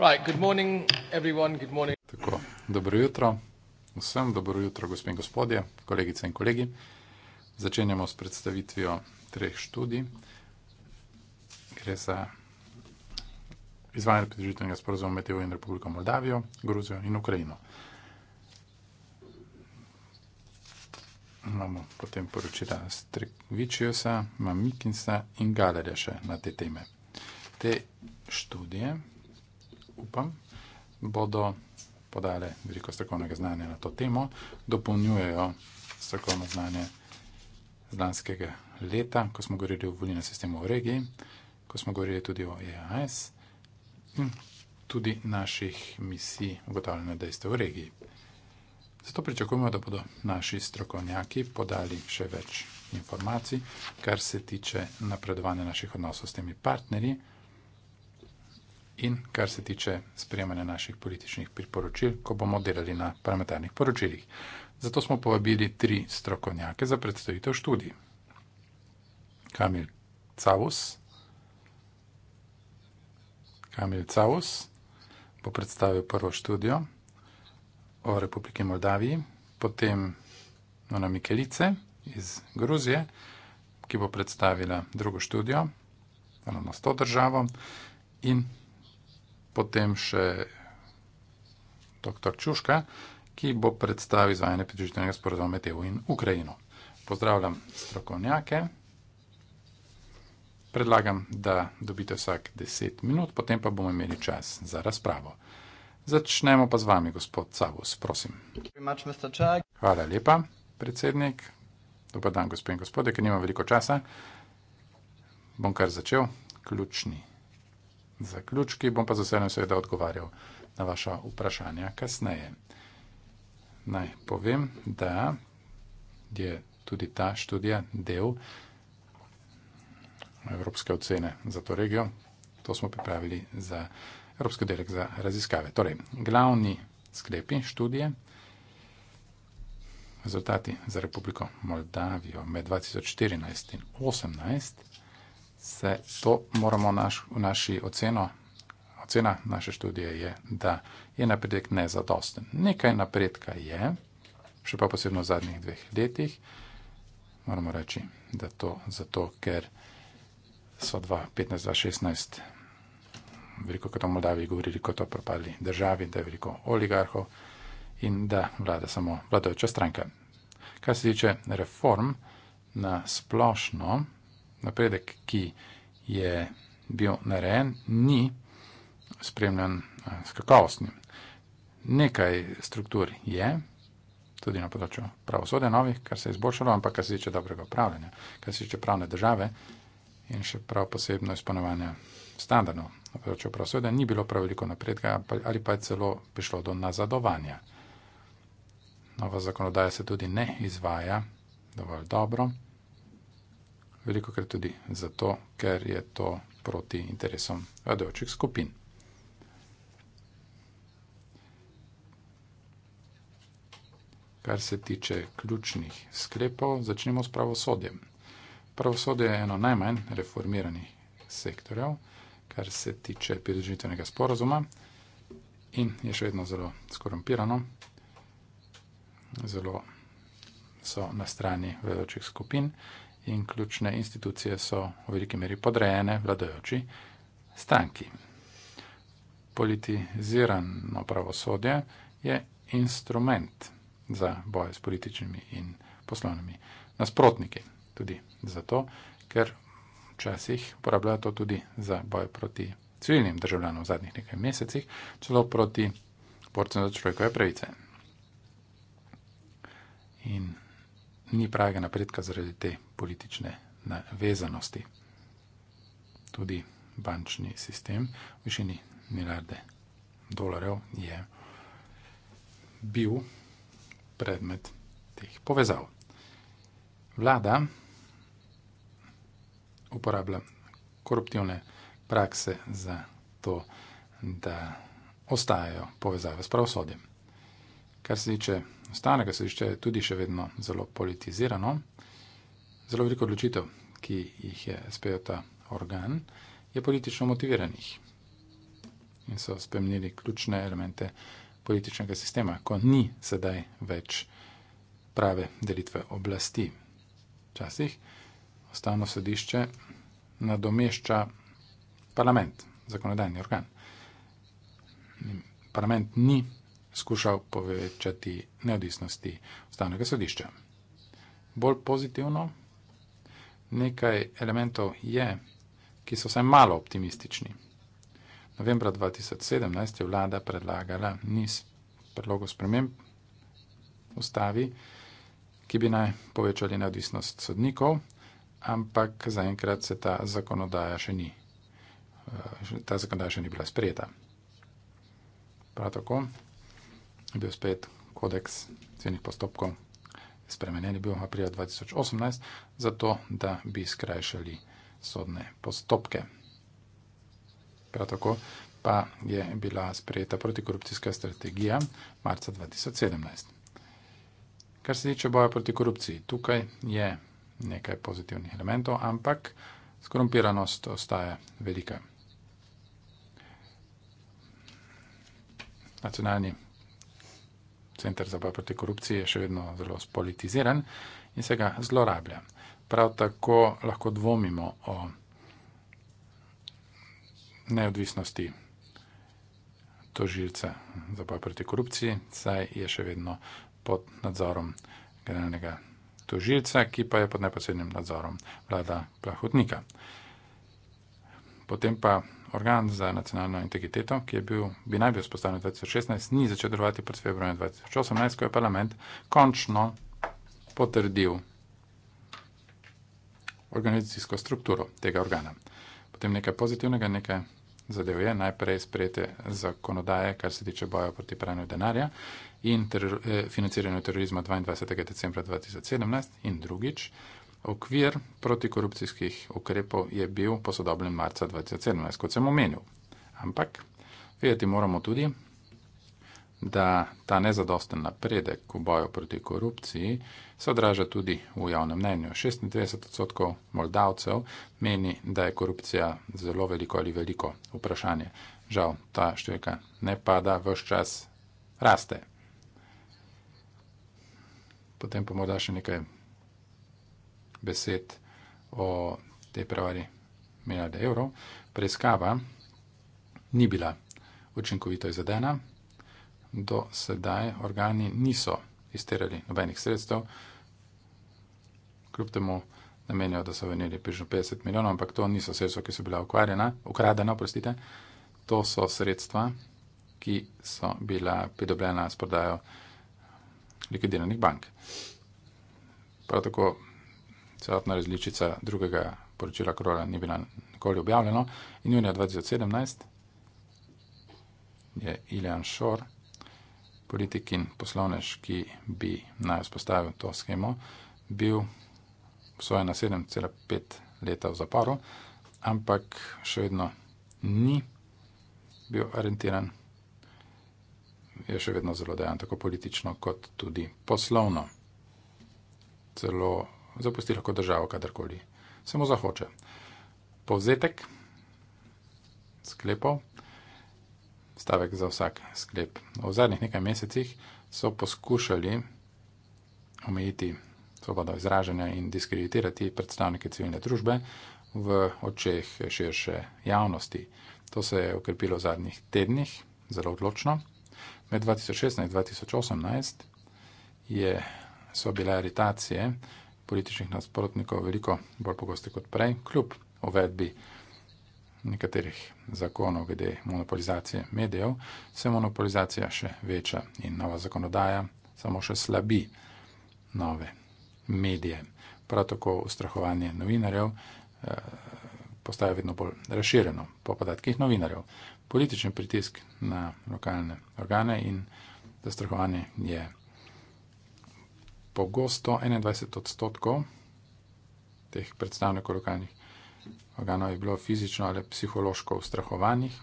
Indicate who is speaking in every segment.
Speaker 1: Right, good morning everyone, good morning. Tako, dobro jutro vsem, dobro jutro gospe in gospodje, kolegice in kolegi. Začenjamo s predstavitvijo treh študij. Gre za izvajanje pridružitvenega sporazuma med EU in Republiko Moldavijo, Gruzijo in Ukrajino. Imamo potem poročila Strikoviciusa, Mamikinsa in Galerja še na te teme. Te študije upam, bodo podale veliko strokovnega znanja na to temo, dopolnjujejo strokovno znanje z lanskega leta, ko smo govorili o volilnem sistemu v regiji, ko smo govorili tudi o EAS in tudi naših misij ugotavljanja dejstev v regiji. Zato pričakujemo, da bodo naši strokovnjaki podali še več informacij, kar se tiče napredovanja naših odnosov s temi partnerji in kar se tiče sprejemanja naših političnih priporočil, ko bomo delali na parlamentarnih poročilih. Zato smo povabili tri strokovnjake za predstavitev študij. Kamil Cavus. Kamil Cavus bo predstavil prvo študijo o Republiki Moldaviji, potem Nona Mikelice iz Gruzije, ki bo predstavila drugo študijo, ponovno s to državo, in potem še dr. Čuška, ki bo predstavil izvajanje pridružitvenega sporozuma med EU in Ukrajino. Pozdravljam strokovnjake. Predlagam, da dobite vsak 10 minut, potem pa bomo imeli čas za razpravo. Začnemo pa z vami, gospod Savus, prosim. Hvala lepa, predsednik. Dobar dan, gospod in gospode, ker nima veliko časa. Bom kar začel. Ključni zaključki, bom pa z veseljem seveda odgovarjal na vaša vprašanja kasneje. Naj povem, da je tudi ta študija del Evropske ocene za to regijo. To smo pripravili za Evropski oddelek za raziskave. Torej, glavni sklepi študije, rezultati za Republiko Moldavijo med 2014 in 2018 se to moramo naš, v naši oceno, ocena naše študije je, da je napredek nezadosten. Nekaj napredka je, še pa posebno v zadnjih dveh letih, moramo reči, da to zato, ker so 2015-2016 veliko kot o Moldaviji govorili kot o propadli državi, da je veliko oligarhov in da vlada samo vladajoča stranka. Kar se tiče reform, na splošno napredek, ki je bil narejen, ni spremljen eh, s kakovostnim. Nekaj struktur je, tudi na področju pravosodja novih, kar se je izboljšalo, ampak kar se tiče dobrega upravljanja, kar se tiče pravne države in še prav posebno izpolnjevanja standardov na področju pravosodja, ni bilo prav veliko napredka ali pa je celo prišlo do nazadovanja. Nova zakonodaja se tudi ne izvaja dovolj dobro veliko krat tudi zato, ker je to proti interesom vladajočih skupin. Kar se tiče ključnih sklepov, začnimo s pravosodjem. Pravosodje je eno najmanj reformiranih sektorjev, kar se tiče pridružitvenega sporazuma in je še vedno zelo skorumpirano. Zelo so na strani vladajočih skupin in ključne institucije so v veliki meri podrejene vladajoči stranki. Politizirano pravosodje je instrument za boje s političnimi in poslovnimi nasprotniki. Tudi zato, ker včasih uporabljajo to tudi za boje proti civilnim državljanom v zadnjih nekaj mesecih, celo proti borcem za človekove pravice. In ni pravega napredka zaradi te politične navezanosti. Tudi bančni sistem v višini milijarde dolarjev je bil predmet teh povezav. Vlada uporablja koruptivne prakse za to, da ostajajo povezave s pravosodjem. Kar se tiče ostalega sodišča, je tudi še vedno zelo politizirano zelo veliko odločitev, ki jih je sprejel ta organ, je politično motiviranih in so spremenili ključne elemente političnega sistema, ko ni sedaj več prave delitve oblasti. Včasih ustavno sodišče nadomešča parlament, zakonodajni organ. Parlament ni skušal povečati neodvisnosti ustavnega sodišča. Bolj pozitivno nekaj elementov je, ki so vsaj malo optimistični. Novembra 2017 je vlada predlagala niz predlogov sprememb ustavi, ki bi naj povečali neodvisnost sodnikov, ampak zaenkrat se ta zakonodaja še ni. Eh, ta zakonodaja še ni bila sprejeta. Prav tako je bil spet kodeks cenih postopkov spremenjen je bil aprila 2018, zato da bi skrajšali sodne postopke. Prav tako pa je bila sprejeta protikorupcijska strategija marca 2017. Kar se tiče boja proti korupciji, tukaj je nekaj pozitivnih elementov, ampak skorumpiranost ostaja velika. Nacionalni Center za boj proti korupciji je še vedno zelo spolitiziran in se ga zlorablja. Prav tako lahko dvomimo o neodvisnosti tožilca za boj proti korupciji, saj je še vedno pod nadzorom generalnega tožilca, ki pa je pod neposrednim nadzorom vlada Plahotnika. Potem pa organ za nacionalno integriteto, ki je bil, bi naj bil spostavljen 2016, ni začel delovati pred februarjem 2018, ko je parlament končno potrdil organizacijsko strukturo tega organa. Potem nekaj pozitivnega, nekaj zadev je, najprej sprejete zakonodaje, kar se tiče boja proti pranju denarja in ter, eh, financiranju terorizma 22. decembra 2017 in drugič okvir protikorupcijskih ukrepov je bil posodobljen marca 2017, kot sem omenil. Ampak vedeti moramo tudi, da ta nezadosten napredek v boju proti korupciji se odraža tudi v javnem mnenju. 96 odstotkov moldavcev meni, da je korupcija zelo veliko ali veliko vprašanje. Žal, ta številka ne pada, vse čas raste. Potem pa morda še nekaj besed o tej prevari milijarde evrov, preiskava ni bila učinkovito izvedena. Do sedaj organi niso izterjali nobenih sredstev, kljub temu namenijo, da so venili prižno 50 milijonov, ampak to niso sredstva, ki so bila ukvarjena, ukradena, oprostite, to so sredstva, ki so bila pridobljena s prodajo likvidiranih bank. Prav tako celotna različica drugega poročila Krola ni bila nikoli objavljena. In junija 2017 je Ilian Šor, politik in poslovnež, ki bi naj vzpostavil to schemo, bil obsojen na 7,5 leta v zaporu, ampak še vedno ni bil orientiran, je še vedno zelo dejan, tako politično kot tudi poslovno. Celo zapusti lahko državo, kadarkoli. Samo zahoče. Povzetek sklepov, stavek za vsak sklep. V zadnjih nekaj mesecih so poskušali omejiti svobodo izražanja in diskreditirati predstavnike civilne družbe v očeh širše javnosti. To se je okrepilo v zadnjih tednih, zelo odločno. Med 2016 in 2018 je, so bile aritacije političnih nasprotnikov veliko bolj pogosti kot prej, kljub uvedbi nekaterih zakonov glede monopolizacije medijev, se monopolizacija še veča in nova zakonodaja samo še slabi nove medije. Prav tako ustrahovanje novinarjev eh, postaja vedno bolj razširjeno po podatkih novinarjev. Politični pritisk na lokalne organe in zastrahovanje je pogosto 21 odstotkov teh predstavnikov lokalnih organov je bilo fizično ali psihološko ustrahovanih,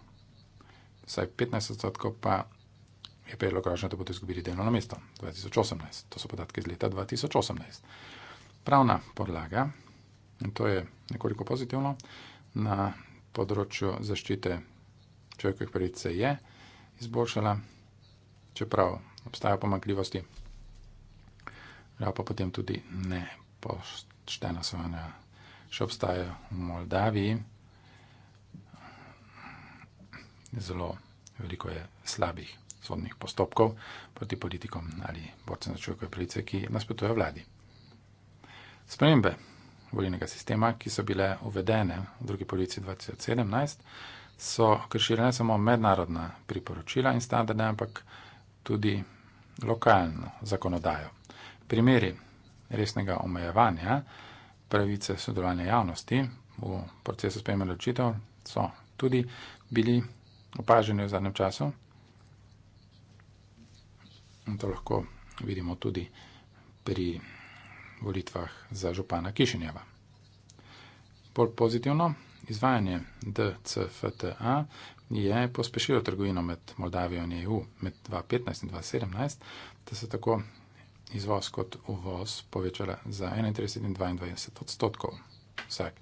Speaker 1: vsaj 15 odstotkov pa je prijelo grožnjo, da bodo izgubili delovno mesto 2018. To so podatke iz leta 2018. Pravna podlaga, in to je nekoliko pozitivno, na področju zaščite človekovih pravic se je izboljšala, čeprav obstajajo pomakljivosti ja, pa potem tudi ne poštena sojanja še obstaja v Moldaviji. Zelo veliko je slabih sodnih postopkov proti politikom ali borcem za človekove pravice, ki nasprotujejo vladi. Spremembe volilnega sistema, ki so bile uvedene v drugi polovici 2017, so kršile ne samo mednarodna priporočila in standarde, ampak tudi lokalno zakonodajo. Primeri resnega omejevanja pravice sodelovanja javnosti v procesu spremenja odločitev so tudi bili opaženi v zadnjem času. In to lahko vidimo tudi pri volitvah za župana Kišinjeva. Bolj pozitivno, izvajanje DCFTA je pospešilo trgovino med Moldavijo in EU med 2015 in 2017, da so tako izvoz kot uvoz povečala za 31 in 22 odstotkov vsak.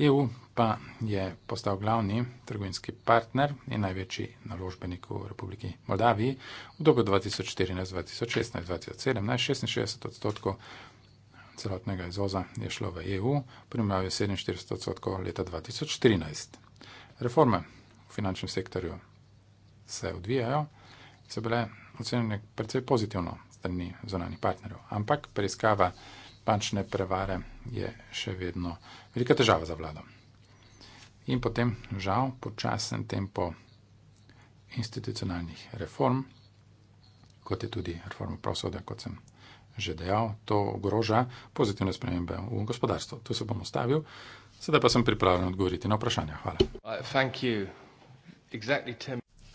Speaker 1: EU pa je postal glavni trgovinski partner in največji naložbenik v Republiki Moldaviji v dobu 2014-2016-2017-66 odstotkov celotnega izvoza je šlo v EU, primarno je 47 odstotkov leta 2014. Reforme v finančnem sektorju se odvijajo, so bile ocenjene precej pozitivno, strani zunanih partnerjev. Ampak preiskava bančne prevare je še vedno velika težava za vlado. In potem, žal, počasen tempo institucionalnih reform, kot je tudi reforma pravosodja, kot sem že dejal, to ogroža pozitivne spremembe v gospodarstvu. Tu se bom ustavil, sedaj pa sem pripravljen odgovoriti na vprašanja. Hvala. Uh,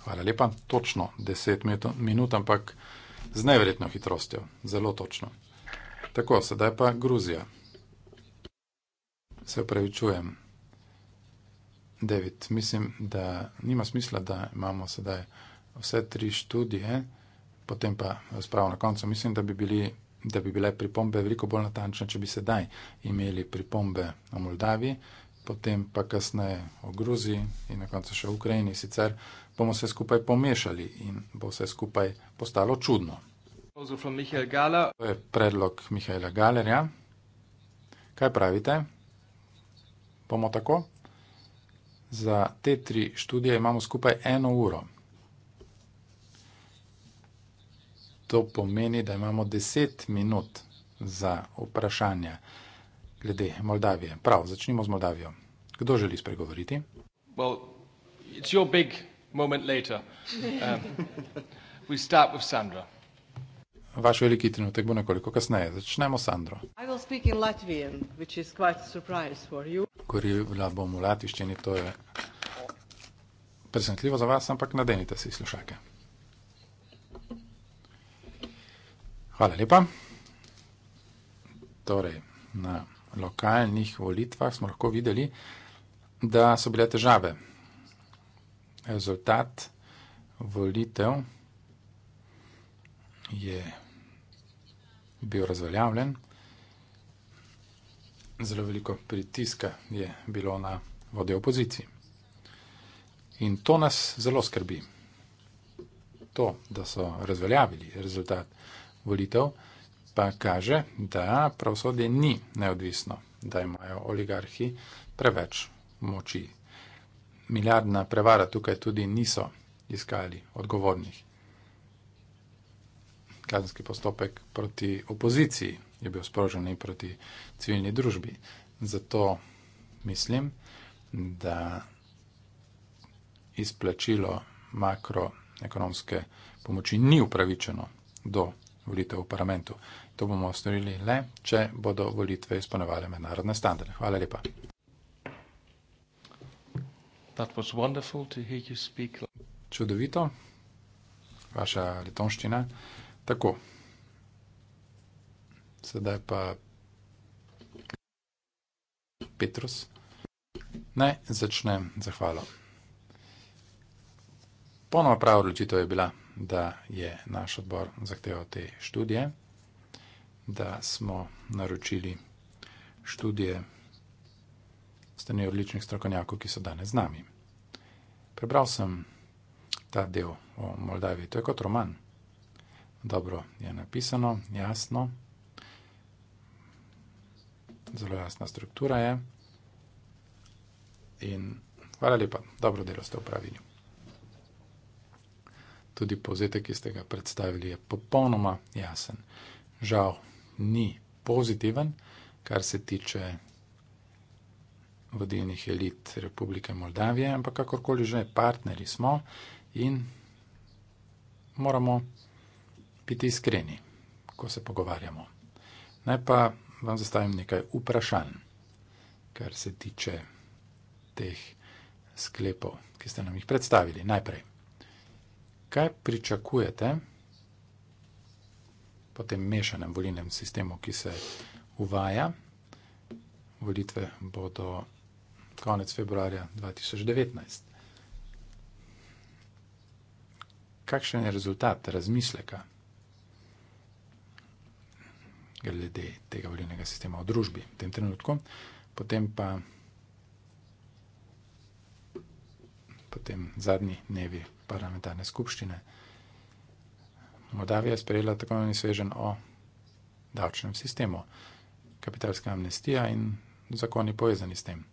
Speaker 1: Hvala lepa, točno deset minut, ampak z neverjetno hitrostjo, zelo točno. Tako, sedaj pa Gruzija. Se upravičujem. David, mislim, da nima smisla, da imamo sedaj vse tri študije, potem pa spravo na koncu. Mislim, da bi, bili, da bi bile pripombe veliko bolj natančne, če bi sedaj imeli pripombe o Moldaviji, potem pa kasneje o Gruziji in na koncu še o Ukrajini, sicer bomo vse skupaj pomešali in bo vse skupaj postalo čudno. To je predlog Mihajla Galerja. Kaj pravite? Bomo tako? Za te tri študije imamo skupaj eno uro. To pomeni, da imamo deset minut za vprašanja glede Moldavije. Prav, začnimo z Moldavijo. Kdo želi spregovoriti? Well, it's your big moment later. Um, we start with Sandra. Vaš veliki trenutek bo nekoliko kasneje. Začnemo s Sandro. Latvian, Govorila bom v latviščini, to je presenetljivo za vas, ampak nadenite si slušalke. Hvala lepa. Torej, na lokalnih volitvah smo lahko videli, da so bile težave. Rezultat volitev je bil razveljavljen. Zelo veliko pritiska je bilo na vode opoziciji. In to nas zelo skrbi. To, da so razveljavili rezultat volitev, pa kaže, da pravosodje ni neodvisno, da imajo oligarhi preveč moči. Milijardna prevara tukaj tudi niso iskali odgovornih. Kazenski postopek proti opoziciji je bil sprožen in proti civilni družbi. Zato mislim, da izplačilo makroekonomske pomoči ni upravičeno do volitev v parlamentu. To bomo storili le, če bodo volitve izpolnevale mednarodne standarde. Hvala lepa. Čudovito, vaša letonščina. Tako. Sedaj pa Petrus. Naj začnem zahvalo. Ponovno prav odločitev je bila, da je naš odbor zahteval te študije da smo naročili študije strani odličnih strokovnjakov, ki so danes z nami. Prebral sem ta del o Moldaviji, to je kot roman. Dobro je napisano, jasno, zelo jasna struktura je. In hvala lepa, dobro delo ste upravili. Tudi povzetek, ki ste ga predstavili, je popolnoma jasen. Žal, ni pozitiven, kar se tiče vodilnih elit Republike Moldavije, ampak kakorkoli že partneri smo in moramo biti iskreni, ko se pogovarjamo. Naj pa vam zastavim nekaj vprašanj, kar se tiče teh sklepov, ki ste nam jih predstavili. Najprej, kaj pričakujete? po tem mešanem volilnem sistemu, ki se uvaja. Volitve bodo konec februarja 2019. Kakšen je rezultat razmisleka glede tega volilnega sistema v družbi v tem trenutku, potem pa potem zadnji dnevi parlamentarne skupščine. Moldavija je sprejela tako imenovani svežen o davčnem sistemu, kapitalska amnestija in zakoni povezani s tem.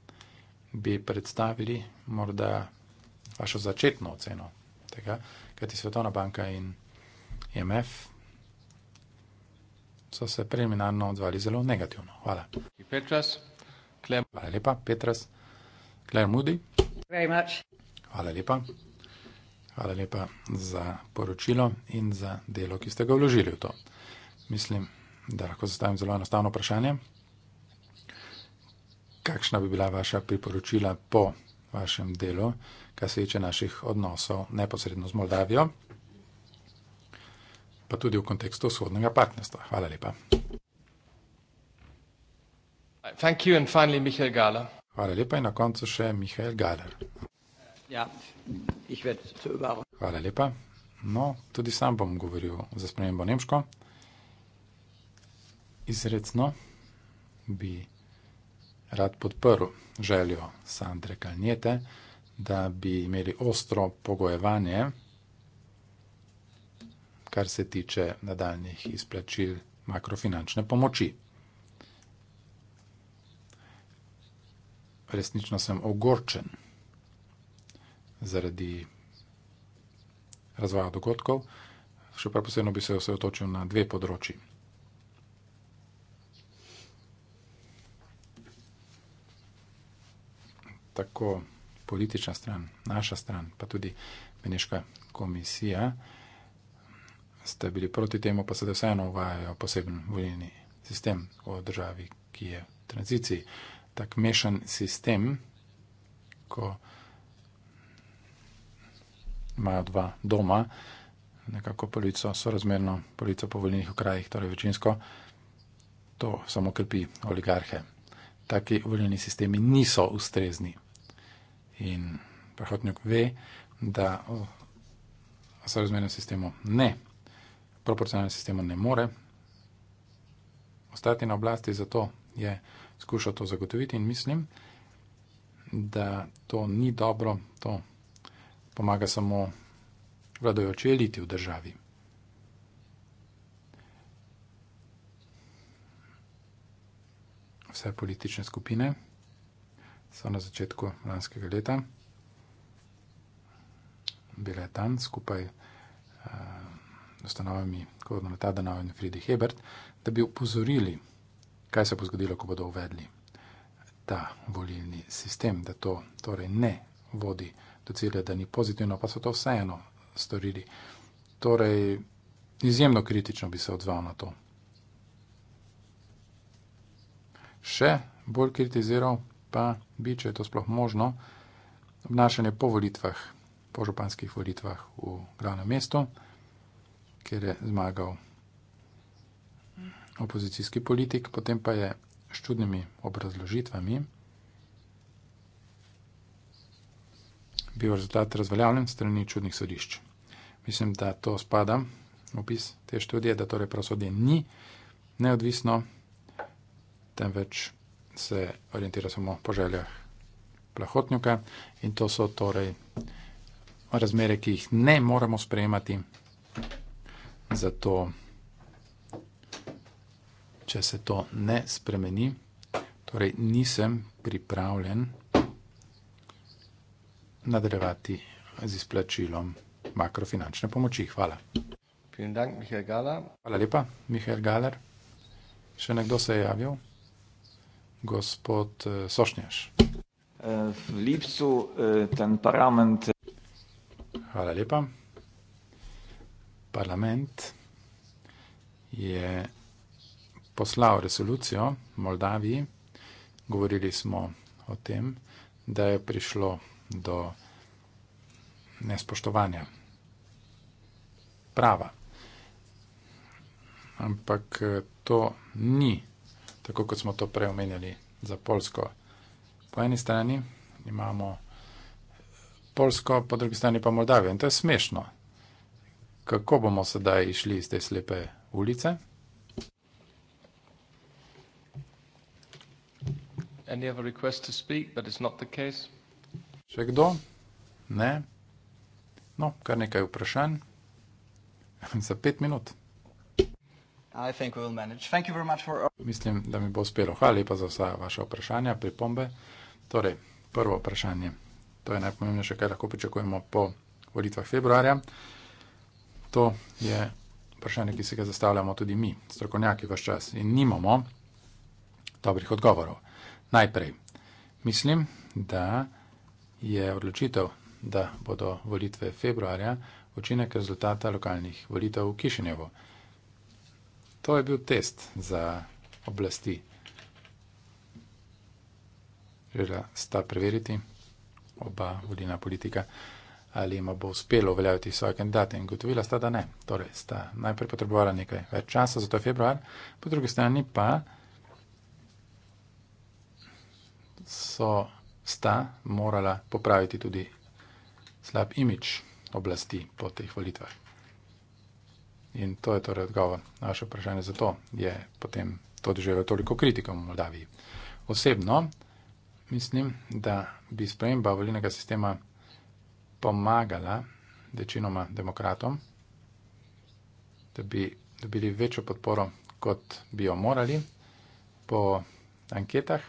Speaker 1: Bi predstavili morda vašo začetno oceno tega, kajti Svetovna banka in IMF so se preliminarno odzvali zelo negativno. Hvala. Petras, Hvala lepa, Petras. Claire Moody. Very much. Hvala lepa. Hvala lepa za poročilo in za delo, ki ste ga vložili v to. Mislim, da lahko zastavim zelo enostavno vprašanje. Kakšna bi bila vaša priporočila po vašem delu, kar se tiče naših odnosov neposredno z Moldavijo, pa tudi v kontekstu vzhodnega partnerstva? Hvala lepa. Hvala lepa in na koncu še Mihael Galer. Ja, Hvala lepa. No, tudi sam bom govoril za spremembo nemško. Izredno bi rad podprl željo Sandre Kalnjete, da bi imeli ostro pogojevanje, kar se tiče nadaljnih izplačil makrofinančne pomoči. Resnično sem ogorčen zaradi razvoja dogodkov. Še prav posebno bi se osredotočil na dve področji. Tako politična stran, naša stran, pa tudi Beneška komisija ste bili proti temu, pa se da vseeno uvajajo poseben volilni sistem v državi, ki je v tranziciji. Tak mešan sistem, ko imajo dva doma, nekako polico, sorazmerno polico po volilnih okrajih, torej večinsko. To samo krpi oligarhe. Taki volilni sistemi niso ustrezni. In prahotnik ve, da v sorazmernem sistemu ne, proporcionalnem sistemu ne more ostati na oblasti, zato je skušal to zagotoviti in mislim, da to ni dobro, to pomaga samo vladajoči eliti v državi. Vse politične skupine so na začetku lanskega leta bile tam skupaj eh, z uh, ustanovami, kot je ta Danov in Fridi Hebert, da bi upozorili, kaj se bo zgodilo, ko bodo uvedli ta volilni sistem, da to torej ne vodi do cilja, da ni pozitivno, pa so to vseeno storili. Torej, izjemno kritično bi se odzval na to. Še bolj kritiziral pa bi, če je to sploh možno, obnašanje po volitvah, po županskih volitvah v glavnem mestu, kjer je zmagal opozicijski politik, potem pa je s čudnimi obrazložitvami bil rezultat razveljavljen strani čudnih sodišč. Mislim, da to spada v opis te študije, da torej pravosodje ni neodvisno, temveč se orientira samo po željah plahotnjuka in to so torej razmere, ki jih ne moramo sprejemati, zato če se to ne spremeni, torej nisem pripravljen nadaljevati z izplačilom makrofinančne pomoči. Hvala. Hvala lepa, Mihael Galer. Še nekdo se je javil? Gospod eh, Sošnjaš. Eh, v Lipcu eh, ten parlament. Hvala lepa. Parlament je poslal resolucijo Moldaviji. Govorili smo o tem, da je prišlo do nespoštovanja prava. Ampak eh, to ni, tako kot smo to preomenjali za Polsko. Po eni strani imamo Polsko, po drugi strani pa Moldavijo. In to je smešno. Kako bomo sedaj išli iz te slepe ulice? Any other request to speak, but it's not the case. Še kdo? Ne. No, kar nekaj vprašanj. Za pet minut. Mislim, da mi bo uspelo. Hvala lepa za vsa vaša vprašanja, pripombe. Torej, prvo vprašanje. To je najpomembnejše, kaj lahko pričakujemo po volitvah februarja. To je vprašanje, ki se ga zastavljamo tudi mi, strokovnjaki, vaš čas. In nimamo dobrih odgovorov. Najprej, mislim, da je odločitev, da bodo volitve februarja učinek rezultata lokalnih volitev v Kišinjevu. To je bil test za oblasti. Žela sta preveriti oba volilna politika, ali ima bo uspelo uveljaviti svoje kandidate in gotovila sta, da ne. Torej sta najprej potrebovala nekaj več časa, zato je februar, po drugi strani pa so sta morala popraviti tudi slab imič oblasti po teh volitvah. In to je torej odgovor na vaše vprašanje, zato je potem to doživelo toliko kritiko v Moldaviji. Osebno mislim, da bi sprememba volilnega sistema pomagala večinoma demokratom, da bi dobili večjo podporo, kot bi jo morali po anketah.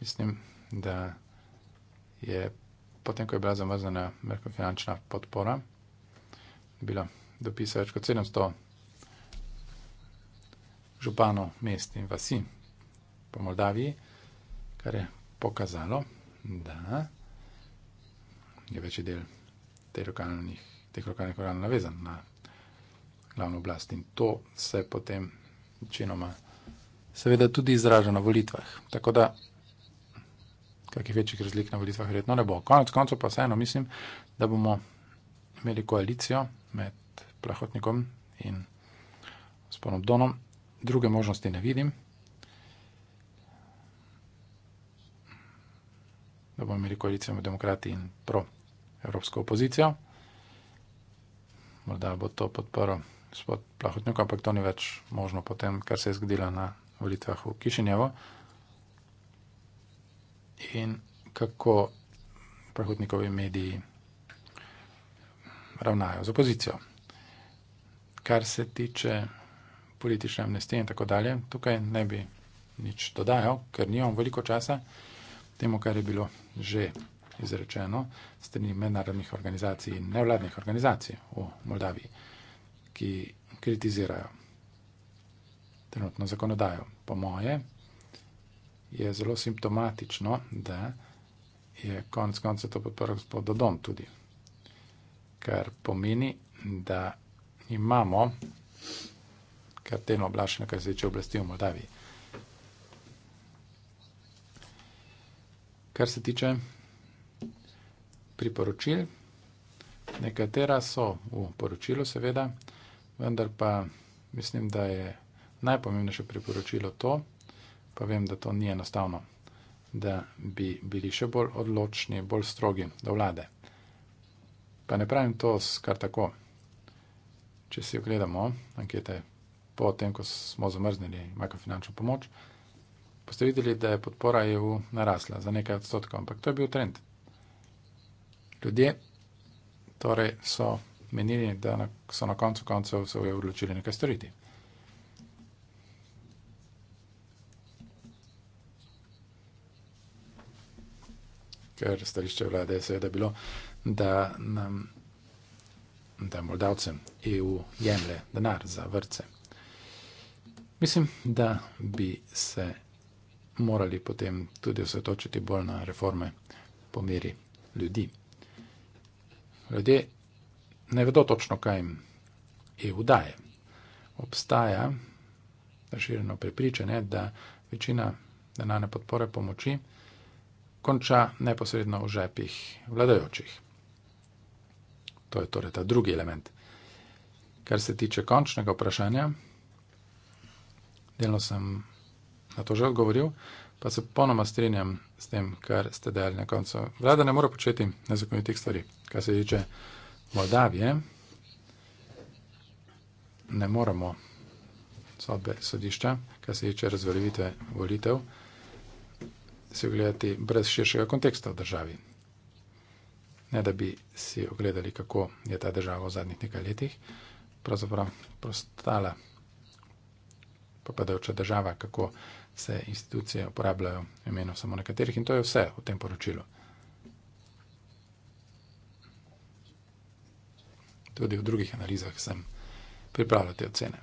Speaker 1: Mislim, da je potem, ko je bila zamrznjena merkofinančna podpora, bila dopisa več kot 700 županov mest in vasi po Moldaviji, kar je pokazalo, da je večji del teh lokalnih, teh lokalnih organov navezan na glavno oblast in to se potem večinoma seveda tudi izraža na volitvah. Tako da kakih večjih razlik na volitvah, verjetno ne bo. Konec koncev pa vseeno mislim, da bomo imeli koalicijo med Plahotnikom in gospodom Donom. Druge možnosti ne vidim. Da bomo imeli koalicijo med demokrati in pro-evropsko opozicijo. Morda bo to podprl gospod Plahotnik, ampak to ni več možno potem, kar se je zgodilo na volitvah v Kišinjevo in kako prahutnikovi mediji ravnajo z opozicijo. Kar se tiče politične amnestije in tako dalje, tukaj ne bi nič dodajal, ker nimam veliko časa temu, kar je bilo že izrečeno strani mednarodnih organizacij in nevladnih organizacij v Moldaviji, ki kritizirajo trenutno zakonodajo. Po moje, je zelo simptomatično, da je konec konca to podprl gospod Dodon tudi. Kar pomeni, da imamo kartelno oblašeno, kar se tiče oblasti v Moldaviji. Kar se tiče priporočil, nekatera so v poročilu, seveda, vendar pa mislim, da je najpomembnejše priporočilo to, da pa vem, da to ni enostavno, da bi bili še bolj odločni, bolj strogi do vlade. Pa ne pravim to skar tako. Če si ogledamo ankete, potem, ko smo zamrznili makrofinančno pomoč, boste videli, da je podpora EU narasla za nekaj odstotkov, ampak to je bil trend. Ljudje torej so menili, da so na koncu koncev se odločili nekaj storiti. ker stališče vlade je seveda bilo, da nam, da Moldavcem EU jemlje denar za vrce. Mislim, da bi se morali potem tudi osvetočiti bolj na reforme po meri ljudi. Ljudje ne vedo točno, kaj jim EU daje. Obstaja razširjeno prepričanje, da večina denarne podpore pomoči konča neposredno v žepih vladajočih. To je torej ta drugi element. Kar se tiče končnega vprašanja, delno sem na to že odgovoril, pa se ponoma strinjam s tem, kar ste dejali na koncu. Vlada ne more početi nezakonitih stvari. Kar se tiče Moldavije, ne moremo sodbe sodišča, kar se tiče razveljavitve volitev si ogledati brez širšega konteksta v državi. Ne da bi si ogledali, kako je ta država v zadnjih nekaj letih pravzaprav prostala popadajoča država, kako se institucije uporabljajo v imenu samo nekaterih in to je vse v tem poročilu. Tudi v drugih analizah sem pripravljal te ocene.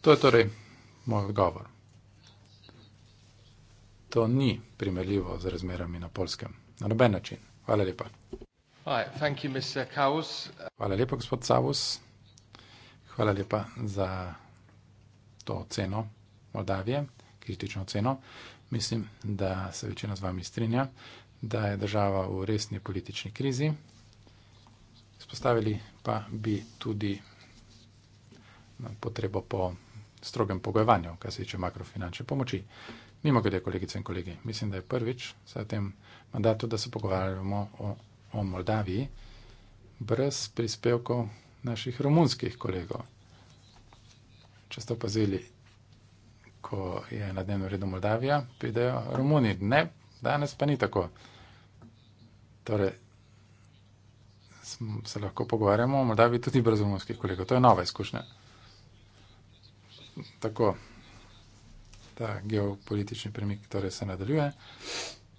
Speaker 1: To je torej moj odgovor to ni primerljivo z razmerami na polskem. Na noben način. Hvala lepa. Hvala lepa, gospod Savus. Hvala lepa za to oceno Moldavije, kritično oceno. Mislim, da se večina z vami strinja, da je država v resni politični krizi. Spostavili pa bi tudi no, potrebo po strogem pogojevanju, kar se tiče makrofinančne pomoči. Nima gre, kolegice in kolegi. Mislim, da je prvič v tem mandatu, da se pogovarjamo o, o Moldaviji brez prispevkov naših romunskih kolegov. Če ste opazili, ko je na dnevnem redu Moldavija, pridejo Romuni. Ne, danes pa ni tako. Torej, se lahko pogovarjamo o Moldaviji tudi brez romunskih kolegov. To je nova izkušnja. Tako ta geopolitični premik torej se nadaljuje.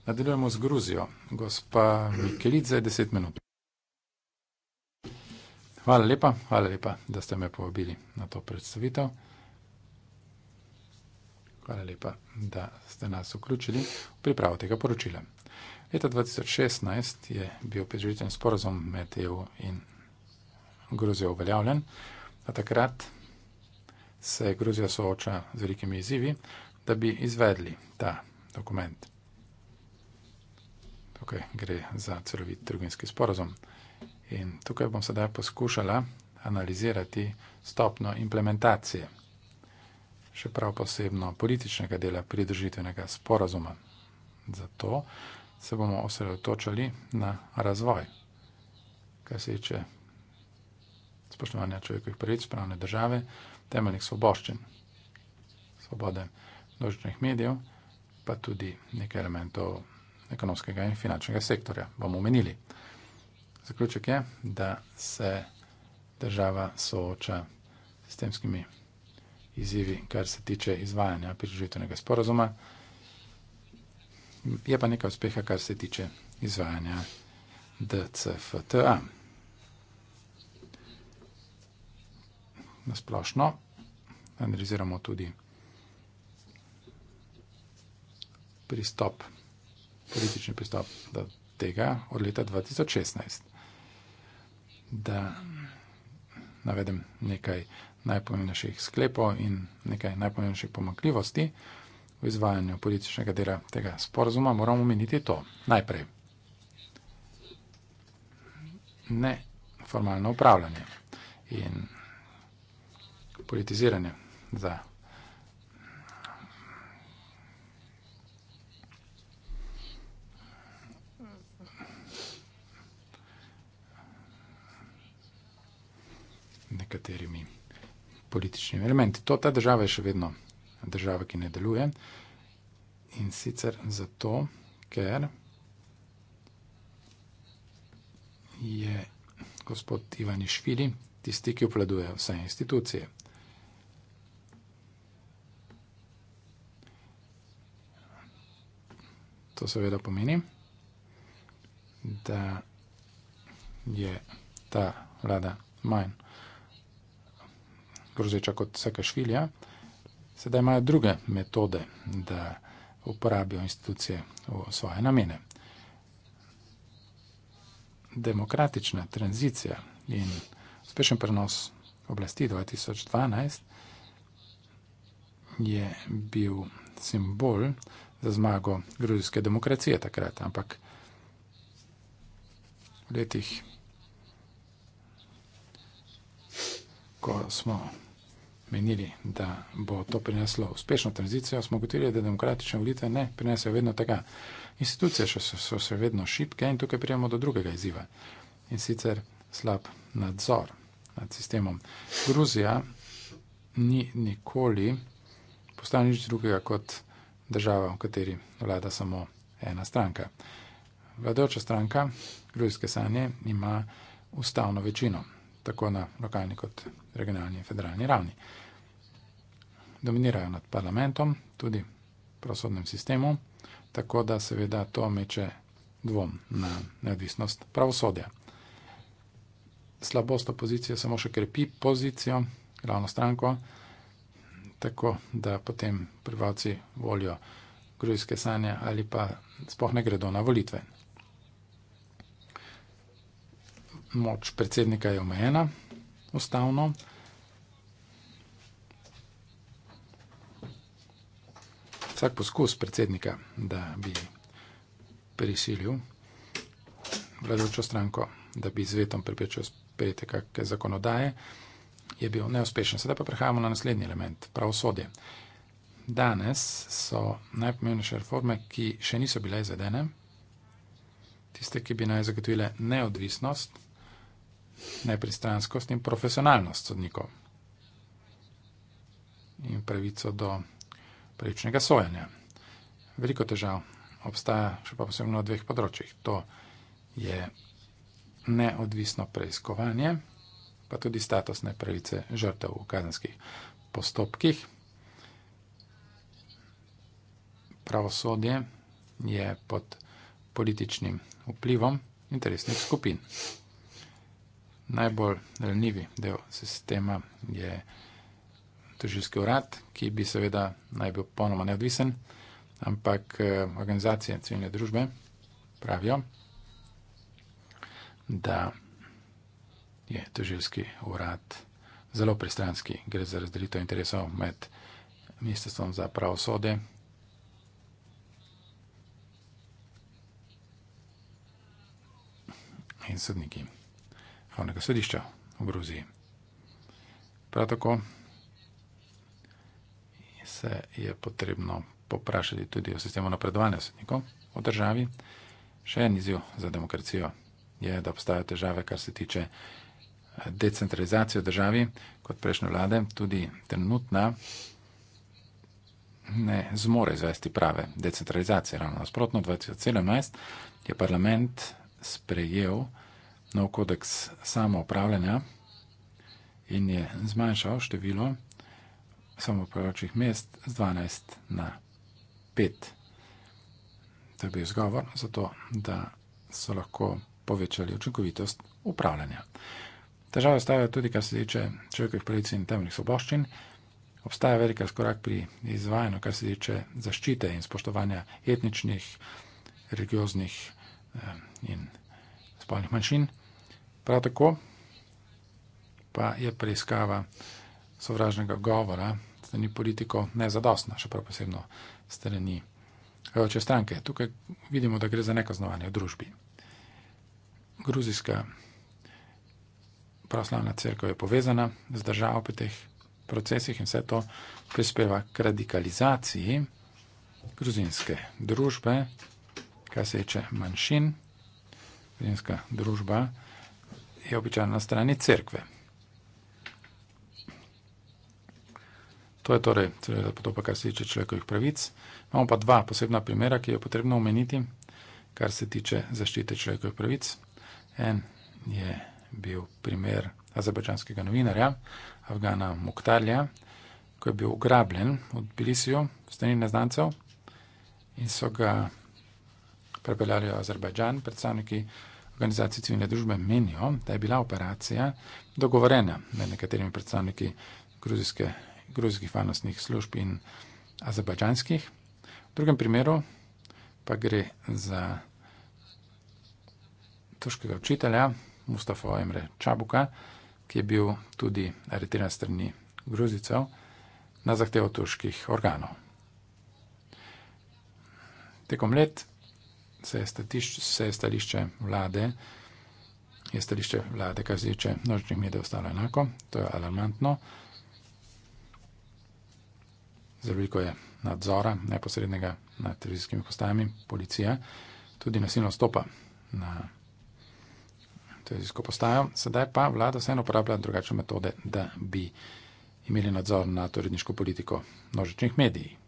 Speaker 1: Nadaljujemo z Gruzijo. Gospa Mikelidze, deset minut. Hvala lepa, hvala lepa, da ste me povabili na to predstavitev. Hvala lepa, da ste nas vključili v pripravo tega poročila. Leta 2016 je bil prižiten sporozum med EU in Gruzijo uveljavljen. Na takrat se Gruzija sooča z velikimi izzivi, da bi izvedli ta dokument. Tukaj gre za celovit trgovinski sporozum. In tukaj bom sedaj poskušala analizirati stopno implementacije, še prav posebno političnega dela pridružitvenega sporozuma. Zato se bomo osredotočali na razvoj, kar se tiče spoštovanja človekovih pravic, pravne države, temeljnih svoboščin, svobode določenih medijev, pa tudi nekaj elementov ekonomskega in finančnega sektorja, bomo omenili. Zaključek je, da se država sooča s temskimi izzivi, kar se tiče izvajanja pridružitvenega sporazuma. Je pa nekaj uspeha, kar se tiče izvajanja DCFTA. Nasplošno analiziramo tudi pristop, politični pristop do tega od leta 2016. Da navedem nekaj najpomembnejših sklepov in nekaj najpomembnejših pomakljivosti v izvajanju političnega dela tega sporozuma, moramo omeniti to najprej. Ne formalno upravljanje in politiziranje za nekaterimi političnimi elementi. To, ta država je še vedno država, ki ne deluje in sicer zato, ker je gospod Ivani Švili tisti, ki upladuje vse institucije. To seveda pomeni, da je ta vlada manj vsega, grozeča kot Sakašvilija. Sedaj imajo druge metode, da uporabijo institucije v svoje namene. Demokratična tranzicija in uspešen prenos oblasti 2012 je bil simbol za zmago gruzijske demokracije takrat, ampak v letih ko smo menili, da bo to prineslo uspešno tranzicijo, smo gotovili, da demokratične volitve ne prinesejo vedno tega. Institucije še so, so še vedno šipke in tukaj prijemo do drugega izziva in sicer slab nadzor nad sistemom. Gruzija ni nikoli postala nič drugega kot država, v kateri vlada samo ena stranka. Vladajoča stranka, gruzijske sanje, ima ustavno večino tako na lokalni kot regionalni in federalni ravni. Dominirajo nad parlamentom, tudi pravosodnem sistemu, tako da seveda to meče dvom na neodvisnost pravosodja. Slabost opozicije samo še krepi pozicijo, glavno stranko, tako da potem prebivalci volijo grujske sanje ali pa spohne gredo na volitve. moč predsednika je omejena ustavno. Vsak poskus predsednika, da bi prisilil vladajočo stranko, da bi z vetom pripričal sprejete kakšne zakonodaje, je bil neuspešen. Sedaj pa prehajamo na naslednji element, pravosodje. Danes so najpomembnejše reforme, ki še niso bile izvedene, tiste, ki bi naj zagotovile neodvisnost nepristranskost in profesionalnost sodnikov in pravico do pravičnega sojanja. Veliko težav obstaja še pa posebno na dveh področjih. To je neodvisno preiskovanje, pa tudi statusne pravice žrtev v kazenskih postopkih. Pravosodje je pod političnim vplivom interesnih skupin najbolj ranljivi del sistema je tožilski urad, ki bi seveda naj bil ponoma neodvisen, ampak eh, organizacije civilne družbe pravijo, da je tožilski urad zelo pristranski, gre za razdelitev interesov med ministrstvom za pravosode. In sodniki vrhovnega sodišča v Gruziji. Prav tako se je potrebno poprašati tudi o sistemu napredovanja sodnikov v državi. Še en izjiv za demokracijo je, da obstajajo težave, kar se tiče eh, decentralizacije v državi kot prejšnje vlade, tudi trenutna ne zmore izvesti prave decentralizacije. Ravno nasprotno, 2017 je parlament sprejel nov kodeks samoopravljanja in je zmanjšal število samoopravljajočih mest z 12 na 5. To je bil izgovor za to, da so lahko povečali učinkovitost upravljanja. Težave ostajajo tudi, kar se tiče človekovih pravic in temeljnih soboščin. Obstaja velika skorak pri izvajanju, kar se tiče zaščite in spoštovanja etničnih, religioznih eh, in spolnih manjšin. Prav tako pa je preiskava sovražnega govora strani politiko nezadostna, še prav posebno strani evroče stranke. Tukaj vidimo, da gre za nekaznovanje v družbi. Gruzijska pravoslavna crkva je povezana z državo pri teh procesih in vse to prispeva k radikalizaciji gruzinske družbe, kar se reče manjšin, gruzinska družba je običajno na strani cerkve. To je torej, seveda, to pa kar se tiče človekovih pravic. Imamo pa dva posebna primera, ki jo je potrebno omeniti, kar se tiče zaščite človekovih pravic. En je bil primer azerbajdžanskega novinarja Afgana Muktarja, ko je bil ugrabljen v Tbilisiju v strani neznancev in so ga prepeljali v Azerbajdžan predstavniki organizacije civilne družbe menijo, da je bila operacija dogovorena med nekaterimi predstavniki gruzijskih varnostnih služb in azerbajdžanskih. V drugem primeru pa gre za turškega učitelja Mustafa Emre Čabuka, ki je bil tudi aretiran strani gruzicev na zahtevo turških organov. Tekom let se je, statiš, se je stališče vlade, je stališče vlade, kar zdiče množnih medijev, ostalo enako, to je alarmantno. Zelo veliko je nadzora neposrednega nad televizijskimi postajami, policija tudi nasilno stopa na televizijsko postajo. Sedaj pa vlada vseeno uporablja drugačne metode, da bi imeli nadzor nad uredniško politiko množičnih medijev.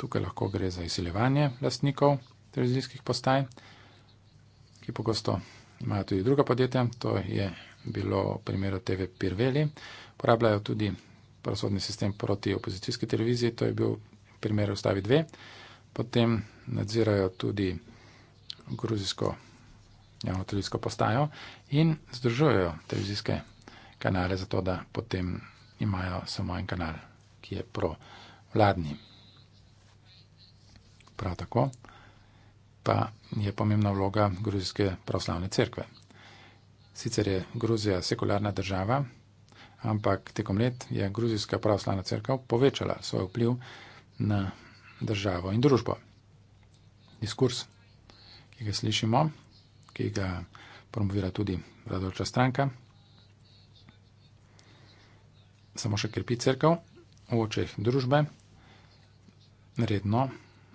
Speaker 1: Tukaj lahko gre za izsilevanje lastnikov televizijskih postaj, ki pogosto imajo tudi druga podjetja. To je bilo v primeru TV Pirveli. Porabljajo tudi pravosodni sistem proti opozicijski televiziji, to je bil primer ustavi dve. Potem nadzirajo tudi gruzijsko javno televizijsko postajo in združujejo televizijske kanale, zato da potem imajo samo en kanal, ki je pro vladni prav tako pa je pomembna vloga Gruzijske pravoslavne cerkve. Sicer je Gruzija sekularna država, ampak tekom let je Gruzijska pravoslavna cerkev povečala svoj vpliv na državo in družbo. Diskurs, ki ga slišimo, ki ga promovira tudi vladajoča stranka, samo še krepi cerkev v očeh družbe, redno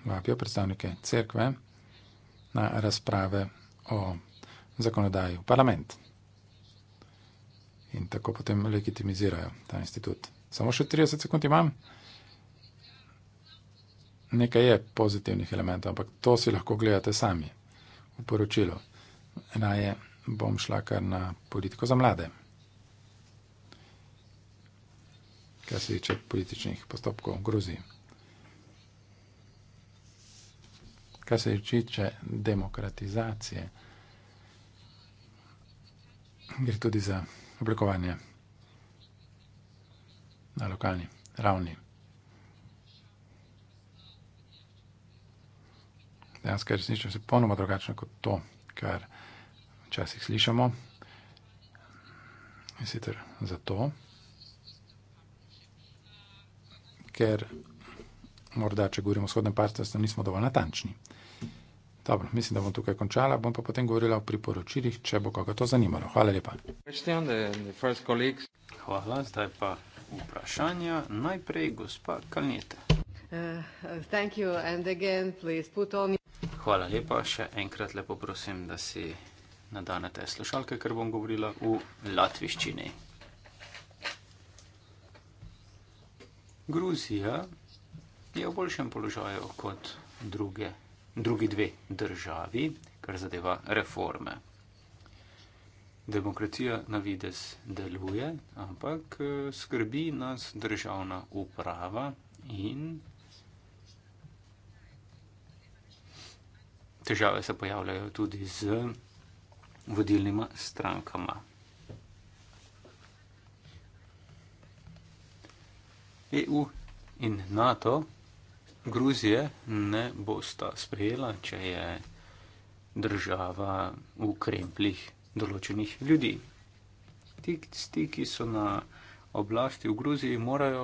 Speaker 1: vabijo predstavnike cerkve na razprave o zakonodaji v parlament. In tako potem legitimizirajo ta institut. Samo še 30 sekund imam. Nekaj je pozitivnih elementov, ampak to si lahko gledate sami v poročilu. Naje bom šla kar na politiko za mlade. Kaj se tiče političnih postopkov v Gruziji. kar se tiče demokratizacije, gre tudi za oblikovanje na lokalni ravni. Dejansko je resnično vse ponoma drugačno kot to, kar včasih slišamo. In sicer zato, ker morda, če govorimo o shodnem partnerstvu, nismo dovolj natančni. Dobro, mislim, da bom tukaj končala, bom pa potem govorila o priporočilih, če bo koga to zanimalo. Hvala lepa.
Speaker 2: Hvala, zdaj
Speaker 3: pa vprašanja. Najprej gospa Kalnete.
Speaker 1: Uh,
Speaker 3: Hvala lepa, še enkrat lepo prosim, da si nadanete slušalke, ker bom govorila v latviščini. Gruzija je v boljšem položaju kot druge, drugi dve državi, kar zadeva reforme. Demokracija na vides deluje, ampak eh, skrbi nas državna uprava in težave se pojavljajo tudi z vodilnima strankama. EU in NATO Gruzije ne bosta sprejela, če je država v krempljih določenih ljudi. Tisti, ki so na oblasti v Gruziji, morajo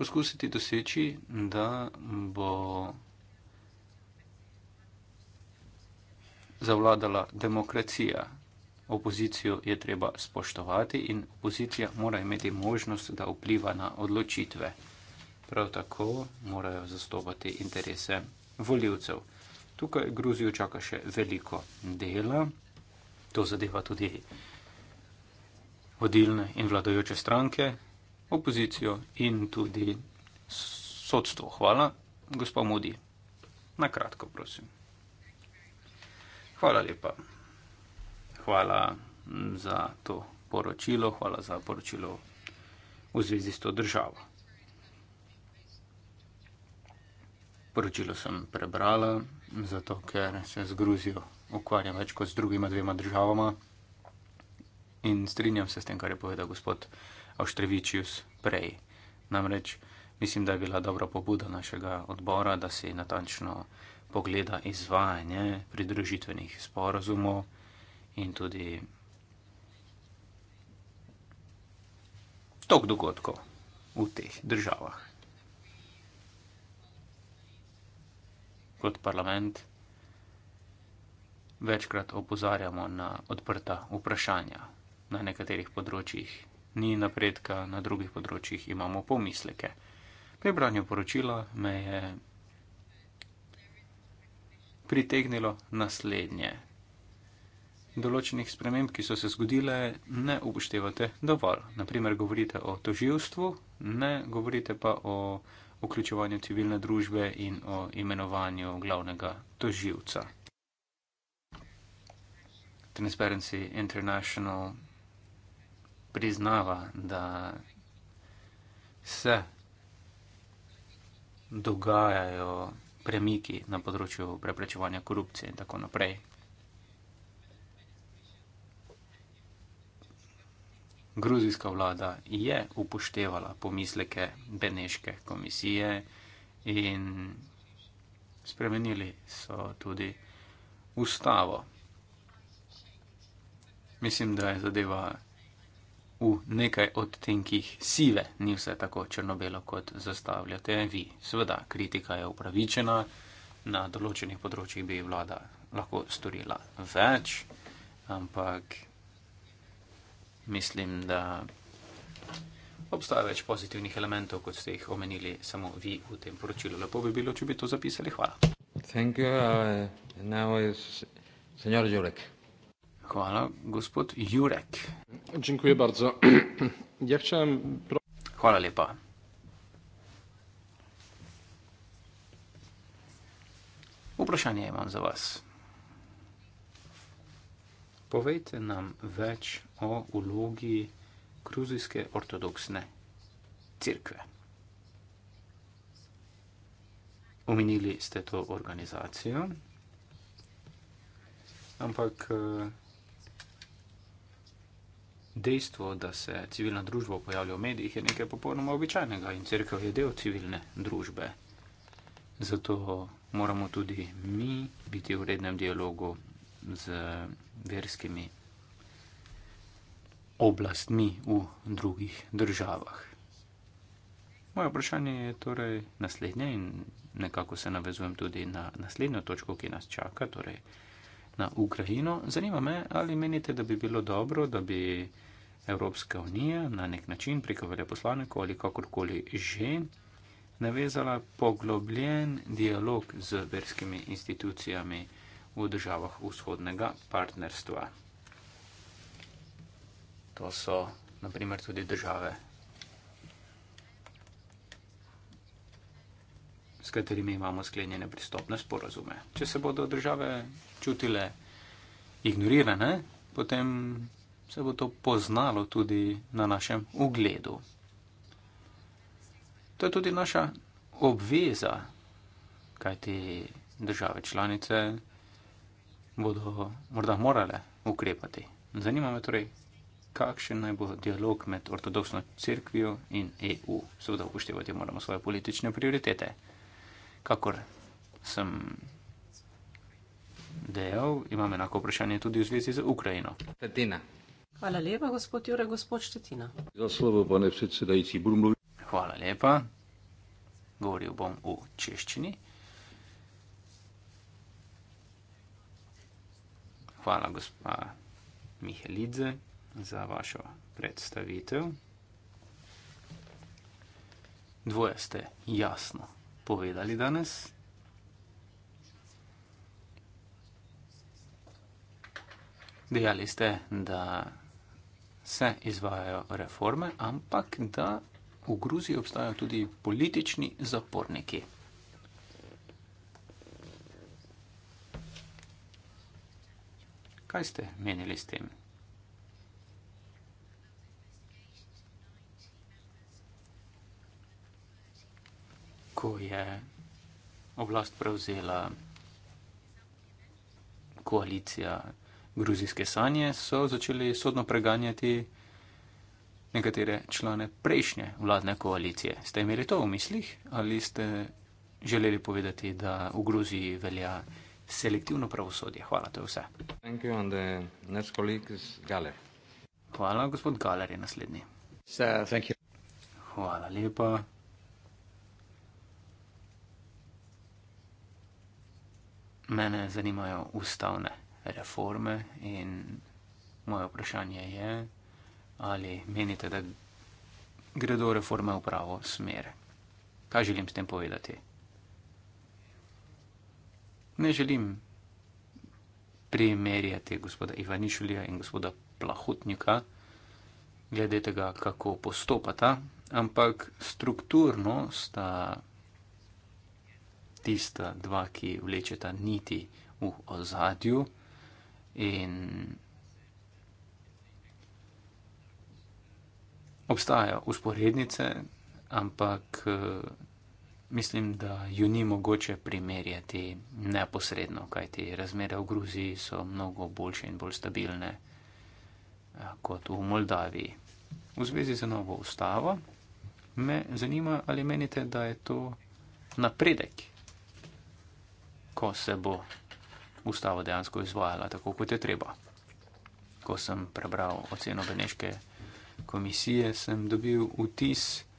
Speaker 3: poskusiti doseči, da bo zavladala demokracija. Opozicijo je treba spoštovati in opozicija mora imeti možnost, da vpliva na odločitve prav tako morajo zastopati interese voljivcev. Tukaj Gruzijo čaka še veliko dela, to zadeva tudi vodilne in vladajoče stranke, opozicijo in tudi sodstvo. Hvala, gospa Mudi. Na kratko, prosim. Hvala lepa. Hvala za to poročilo, hvala za poročilo v zvezi s to državo. Poročilo sem prebrala, zato ker se z Gruzijo ukvarjam več kot z drugima dvema državama. In strinjam se s tem, kar je povedal gospod Avštrevičius prej. Namreč mislim, da je bila dobra pobuda našega odbora, da si natančno pogleda izvajanje pridružitvenih sporazumov in tudi tok dogodkov v teh državah. kot parlament večkrat opozarjamo na odprta vprašanja. Na nekaterih področjih ni napredka, na drugih področjih imamo pomisleke. Pri branju poročila me je pritegnilo naslednje. Določenih sprememb, ki so se zgodile, ne upoštevate dovolj. Naprimer, govorite o toživstvu, ne govorite pa o vključevanju civilne družbe in o imenovanju glavnega toživca. Transparency International priznava, da se dogajajo premiki na področju preprečevanja korupcije in tako naprej. gruzijska vlada je upoštevala pomisleke Beneške komisije in spremenili so tudi ustavo. Mislim, da je zadeva v nekaj odtenkih sive, ni vse tako črno-belo, kot zastavljate vi. Sveda, kritika je upravičena, na določenih področjih bi vlada lahko storila več, ampak mislim, da obstaja več pozitivnih elementov, kot ste jih omenili samo vi v tem poročilu. Lepo bi bilo,
Speaker 2: če bi to zapisali. Hvala. You, uh,
Speaker 1: Hvala, gospod Jurek. Dziękuję bardzo. Ja chciałem... Hvala lepa.
Speaker 3: Vprašanje imam za vas. Povejte nam več o vlogi gruzijske ortodoksne cerkve. Omenili ste to organizacijo, ampak eh, dejstvo, da se civilna družba pojavlja v medijih, je nekaj popolnoma običajnega in cerkev je del civilne družbe. Zato moramo tudi mi biti v rednem dialogu z verskimi oblastmi v drugih državah. Moje vprašanje je torej naslednje in nekako se navezujem tudi na naslednjo točko, ki nas čaka, torej na Ukrajino. Zanima me, ali menite, da bi bilo dobro, da bi Evropska unija na nek način preko veleposlanikov ali kakorkoli že navezala poglobljen dialog z verskimi institucijami v državah vzhodnega partnerstva. To so naprimer tudi države, s katerimi imamo sklenjene pristopne sporazume. Če se bodo države čutile ignorirane, potem se bo to poznalo tudi na našem ugledu. To je tudi naša obveza, kajti države članice bodo morda morale ukrepati. Zanima me torej, kakšen naj bo dialog med ortodoksno crkvijo in EU. Seveda upoštevati moramo svoje politične prioritete. Kakor sem dejal, imam enako vprašanje tudi v zvezi z Ukrajino. Petina.
Speaker 4: Hvala lepa, gospod Jure, gospod Štetina.
Speaker 3: Za slovo pa ne vse sedajci. Hvala lepa. Govoril bom v češčini. Hvala, gospa Mihelidze, za vašo predstavitev. Dvoje ste jasno povedali danes. Dejali ste, da se izvajajo reforme, ampak da v Gruziji obstajajo tudi politični zaporniki. Kaj ste menili s tem? Ko je oblast prevzela koalicija Gruzijske sanje, so začeli sodno preganjati nekatere člane prejšnje vladne koalicije. Ste imeli to v mislih ali ste želeli povedati, da v Gruziji velja? selektivno pravosodje. Hvala, to je vse. Hvala, gospod Galer je naslednji. Hvala lepa. Mene zanimajo ustavne reforme in moje vprašanje je, ali menite, da gredo reforme v pravo smer. Kaj želim s tem povedati? Ne želim primerjati gospoda Ivanišulija in gospoda Plahotnika, glede tega, kako postopata, ampak strukturno sta tista dva, ki vlečeta niti v ozadju in obstajajo usporednice, ampak eh, Mislim, da ju ni mogoče primerjati neposredno, kajti razmere v Gruziji so mnogo boljše in bolj stabilne eh, kot v Moldaviji. V zvezi z novo ustavo me zanima, ali menite, da je to napredek, ko se bo ustava dejansko izvajala tako, kot je treba. Ko sem prebral oceno Beneške komisije, sem dobil vtis, da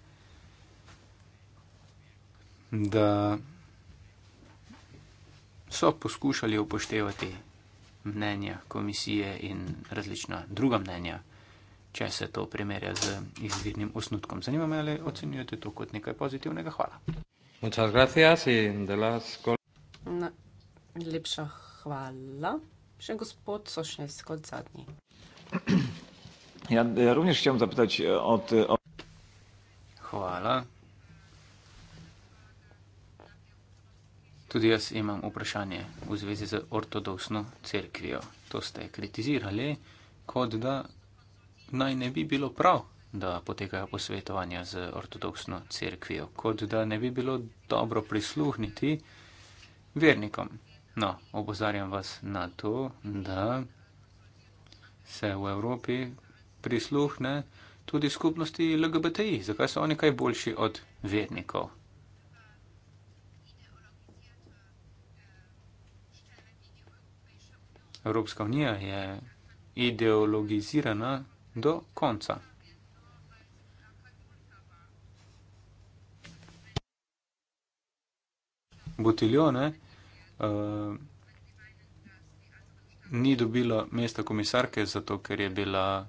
Speaker 3: da so poskušali upoštevati mnenja komisije in različna druga mnenja, če se to primerja z izvirnim osnutkom. Zanima me, ali ocenjujete to kot nekaj pozitivnega. Hvala.
Speaker 4: Na, lepša hvala. Še gospod Sošnes kot zadnji.
Speaker 2: Ja, ja, również chciałem zapytać od, e, od... Hvala.
Speaker 3: Tudi jaz imam vprašanje v zvezi z ortodoksno cerkvijo. To ste kritizirali, kot da naj ne bi bilo prav, da potekajo posvetovanja z ortodoksno cerkvijo, kot da ne bi bilo dobro prisluhniti vernikom. No, obozarjam vas na to, da se v Evropi prisluhne tudi skupnosti LGBTI. Zakaj so oni kaj boljši od vernikov? Evropska unija je ideologizirana do konca. Botiljone uh, eh, ni dobila mesta komisarke, zato ker je bila,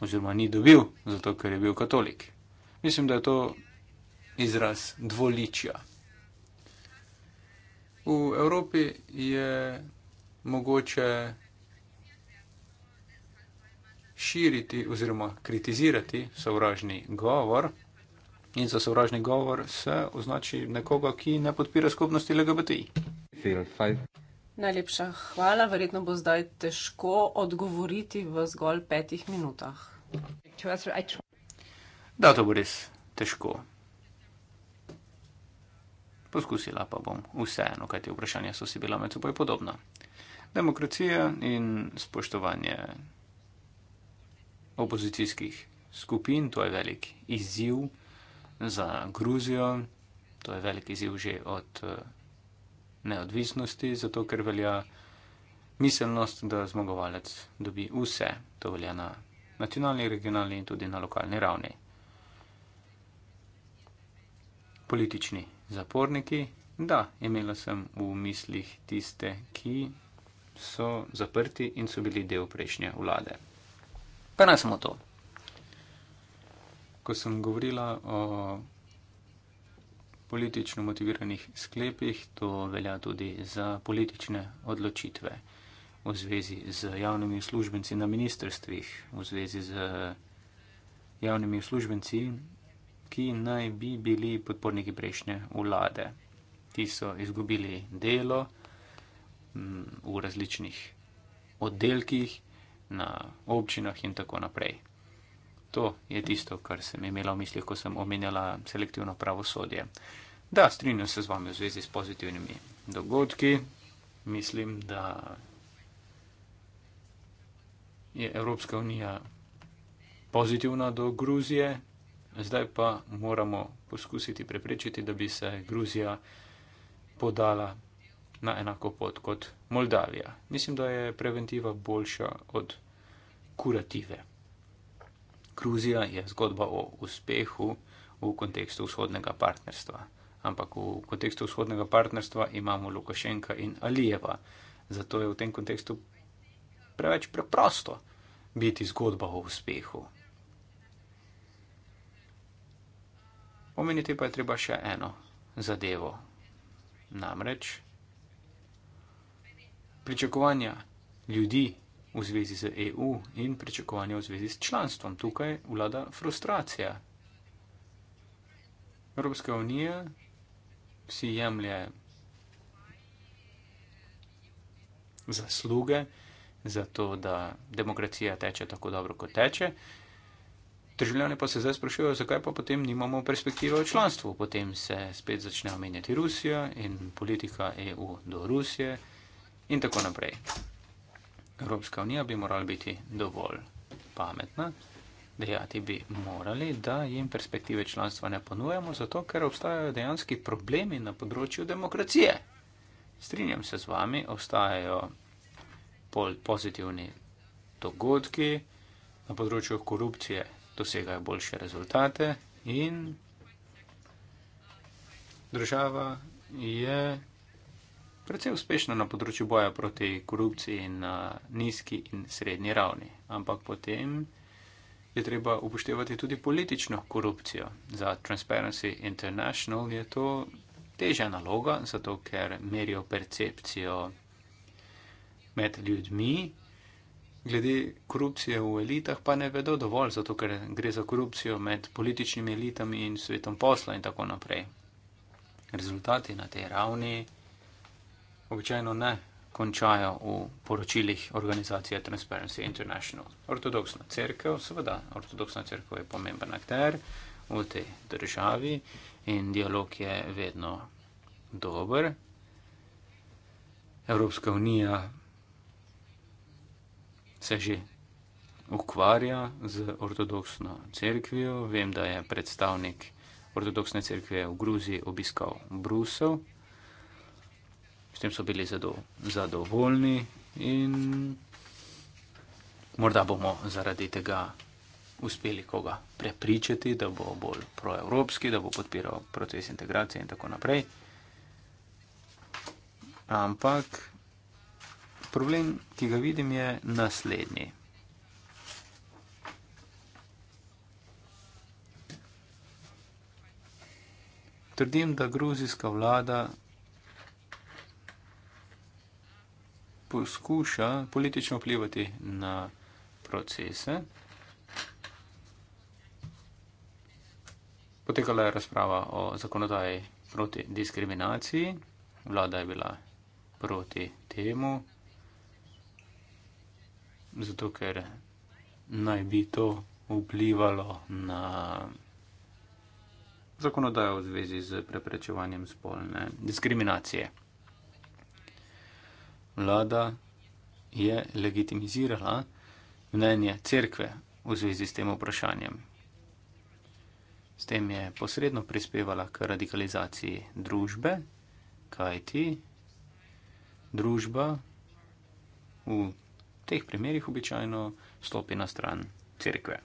Speaker 3: oziroma ni dobil, zato ker je bil katolik. Mislim, da je to izraz dvoličja. V Evropi je mogoče širiti oziroma kritizirati sovražni govor. In za sovražni govor se označi nekoga, ki ne podpira skupnosti LGBTI.
Speaker 4: Najlepša hvala, verjetno bo zdaj težko odgovoriti v zgolj petih minutah.
Speaker 3: Da, to bo res težko. Poskusila pa bom vseeno, kajti vprašanja so si bila med seboj podobna demokracija in spoštovanje opozicijskih skupin, to je velik izziv za Gruzijo, to je velik izziv že od eh, neodvisnosti, zato ker velja miselnost, da zmagovalec dobi vse, to velja na nacionalni, regionalni in tudi na lokalni ravni. Politični zaporniki, da, imela sem v mislih tiste, ki so zaprti in so bili del prejšnje vlade. Pa ne samo to. Ko sem govorila o politično motiviranih sklepih, to velja tudi za politične odločitve v zvezi z javnimi službenci na ministrstvih, v zvezi z javnimi službenci, ki naj bi bili podporniki prejšnje vlade. Ti so izgubili delo, Mm, v različnih oddelkih, na občinah in tako naprej. To je tisto, kar sem imela v mislih, ko sem omenjala selektivno pravosodje. Da, strinjam se z vami v zvezi s pozitivnimi dogodki. Mislim, da je Evropska unija pozitivna do Gruzije, zdaj pa moramo poskusiti preprečiti, da bi se Gruzija podala na enako pot kot Moldavija. Mislim, da je preventiva boljša od kurative. Gruzija je zgodba o uspehu v kontekstu vzhodnega partnerstva. Ampak v kontekstu vzhodnega partnerstva imamo Lukašenka in Alijeva. Zato je v tem kontekstu preveč preprosto biti zgodba o uspehu. Omeniti pa je treba še eno zadevo. Namreč pričakovanja ljudi v zvezi z EU in pričakovanja v zvezi s članstvom. Tukaj vlada frustracija. Evropska unija si jemlje zasluge za to, da demokracija teče tako dobro, kot teče. Državljani pa se zdaj sprašujejo, zakaj pa potem nimamo perspektive o članstvu. Potem se spet začne omenjati Rusija in politika EU do Rusije in tako naprej. Evropska unija bi morala biti dovolj pametna, dejati bi morali, da jim perspektive članstva ne ponujamo, zato ker obstajajo dejanski problemi na področju demokracije. Strinjam se z vami, obstajajo pozitivni dogodki na področju korupcije, dosegajo boljše rezultate in država je precej uspešna na področju boja proti korupciji na nizki in srednji ravni. Ampak potem je treba upoštevati tudi politično korupcijo. Za Transparency International je to težja naloga, zato ker merijo percepcijo med ljudmi. Glede korupcije v elitah pa ne vedo dovolj, zato ker gre za korupcijo med političnimi elitami in svetom posla in tako naprej. Rezultati na tej ravni običajno ne končajo v poročilih organizacije Transparency International. Ortodoksna crkva, seveda, ortodoksna crkva je pomemben akter v tej državi in dialog je vedno dober. Evropska unija se že ukvarja z ortodoksno crkvijo. Vem, da je predstavnik ortodoksne crkve v Gruziji obiskal Brusel. S tem so bili zado, zadovoljni in morda bomo zaradi tega uspeli koga prepričati, da bo bolj proevropski, da bo podpiral proces integracije in tako naprej. Ampak problem, ki ga vidim, je naslednji. Trdim, da gruzijska vlada poskuša politično vplivati na procese. Potekala je razprava o zakonodaji proti diskriminaciji, vlada je bila proti temu, zato ker naj bi to vplivalo na zakonodajo v zvezi z preprečevanjem spolne diskriminacije vlada je legitimizirala mnenje cerkve v zvezi s tem vprašanjem. S tem je posredno prispevala k radikalizaciji družbe, kajti družba v teh primerjih običajno stopi na stran cerkve.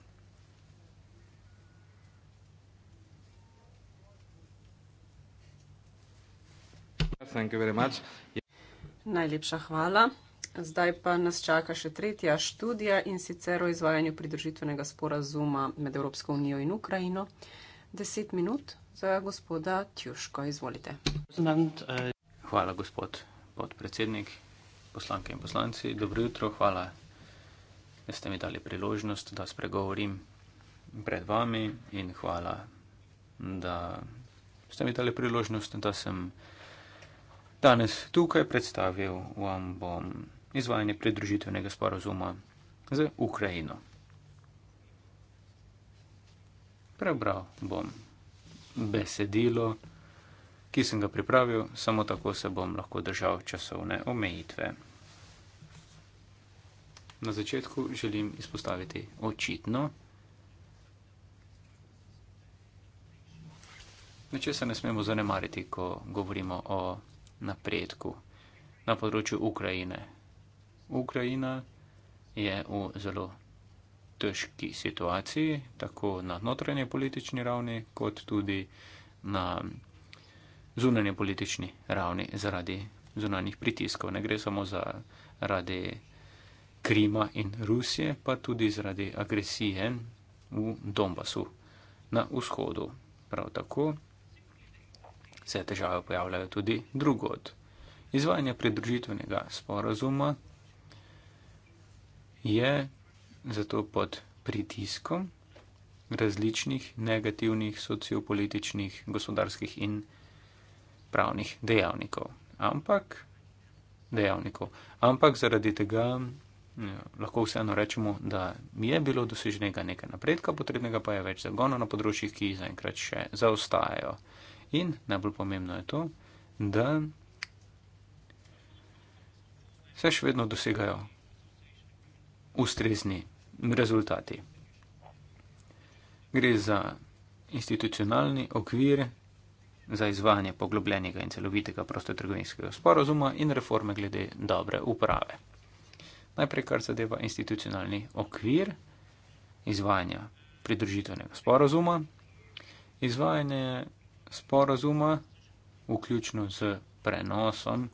Speaker 2: Thank you very much.
Speaker 4: Najlepša hvala. Zdaj pa nas čaka še tretja študija in sicer o izvajanju pridružitvenega sporazuma med Evropsko unijo in Ukrajino. Deset minut za gospoda Tjuško, izvolite.
Speaker 3: Hvala, gospod podpredsednik, poslanke in poslanci. Dobro jutro, hvala, da ste mi dali priložnost, da spregovorim pred vami in hvala, da ste mi dali priložnost, da sem. Danes tukaj predstavil vam bom izvajanje pridružitvenega sporozuma z Ukrajino. Prebral bom besedilo, ki sem ga pripravil, samo tako se bom lahko držal časovne omejitve. Na začetku želim izpostaviti očitno, na če se ne smemo zanemariti, ko govorimo o napredku na področju Ukrajine. Ukrajina je v zelo težki situaciji, tako na notranje politični ravni, kot tudi na zunanje politični ravni zaradi zunanjih pritiskov. Ne gre samo zaradi Krima in Rusije, pa tudi zaradi agresije v Donbasu na vzhodu. Prav tako se težave pojavljajo tudi drugod. Izvajanje pridružitvenega sporazuma je zato pod pritiskom različnih negativnih sociopolitičnih, gospodarskih in pravnih dejavnikov. Ampak, dejavnikov. Ampak zaradi tega ja, lahko vseeno rečemo, da je bilo doseženega nekaj napredka, potrebnega pa je več zagona na področjih, ki zaenkrat še zaostajajo. In najbolj pomembno je to, da se še vedno dosegajo ustrezni rezultati. Gre za institucionalni okvir za izvajanje poglobljenega in celovitega prostotrgovinskega sporozuma in reforme glede dobre uprave. Najprej, kar zadeva institucionalni okvir izvajanja pridružitvenega sporozuma, izvajanje sporazuma, vključno z prenosom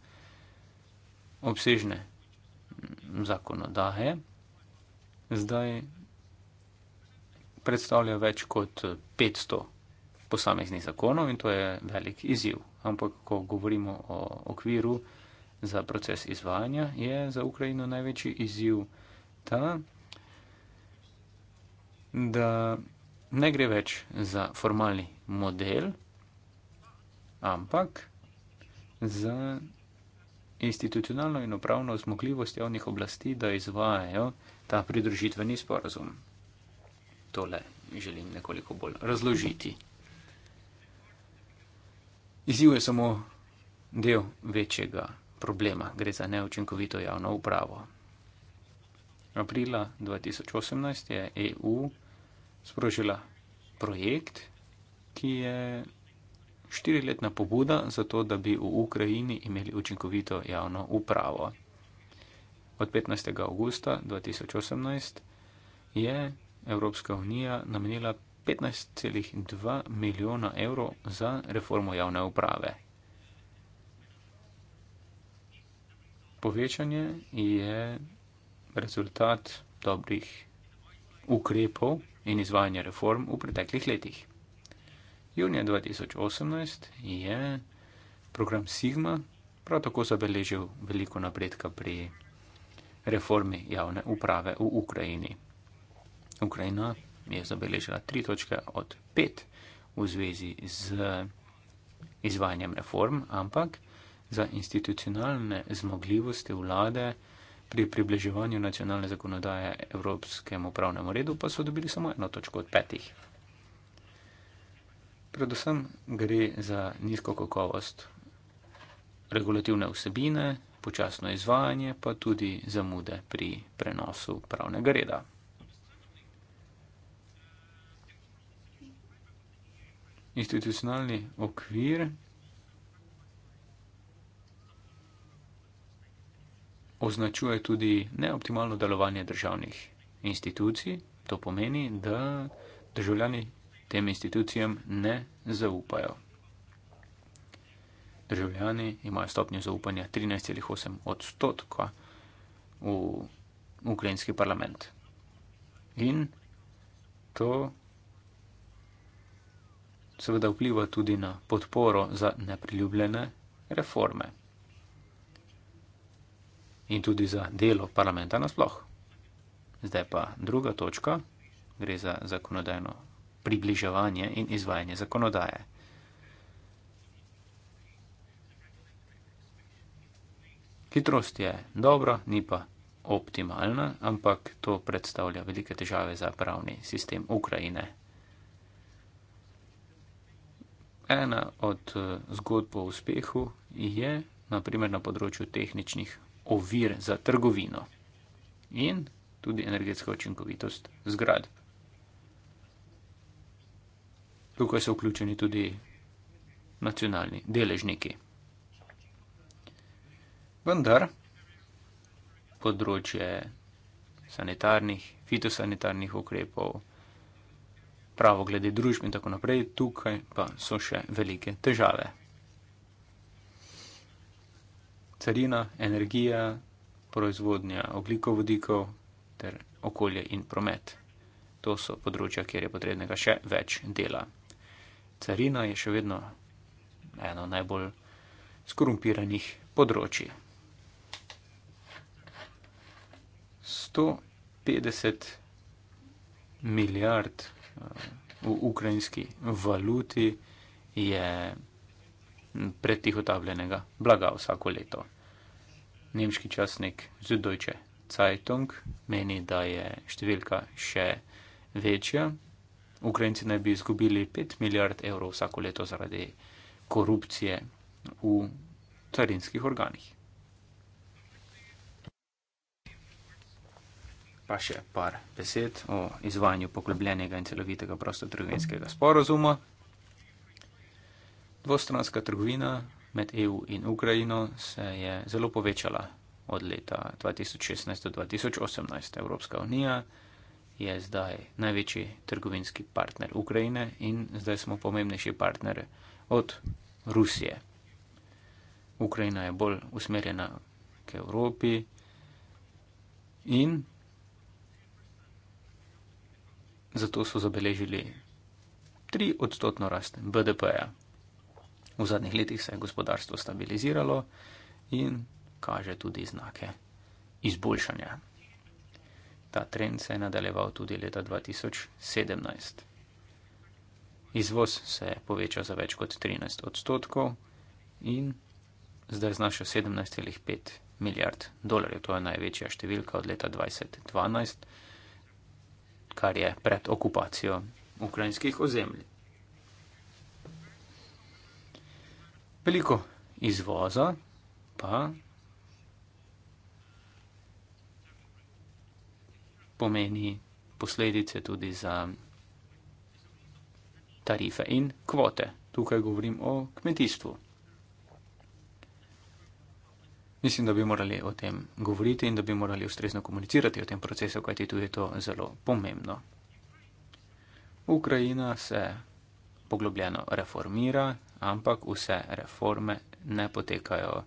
Speaker 3: obsežne zakonodaje, zdaj predstavlja več kot 500 posameznih zakonov in to je velik izziv. Ampak, ko govorimo o okviru za proces izvajanja, je za Ukrajino največji izziv ta, da ne gre več za formalni model, ampak z institucionalno in upravno zmogljivost javnih oblasti, da izvajajo ta pridružitveni sporazum. Tole želim nekoliko bolj razložiti. Izjiv je samo del večjega problema, gre za neučinkovito javno upravo. Aprila 2018 je EU sprožila projekt, ki je štiriletna pobuda za to, da bi v Ukrajini imeli učinkovito javno upravo. Od 15. augusta 2018 je Evropska unija namenila 15,2 milijona evrov za reformo javne uprave. Povečanje je rezultat dobrih ukrepov in izvajanja reform v preteklih letih. Junija 2018 je program Sigma prav tako zabeležil veliko napredka pri reformi javne uprave v Ukrajini. Ukrajina je zabeležila tri točke od pet v zvezi z izvajanjem reform, ampak za institucionalne zmogljivosti vlade pri približevanju nacionalne zakonodaje Evropskemu pravnemu redu pa so dobili samo eno točko od petih. Predvsem gre za nizko kakovost regulativne vsebine, počasno izvajanje, pa tudi zamude pri prenosu pravnega reda. Institucionalni okvir označuje tudi neoptimalno delovanje državnih institucij. To pomeni, da državljani tem institucijam ne zaupajo. Državljani imajo stopnjo zaupanja 13,8 odstotka v ukrajinski parlament. In to seveda vpliva tudi na podporo za nepriljubljene reforme in tudi za delo parlamenta nasploh. Zdaj pa druga točka, gre za zakonodajno približevanje in izvajanje zakonodaje. Hitrost je dobra, ni pa optimalna, ampak to predstavlja velike težave za pravni sistem Ukrajine. Ena od eh, zgodb o uspehu je naprimer na področju tehničnih ovir za trgovino in tudi energetska učinkovitost zgradb tukaj so vključeni tudi nacionalni deležniki. Vendar področje sanitarnih, fitosanitarnih ukrepov, pravo glede družb in tako naprej, tukaj pa so še velike težave. Carina, energija, proizvodnja oglikovodikov ter okolje in promet. To so področja, kjer je potrebnega še več dela carina je še vedno eno najbolj skorumpiranih področji. 150 milijard eh, v ukrajinski valuti je predtihotavljenega blaga vsako leto. Nemški časnik Zdojče Zeitung meni, da je številka še večja, Ukrajinci naj bi izgubili 5 milijard evrov vsako leto zaradi korupcije v carinskih organih. Pa še par besed o izvajanju poglobljenega in celovitega prostotrgovinskega sporozuma. Dvostranska trgovina med EU in Ukrajino se je zelo povečala od leta 2016 do 2018. Evropska unija je zdaj največji trgovinski partner Ukrajine in zdaj smo pomembnejši partner od Rusije. Ukrajina je bolj usmerjena k Evropi in zato so zabeležili tri odstotno rast BDP-ja. V zadnjih letih se je gospodarstvo stabiliziralo in kaže tudi znake izboljšanja. Ta trend se je nadaljeval tudi leta 2017. Izvoz se je povečal za več kot 13 odstotkov in zdaj znaša 17,5 milijard dolarjev. To je največja številka od leta 2012, kar je pred okupacijo ukrajinskih ozemlji. Veliko izvoza pa pomeni posledice tudi za tarife in kvote. Tukaj govorim o kmetijstvu. Mislim, da bi morali o tem govoriti in da bi morali ustrezno komunicirati o tem procesu, kajti tudi to je zelo pomembno. Ukrajina se poglobljeno reformira, ampak vse reforme ne potekajo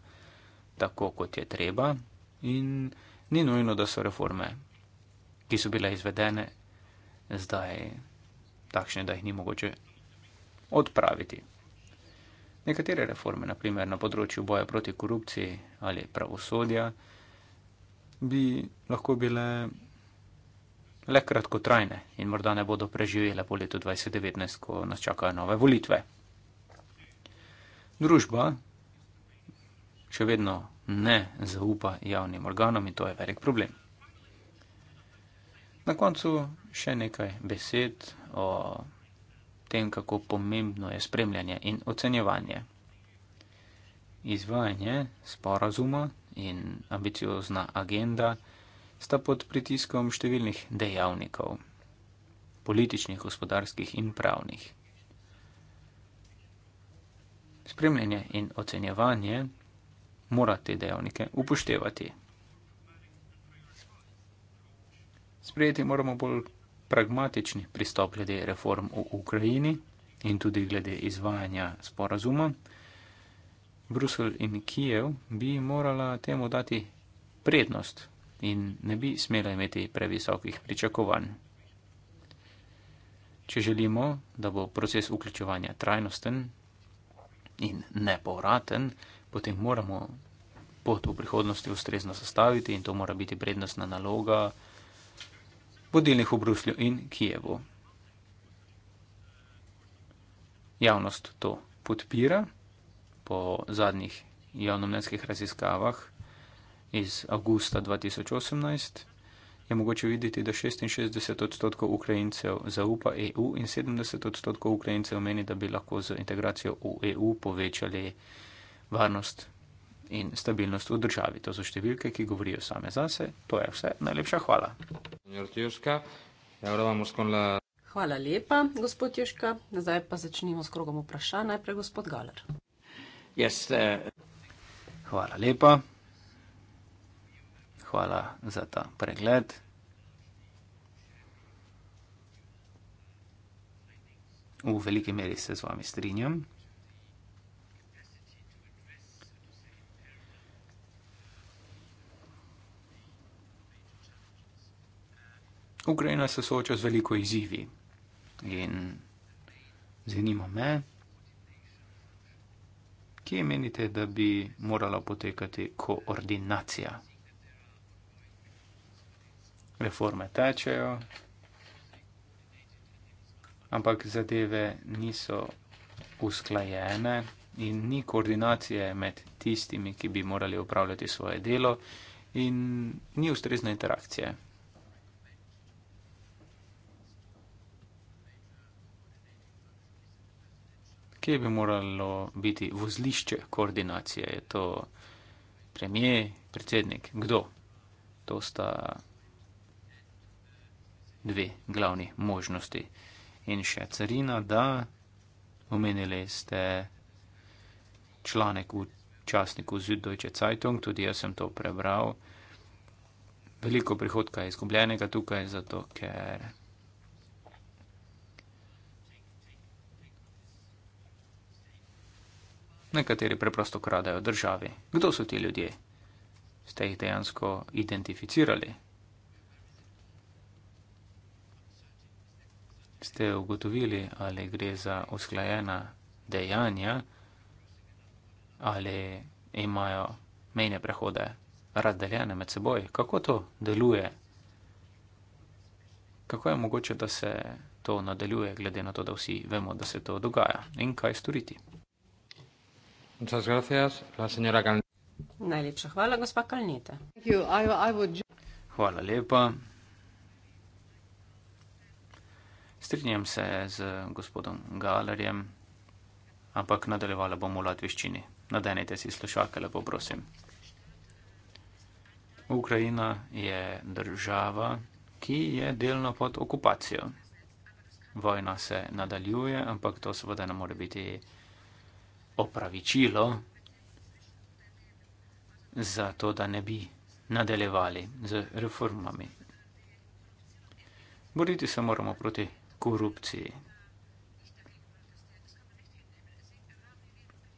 Speaker 3: tako, kot je treba in ni nujno, da so reforme ki so bile izvedene, zdaj takšne, da jih ni mogoče odpraviti. Nekatere reforme, naprimer na področju boja proti korupciji ali pravosodja, bi lahko bile le kratkotrajne in morda ne bodo preživele po letu 2019, ko nas čakajo nove volitve. Družba še vedno ne zaupa javnim organom in to je velik problem. Na koncu še nekaj besed o tem, kako pomembno je spremljanje in ocenjevanje. Izvajanje sporazuma in ambiciozna agenda sta pod pritiskom številnih dejavnikov, političnih, gospodarskih in pravnih. Spremljanje in ocenjevanje mora te dejavnike upoštevati. sprejeti moramo bolj pragmatični pristop glede reform v Ukrajini in tudi glede izvajanja sporazuma. Brusel in Kijev bi morala temu dati prednost in ne bi smela imeti previsokih pričakovanj. Če želimo, da bo proces vključevanja trajnosten in nepovraten, potem moramo pot v prihodnosti ustrezno zastaviti in to mora biti prednostna naloga vodilnih v Bruslju in Kijevu. Javnost to podpira po zadnjih javnomnenjskih raziskavah iz avgusta 2018. Je mogoče videti, da 66 odstotkov Ukrajincev zaupa EU in 70 odstotkov Ukrajincev meni, da bi lahko z integracijo v EU povečali varnost in stabilnost v državi. To so številke, ki govorijo same zase. To je vse.
Speaker 2: Najlepša hvala.
Speaker 4: Hvala lepa, gospod Joška. Zdaj pa začnimo s krogom vprašanj. Najprej gospod Galer.
Speaker 2: Yes, uh...
Speaker 3: Hvala lepa. Hvala za ta pregled. V veliki meri se z vami strinjam. Ukrajina se sooča z veliko izzivi in zanima me, kje menite, da bi morala potekati koordinacija. Reforme tečejo, ampak zadeve niso usklajene in ni koordinacije med tistimi, ki bi morali upravljati svoje delo in ni ustrezne interakcije. Kje bi moralo biti vozlišče koordinacije? Je to premije, predsednik, kdo? To sta dve glavni možnosti. In še carina, da omenili ste članek v časniku Züddeutsche Zeitung, tudi jaz sem to prebral. Veliko prihodka je izgubljenega tukaj, zato ker nekateri preprosto kradejo državi. Kdo so ti ljudje? Ste jih dejansko identificirali? Ste ugotovili, ali gre za usklajena dejanja, ali imajo mejne prehode razdeljene med seboj? Kako to deluje? Kako je mogoče, da se to nadaljuje, glede na to, da vsi vemo, da se to dogaja in kaj storiti? Muchas gracias, la señora Kalnete.
Speaker 4: Najlepša hvala, gospa Kalnete.
Speaker 3: Hvala lepa. Strinjam se z gospodom Galerjem, ampak nadaljevala bom v latviščini. Nadenite si slušalke, lepo prosim. Ukrajina je država, ki je delno pod okupacijo. Vojna se nadaljuje, ampak to seveda ne more biti opravičilo za to, da ne bi nadaljevali z reformami. Boriti se moramo proti korupciji.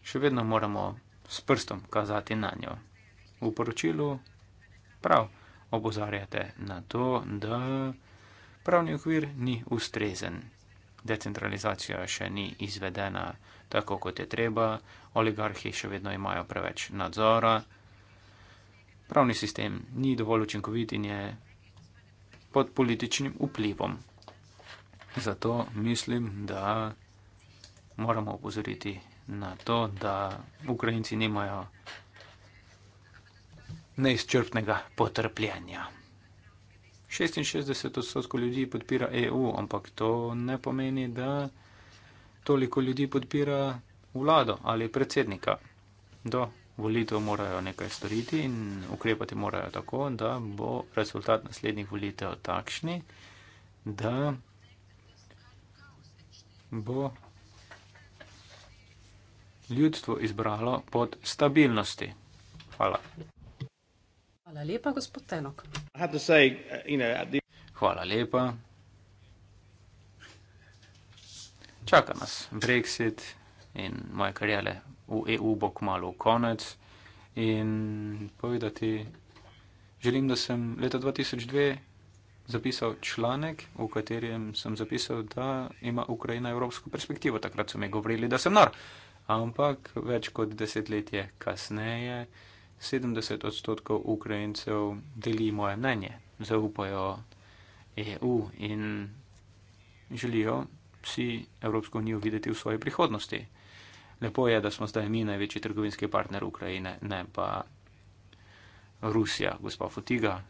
Speaker 3: Še vedno moramo s prstom kazati na njo. V poročilu prav obozarjate na to, da pravni okvir ni ustrezen. Decentralizacija še ni izvedena tako kot je treba, oligarhi še vedno imajo preveč nadzora, pravni sistem ni dovolj učinkovit in je pod političnim vplivom. Zato mislim, da moramo upozoriti na to, da Ukrajinci nimajo neizčrpnega potrpljenja. 66 odstotkov ljudi podpira EU, ampak to ne pomeni, da toliko ljudi podpira vlado ali predsednika. Do volitev morajo nekaj storiti in ukrepati morajo tako, da bo rezultat naslednjih volitev takšni, da bo ljudstvo izbralo pod stabilnosti. Hvala.
Speaker 4: Hvala lepa, gospod Tenok.
Speaker 3: Hvala lepa. čaka nas Brexit in moje karijere v EU bo kmalo konec. In povedati, želim, da sem leta 2002 zapisal članek, v katerem sem zapisal, da ima Ukrajina evropsko perspektivo. Takrat so mi govorili, da sem nor. Ampak več kot desetletje kasneje 70 odstotkov Ukrajincev deli moje mnenje, zaupajo EU in želijo, si Evropsko unijo videti v svoji prihodnosti. Lepo je, da smo zdaj mi največji trgovinski partner Ukrajine, ne pa Rusija, gospa Fotiga.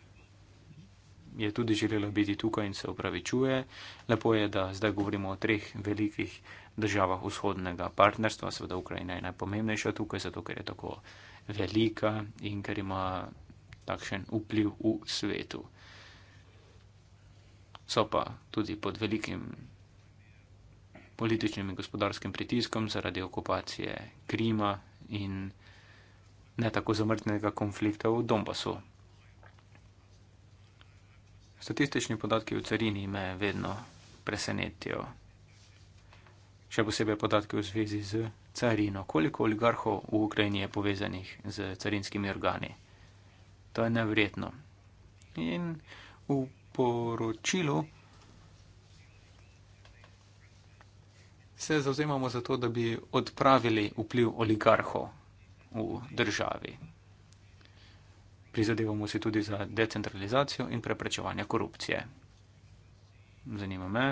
Speaker 3: Je tudi želela biti tukaj in se upravičuje. Lepo je, da zdaj govorimo o treh velikih državah vzhodnega partnerstva. Seveda Ukrajina je najpomembnejša tukaj, zato ker je tako velika in ker ima takšen vpliv v svetu. So pa tudi pod velikim političnim in gospodarskim pritiskom zaradi okupacije Krima in ne tako zamrtnega konflikta v Donbasu. Statistični podatki v carini me vedno presenetijo. Še posebej podatki v zvezi z carino. Koliko oligarhov v Ukrajini je povezanih z carinskimi organi? To je nevredno. In v poročilu se zauzemamo za to, da bi odpravili vpliv oligarhov v državi. Prizadevamo se tudi za decentralizacijo in preprečevanje korupcije. Zanima me,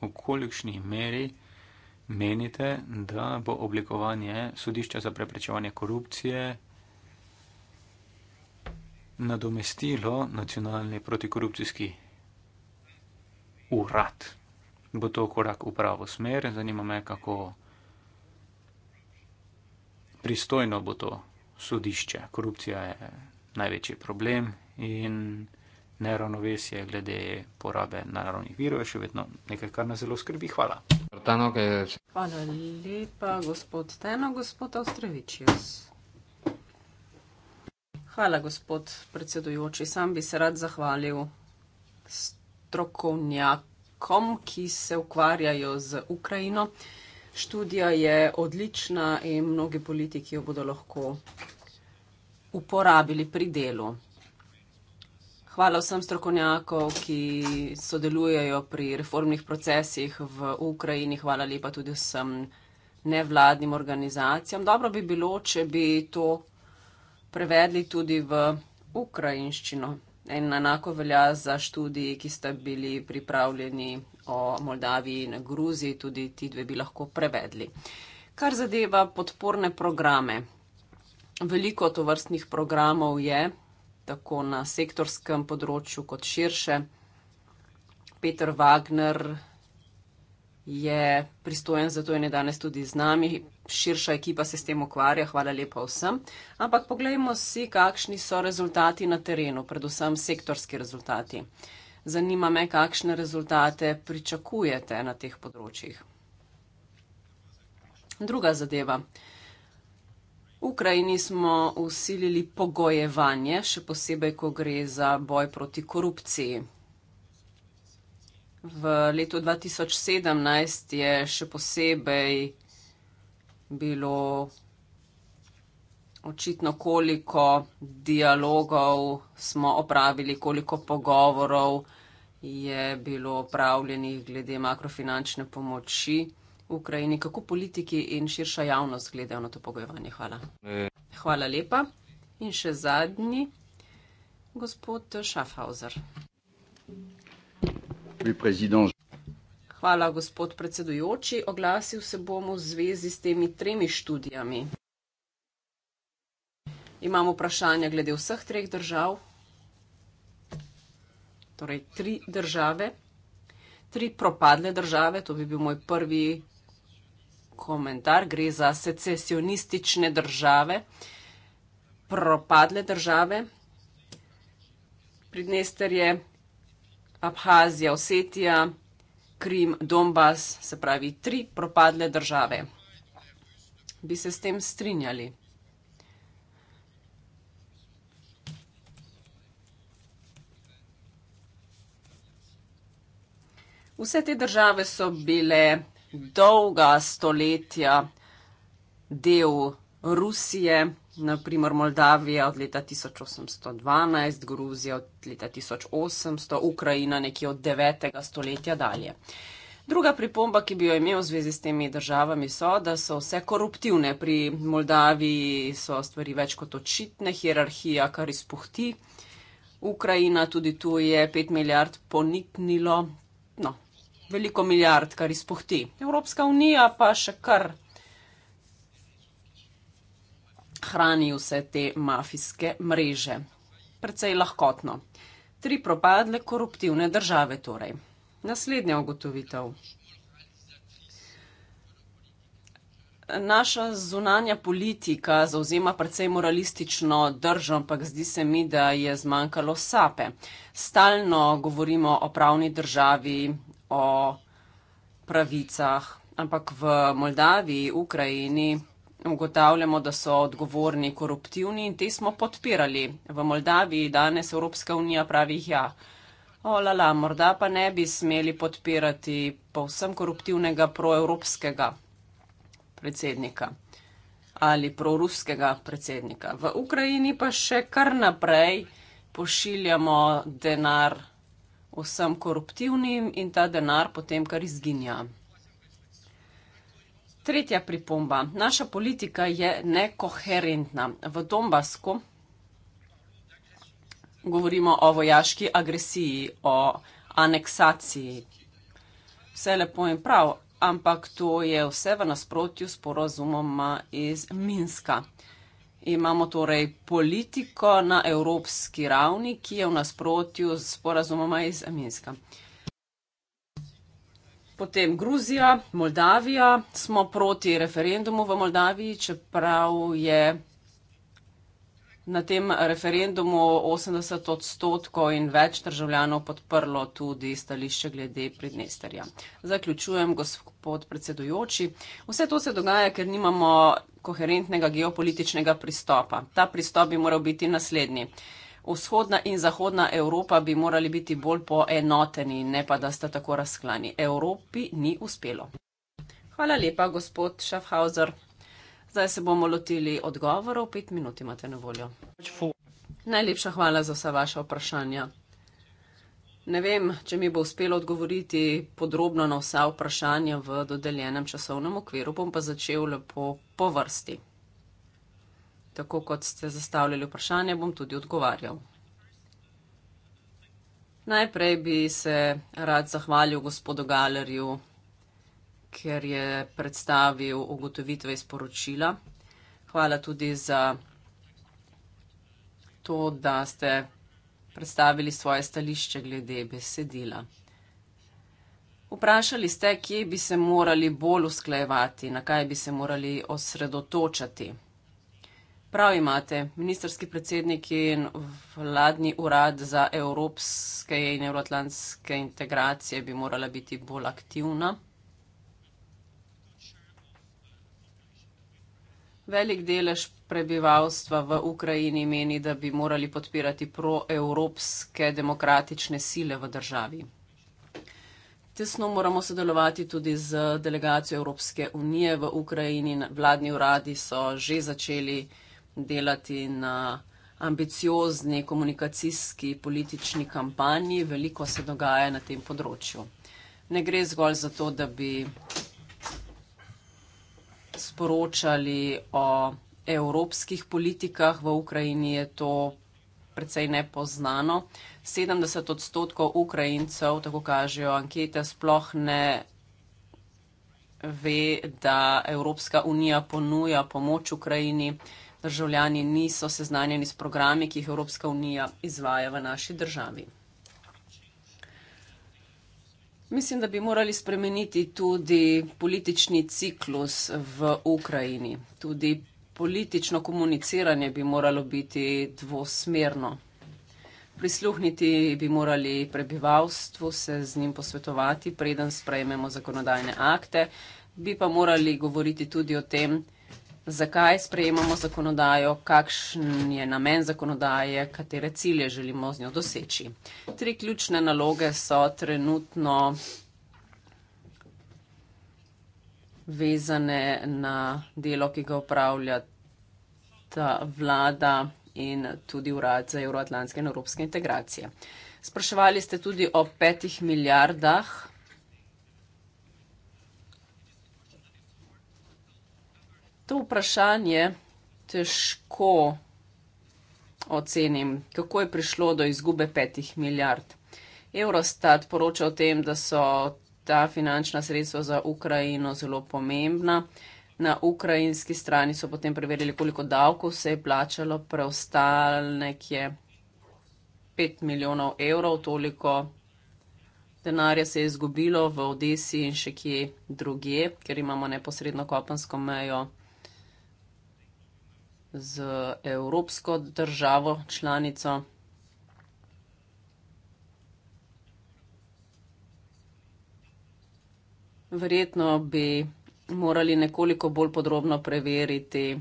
Speaker 3: v kolikšni meri menite, da bo oblikovanje sodišča za preprečevanje korupcije nadomestilo nacionalni protikorupcijski urad bo to korak v pravo smer. Zanima me, kako pristojno bo to sodišče. Korupcija je največji problem in neravnovesje glede porabe naravnih virov je še vedno nekaj, kar nas zelo skrbi. Hvala.
Speaker 4: Hvala lepa, gospod Teno, gospod Avstravičius. Hvala, gospod predsedujoči. Sam bi se rad zahvalil strokovnjak, Kom, ki se ukvarjajo z Ukrajino. Študija je odlična in mnogi politiki jo bodo lahko uporabili pri delu. Hvala vsem strokovnjakov, ki sodelujejo pri reformnih procesih v Ukrajini. Hvala lepa tudi vsem nevladnim organizacijam. Dobro bi bilo, če bi to prevedli tudi v ukrajinščino. In enako velja za študiji, ki sta bili pripravljeni o Moldaviji in Gruziji, tudi ti dve bi lahko prevedli. Kar zadeva podporne programe. Veliko tovrstnih programov je, tako na sektorskem področju kot širše. Peter Wagner, je pristojen, zato je ne danes tudi z nami. Širša ekipa se s tem ukvarja, hvala lepa vsem. Ampak poglejmo si, kakšni so rezultati na terenu, predvsem sektorski rezultati. Zanima me, kakšne rezultate pričakujete na teh področjih. Druga zadeva. V Ukrajini smo usilili pogojevanje, še posebej, ko gre za boj proti korupciji v letu 2017 je še posebej bilo očitno, koliko dialogov smo opravili, koliko pogovorov je bilo opravljenih glede makrofinančne pomoči Ukrajini, kako politiki in širša javnost gledajo na to pogojevanje. Hvala. Hvala lepa. In še zadnji, gospod Schaffhauser.
Speaker 1: Hvala,
Speaker 4: gospod predsedujoči. Oglasil se bomo v zvezi s temi tremi študijami. Imamo vprašanja glede vseh treh držav, torej tri države, tri propadle države, to bi bil moj prvi komentar, gre za secesionistične države, propadle države. Pridnester je Abhazija, Osetija, Krim, Donbas, se pravi tri propadle države. Bi se s tem strinjali? Vse te države so bile dolga stoletja del Rusije naprimer Moldavija od leta 1812, Gruzija od leta 1800, Ukrajina nekje od 9. stoletja dalje. Druga pripomba, ki bi jo imel v zvezi s temi državami, so, da so vse koruptivne. Pri Moldaviji so stvari več kot očitne, hierarhija kar izpuhti. Ukrajina tudi tu je 5 milijard poniknilo, no, veliko milijard kar izpuhti. Evropska unija pa še kar hrani vse te mafijske mreže. Predvsej lahkotno. Tri propadle koruptivne države torej. Naslednja ugotovitev. Naša zunanja politika zauzema predvsej moralistično držo, ampak zdi se mi, da je zmanjkalo sape. Stalno govorimo o pravni državi, o pravicah, ampak v Moldaviji, Ukrajini ugotavljamo, da so odgovorni koruptivni in te smo podpirali. V Moldaviji danes Evropska unija pravi ja. Olala, morda pa ne bi smeli podpirati povsem koruptivnega proevropskega predsednika ali proruskega predsednika. V Ukrajini pa še kar naprej pošiljamo denar vsem koruptivnim in ta denar potem kar izginja. Tretja pripomba. Naša politika je nekoherentna. V Donbasku govorimo o vojaški agresiji, o aneksaciji. Vse lepo in prav, ampak to je vse v nasprotju s porazumom iz Minska. Imamo torej politiko na evropski ravni, ki je v nasprotju s porazumoma iz Minska. Potem Gruzija, Moldavija. Smo proti referendumu v Moldaviji, čeprav je na tem referendumu 80 odstotkov in več državljanov podprlo tudi stališče glede Pridnesterja. Zaključujem, gospod predsedujoči. Vse to se dogaja, ker nimamo koherentnega geopolitičnega pristopa. Ta pristop bi moral biti naslednji vzhodna in zahodna Evropa bi morali biti bolj poenoteni, ne pa da sta tako razklani. Evropi ni uspelo. Hvala lepa, gospod Schaffhauser. Zdaj se bomo lotili odgovorov, pet minut imate na voljo. Najlepša hvala za vsa vaša vprašanja. Ne vem, če mi bo uspelo odgovoriti podrobno na vsa vprašanja v dodeljenem časovnem okviru, bom pa začel lepo po vrsti. Tako kot ste zastavljali vprašanje, bom tudi odgovarjal. Najprej bi se rad zahvalil gospodu Galerju, ker je predstavil ugotovitve iz poročila. Hvala tudi za to, da ste predstavili svoje stališče glede besedila. Vprašali ste, kje bi se morali bolj usklajevati, na kaj bi se morali osredotočati. Prav imate, ministerski predsednik in vladni urad za evropske in euroatlantske integracije bi morala biti bolj aktivna. Velik delež prebivalstva v Ukrajini meni, da bi morali podpirati proevropske demokratične sile v državi. Tesno moramo sodelovati tudi z delegacijo Evropske unije v Ukrajini. Vladni uradi so že začeli delati na ambiciozni komunikacijski politični kampanji, veliko se dogaja na tem področju. Ne gre zgolj za to, da bi sporočali o evropskih politikah v Ukrajini, je to precej nepoznano. 70 odstotkov Ukrajincev, tako kažejo ankete, sploh ne ve, da Evropska unija ponuja pomoč Ukrajini državljani niso seznanjeni s programi, ki jih Evropska unija izvaja v naši državi. Mislim, da bi morali spremeniti tudi politični ciklus v Ukrajini. Tudi politično komuniciranje bi moralo biti dvosmerno. Prisluhniti bi morali prebivalstvu, se z njim posvetovati, preden sprejmemo zakonodajne akte, bi pa morali govoriti tudi o tem, zakaj sprejemamo zakonodajo, kakšen je namen zakonodaje, katere cilje želimo z njo doseči. Tri ključne naloge so trenutno vezane na delo, ki ga upravlja ta vlada in tudi urad za evroatlantske in evropske integracije. Spraševali ste tudi o petih milijardah to vprašanje težko ocenim, kako je prišlo do izgube petih milijard. Eurostat poroča o tem, da so ta finančna sredstva za Ukrajino zelo pomembna. Na ukrajinski strani so potem preverili, koliko davkov se je plačalo, preostal nekje 5 milijonov evrov, toliko denarja se je izgubilo v Odesi in še kje drugje, ker imamo neposredno kopensko mejo z evropsko državo članico. Verjetno bi morali nekoliko bolj podrobno preveriti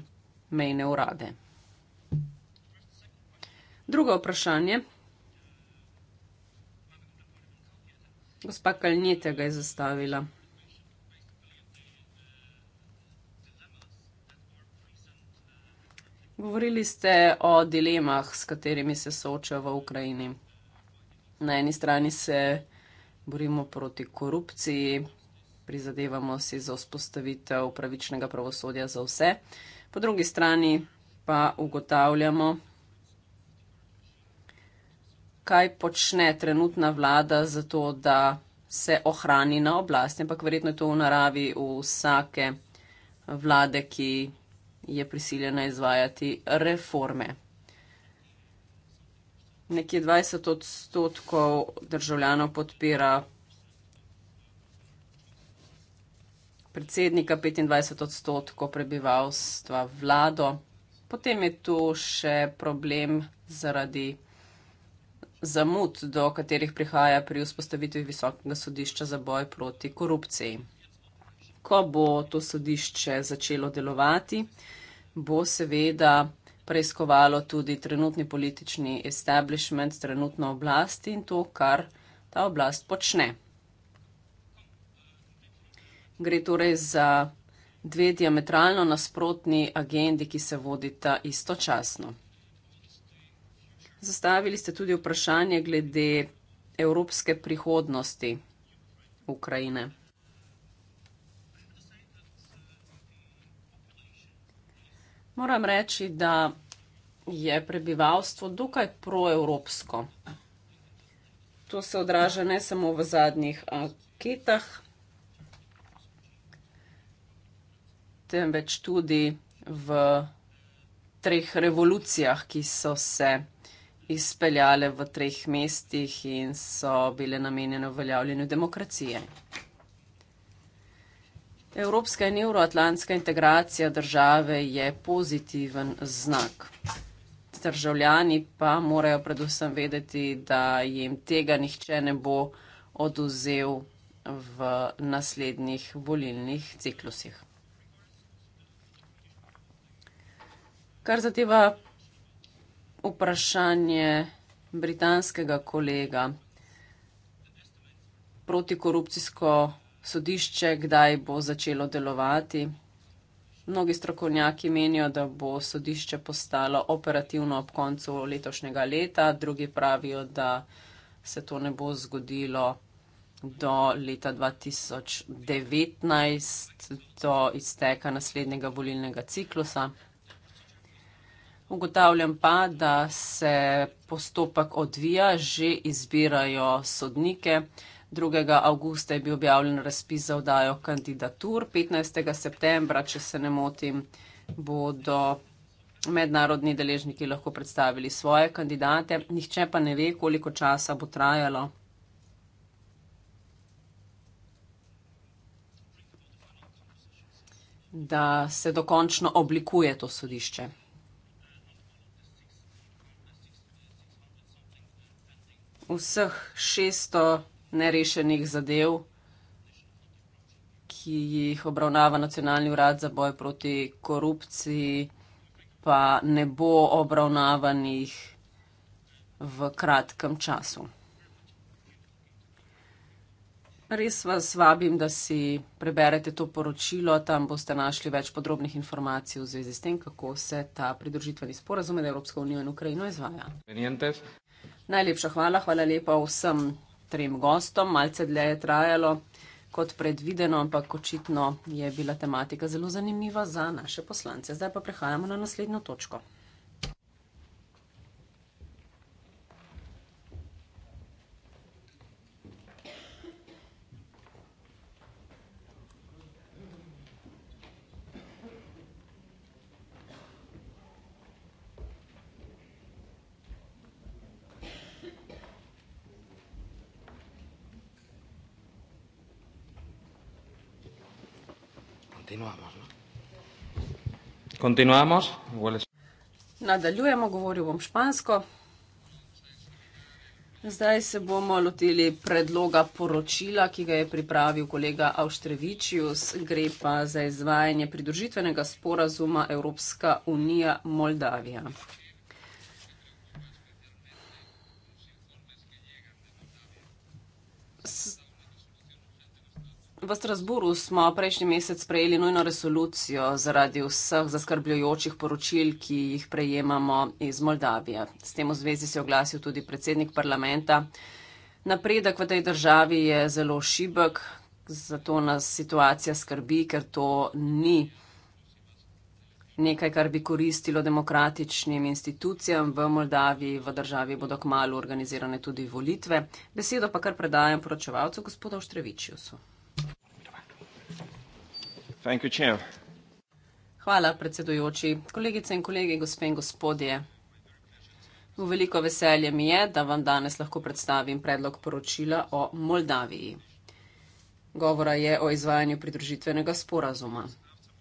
Speaker 4: mejne urade. Drugo vprašanje. Gospa Kalnjetega je zastavila. Govorili ste o dilemah, s katerimi se soočajo v Ukrajini. Na eni strani se borimo proti korupciji, prizadevamo si za vzpostavitev pravičnega pravosodja za vse, po drugi strani pa ugotavljamo, kaj počne trenutna vlada za to, da se ohrani na oblasti. Ampak verjetno je to v naravi vsake vlade, ki je prisiljena izvajati reforme. Nekje 20 odstotkov državljanov podpira predsednika, 25 odstotkov prebivalstva vlado. Potem je tu še problem zaradi zamud, do katerih prihaja pri vzpostavitvi visokega sodišča za boj proti korupciji ko bo to sodišče začelo delovati, bo seveda preiskovalo tudi trenutni politični establishment, trenutno oblast in to, kar ta oblast počne. Gre torej za dve diametralno nasprotni agendi, ki se vodita istočasno. Zastavili ste tudi vprašanje glede evropske prihodnosti Ukrajine. Moram reči, da je prebivalstvo dokaj proevropsko. To se odraža ne samo v zadnjih anketah, temveč tudi v treh revolucijah, ki so se izpeljale v treh mestih in so bile namenjene uveljavljanju demokracije. Evropska in euroatlantska integracija države je pozitiven znak. Državljani pa morajo predvsem vedeti, da jim tega nihče ne bo oduzel v naslednjih volilnih ciklusih. Kar zadeva vprašanje britanskega kolega, protikorupcijsko sodišče, kdaj bo začelo delovati. Mnogi strokovnjaki menijo, da bo sodišče postalo operativno ob koncu letošnjega leta, drugi pravijo, da se to ne bo zgodilo do leta 2019, do izteka naslednjega volilnega ciklusa. Ugotavljam pa, da se postopek odvija, že izbirajo sodnike. 2. avgusta je bil objavljen razpis za vdajo kandidatur, 15. septembra, če se ne motim, bodo mednarodni deležniki lahko predstavili svoje kandidate. Nihče pa ne ve, koliko časa bo trajalo. da se dokončno oblikuje to sodišče. Vseh 600 nerešenih zadev, ki jih obravnava Nacionalni urad za boj proti korupciji, pa ne bo obravnavanih v kratkem času. Res vas vabim, da si preberete to poročilo, tam boste našli več podrobnih informacij v zvezi s tem, kako se ta pridružitveni sporazum med Evropsko unijo in Ukrajino izvaja. Najlepša hvala, hvala lepa vsem trem gostom, malce dlje je trajalo kot predvideno, ampak očitno je bila tematika zelo zanimiva za naše poslance. Zdaj pa prehajamo na naslednjo točko.
Speaker 2: Continuamos. ¿no? Continuamos.
Speaker 4: Nadaljujemo, govoril bom špansko. Zdaj se bomo lotili predloga poročila, ki ga je pripravil kolega Avštrevičius. Gre pa za izvajanje pridružitvenega sporazuma Evropska unija-Moldavija. V Strasburu smo prejšnji mesec sprejeli nujno resolucijo zaradi vseh zaskrbljujočih poročil, ki jih prejemamo iz Moldavije. S tem v zvezi se je oglasil tudi predsednik parlamenta. Napredek v tej državi je zelo šibek, zato nas situacija skrbi, ker to ni nekaj, kar bi koristilo demokratičnim institucijam v Moldaviji. V državi bodo kmalo organizirane tudi volitve. Besedo pa kar predajam poročevalcu gospodu Štrevičiusu. Hvala, predsedujoči. Kolegice in kolegi, gospe in gospodje. V veliko veselje mi je, da vam danes lahko predstavim predlog poročila o Moldaviji. Govora je o izvajanju pridružitvenega sporazuma.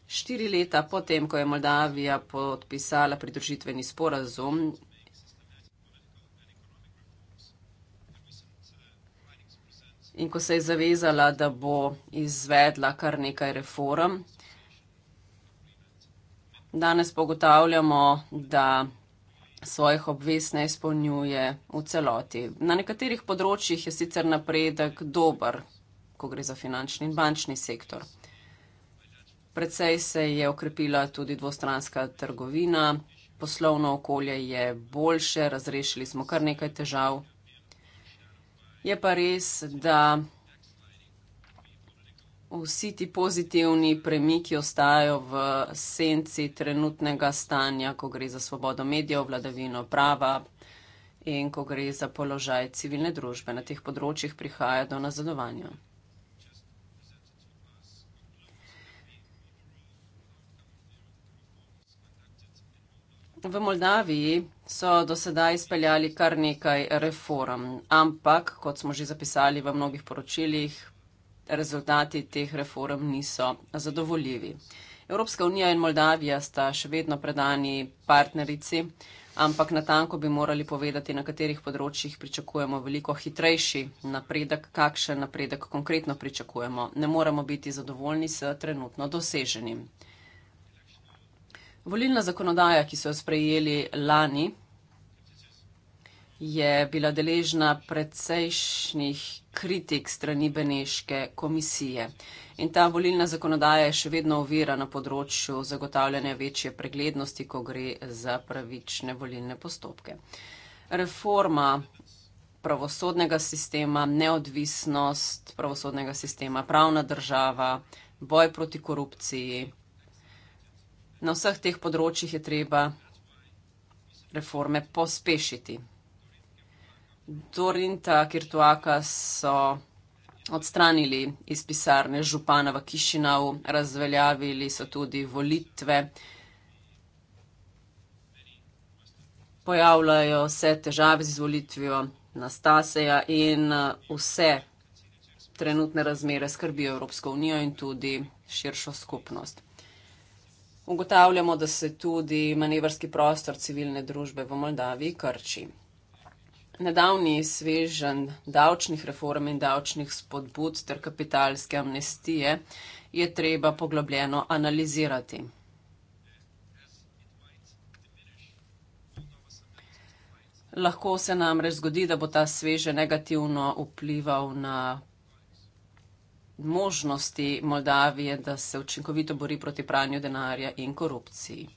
Speaker 4: Štiri leta potem, ko je Moldavija podpisala pridružitveni sporazum, In ko se je zavezala, da bo izvedla kar nekaj reform, danes pogotavljamo, da svojih obvez ne izpolnjuje v celoti. Na nekaterih področjih je sicer napredek dober, ko gre za finančni in bančni sektor. Predvsej se je okrepila tudi dvostranska trgovina, poslovno okolje je boljše, razrešili smo kar nekaj težav, Je pa res, da vsi ti pozitivni premiki ostajajo v senci trenutnega stanja, ko gre za svobodo medijev, vladavino prava in ko gre za položaj civilne družbe. Na teh področjih prihaja do nazadovanja. V Moldaviji so do sedaj izpeljali kar nekaj reform, ampak, kot smo že zapisali v mnogih poročilih, rezultati teh reform niso zadovoljivi. Evropska unija in Moldavija sta še vedno predani partnerici, ampak na tanko bi morali povedati, na katerih področjih pričakujemo veliko hitrejši napredek, kakšen napredek konkretno pričakujemo. Ne moremo biti zadovoljni s trenutno doseženim. Volilna zakonodaja, ki so jo sprejeli lani, je bila deležna precejšnjih kritik strani Beneške komisije. In ta volilna zakonodaja je še vedno ovira na področju zagotavljanja večje preglednosti, ko gre za pravične volilne postopke. Reforma pravosodnega sistema, neodvisnost pravosodnega sistema, pravna država, boj proti korupciji. Na vseh teh področjih je treba reforme pospešiti. Dorinta Kirtuaka so odstranili iz pisarne župana v Kišinau, razveljavili so tudi volitve. Pojavljajo se težave z izvolitvijo Nastaseja in uh, vse trenutne razmere skrbijo Evropsko unijo in tudi širšo skupnost. Ugotavljamo, da se tudi manevrski prostor civilne družbe v Moldaviji krči. Nedavni svežen davčnih reform in davčnih spodbud ter kapitalske amnestije je treba poglobljeno analizirati. Lahko se namreč zgodi, da bo ta sveže negativno vplival na možnosti Moldavije, da se učinkovito bori proti pranju denarja in korupciji.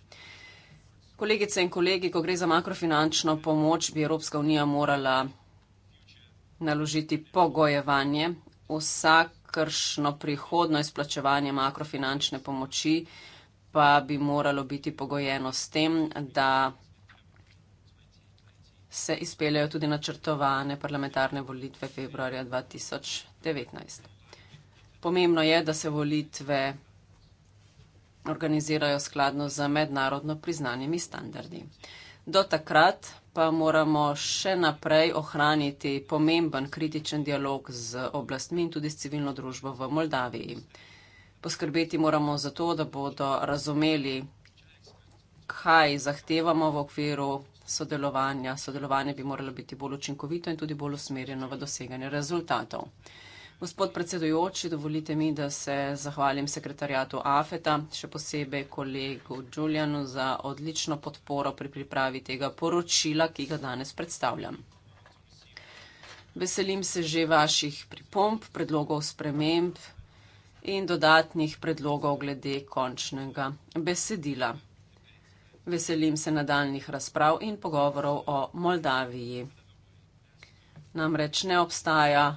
Speaker 4: Kolegice in kolegi, ko gre za makrofinančno pomoč, bi Evropska unija morala naložiti pogojevanje. Vsakršno prihodno izplačevanje makrofinančne pomoči pa bi moralo biti pogojeno s tem, da se izpeljajo tudi načrtovane parlamentarne volitve februarja 2019. Pomembno je, da se volitve organizirajo skladno z mednarodno priznanimi standardi. Do takrat pa moramo še naprej ohraniti pomemben kritičen dialog z oblastmi in tudi s civilno družbo v Moldaviji. Poskrbeti moramo za to, da bodo razumeli, kaj zahtevamo v okviru sodelovanja. Sodelovanje bi moralo biti bolj učinkovito in tudi bolj usmerjeno v doseganje rezultatov. Gospod predsedujoči, dovolite mi, da se zahvalim sekretarjatu AFETA, še posebej kolegu Đuljanu za odlično podporo pri pripravi tega poročila, ki ga danes predstavljam. Veselim se že vaših pripomb, predlogov sprememb in dodatnih predlogov glede končnega besedila. Veselim se nadaljnih razprav in pogovorov o Moldaviji. Namreč ne obstaja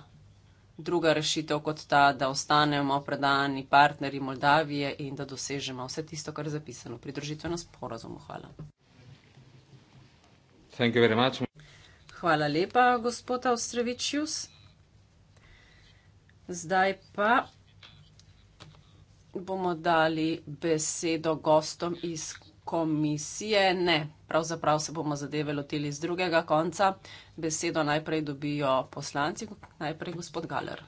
Speaker 4: druga rešitev kot ta, da ostanemo predani partnerji Moldavije in da dosežemo vse tisto, kar je zapisano pri držitveno sporozumu. Hvala. Hvala lepa, gospod Avstrevičius. Zdaj pa bomo dali besedo gostom iz komisije. Ne, pravzaprav se bomo zadeve lotili z drugega konca. Besedo najprej dobijo poslanci, najprej gospod Galer.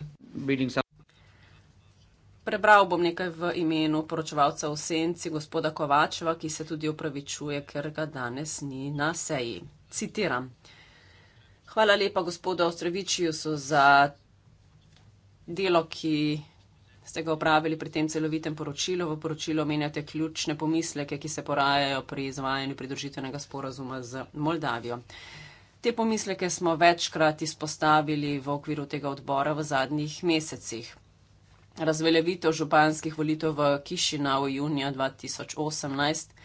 Speaker 4: Prebral bom nekaj v imenu poročevalca v senci gospoda Kovačeva, ki se tudi opravičuje, ker ga danes ni na seji. Citiram. Hvala lepa gospodu Ostrovičiju za delo, ki ste ga opravili pri tem celovitem poročilu. V poročilu omenjate ključne pomisleke, ki se porajajo pri izvajanju pridružitvenega sporazuma z Moldavijo. Te pomisleke smo večkrat izpostavili v okviru tega odbora v zadnjih mesecih. Razveljavitev županskih volitev v Kišinau junija 2018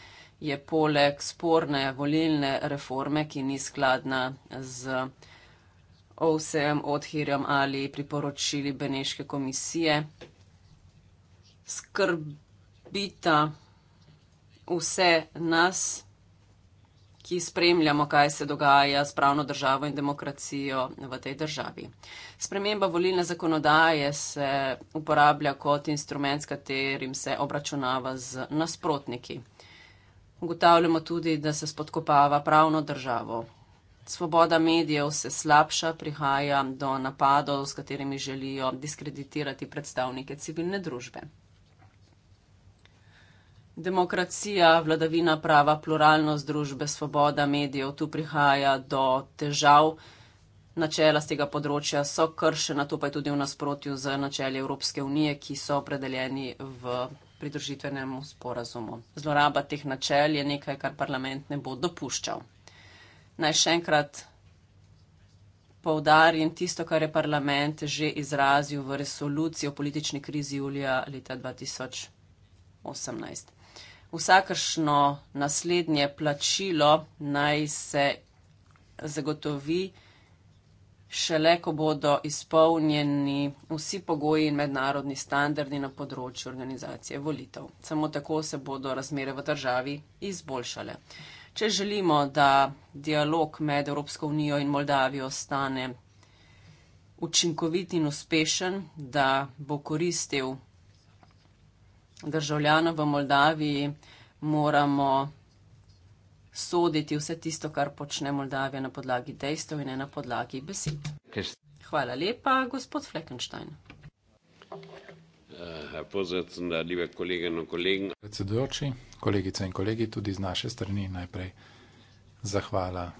Speaker 4: je poleg sporne volilne reforme, ki ni skladna z OSM, odhirjem ali priporočili Beneške komisije, skrbita vse nas, ki spremljamo, kaj se dogaja s pravno državo in demokracijo v tej državi. Sprememba volilne zakonodaje se uporablja kot instrument, s katerim se obračunava z nasprotniki. Ugotavljamo tudi, da se spodkopava pravno državo. Svoboda medijev se slabša, prihaja do napadov, s katerimi želijo diskreditirati predstavnike civilne družbe demokracija, vladavina prava, pluralnost družbe, svoboda medijev, tu prihaja do težav. Načela z tega področja so kršena, to pa je tudi v nasprotju z načeli Evropske unije, ki so opredeljeni v pridružitvenem sporazumu. Zloraba teh načel je nekaj, kar parlament ne bo dopuščal. Naj še enkrat povdarim tisto, kar je parlament že izrazil v resoluciji o politični krizi julija leta 2018 vsakršno naslednje plačilo naj se zagotovi šele, ko bodo izpolnjeni vsi pogoji in mednarodni standardi na področju organizacije volitev. Samo tako se bodo razmere v državi izboljšale. Če želimo, da dialog med Evropsko unijo in Moldavijo ostane učinkovit in uspešen, da bo koristil državljanov v Moldaviji moramo soditi vse tisto, kar počne Moldavija na podlagi dejstev in ne na podlagi besed. Hvala lepa, gospod Fleckenstein.
Speaker 2: Pozdravljam,
Speaker 3: eh, da ljube kolege in kolegi.
Speaker 1: Predsedujoči, kolegice in kolegi, tudi z naše strani najprej zahvala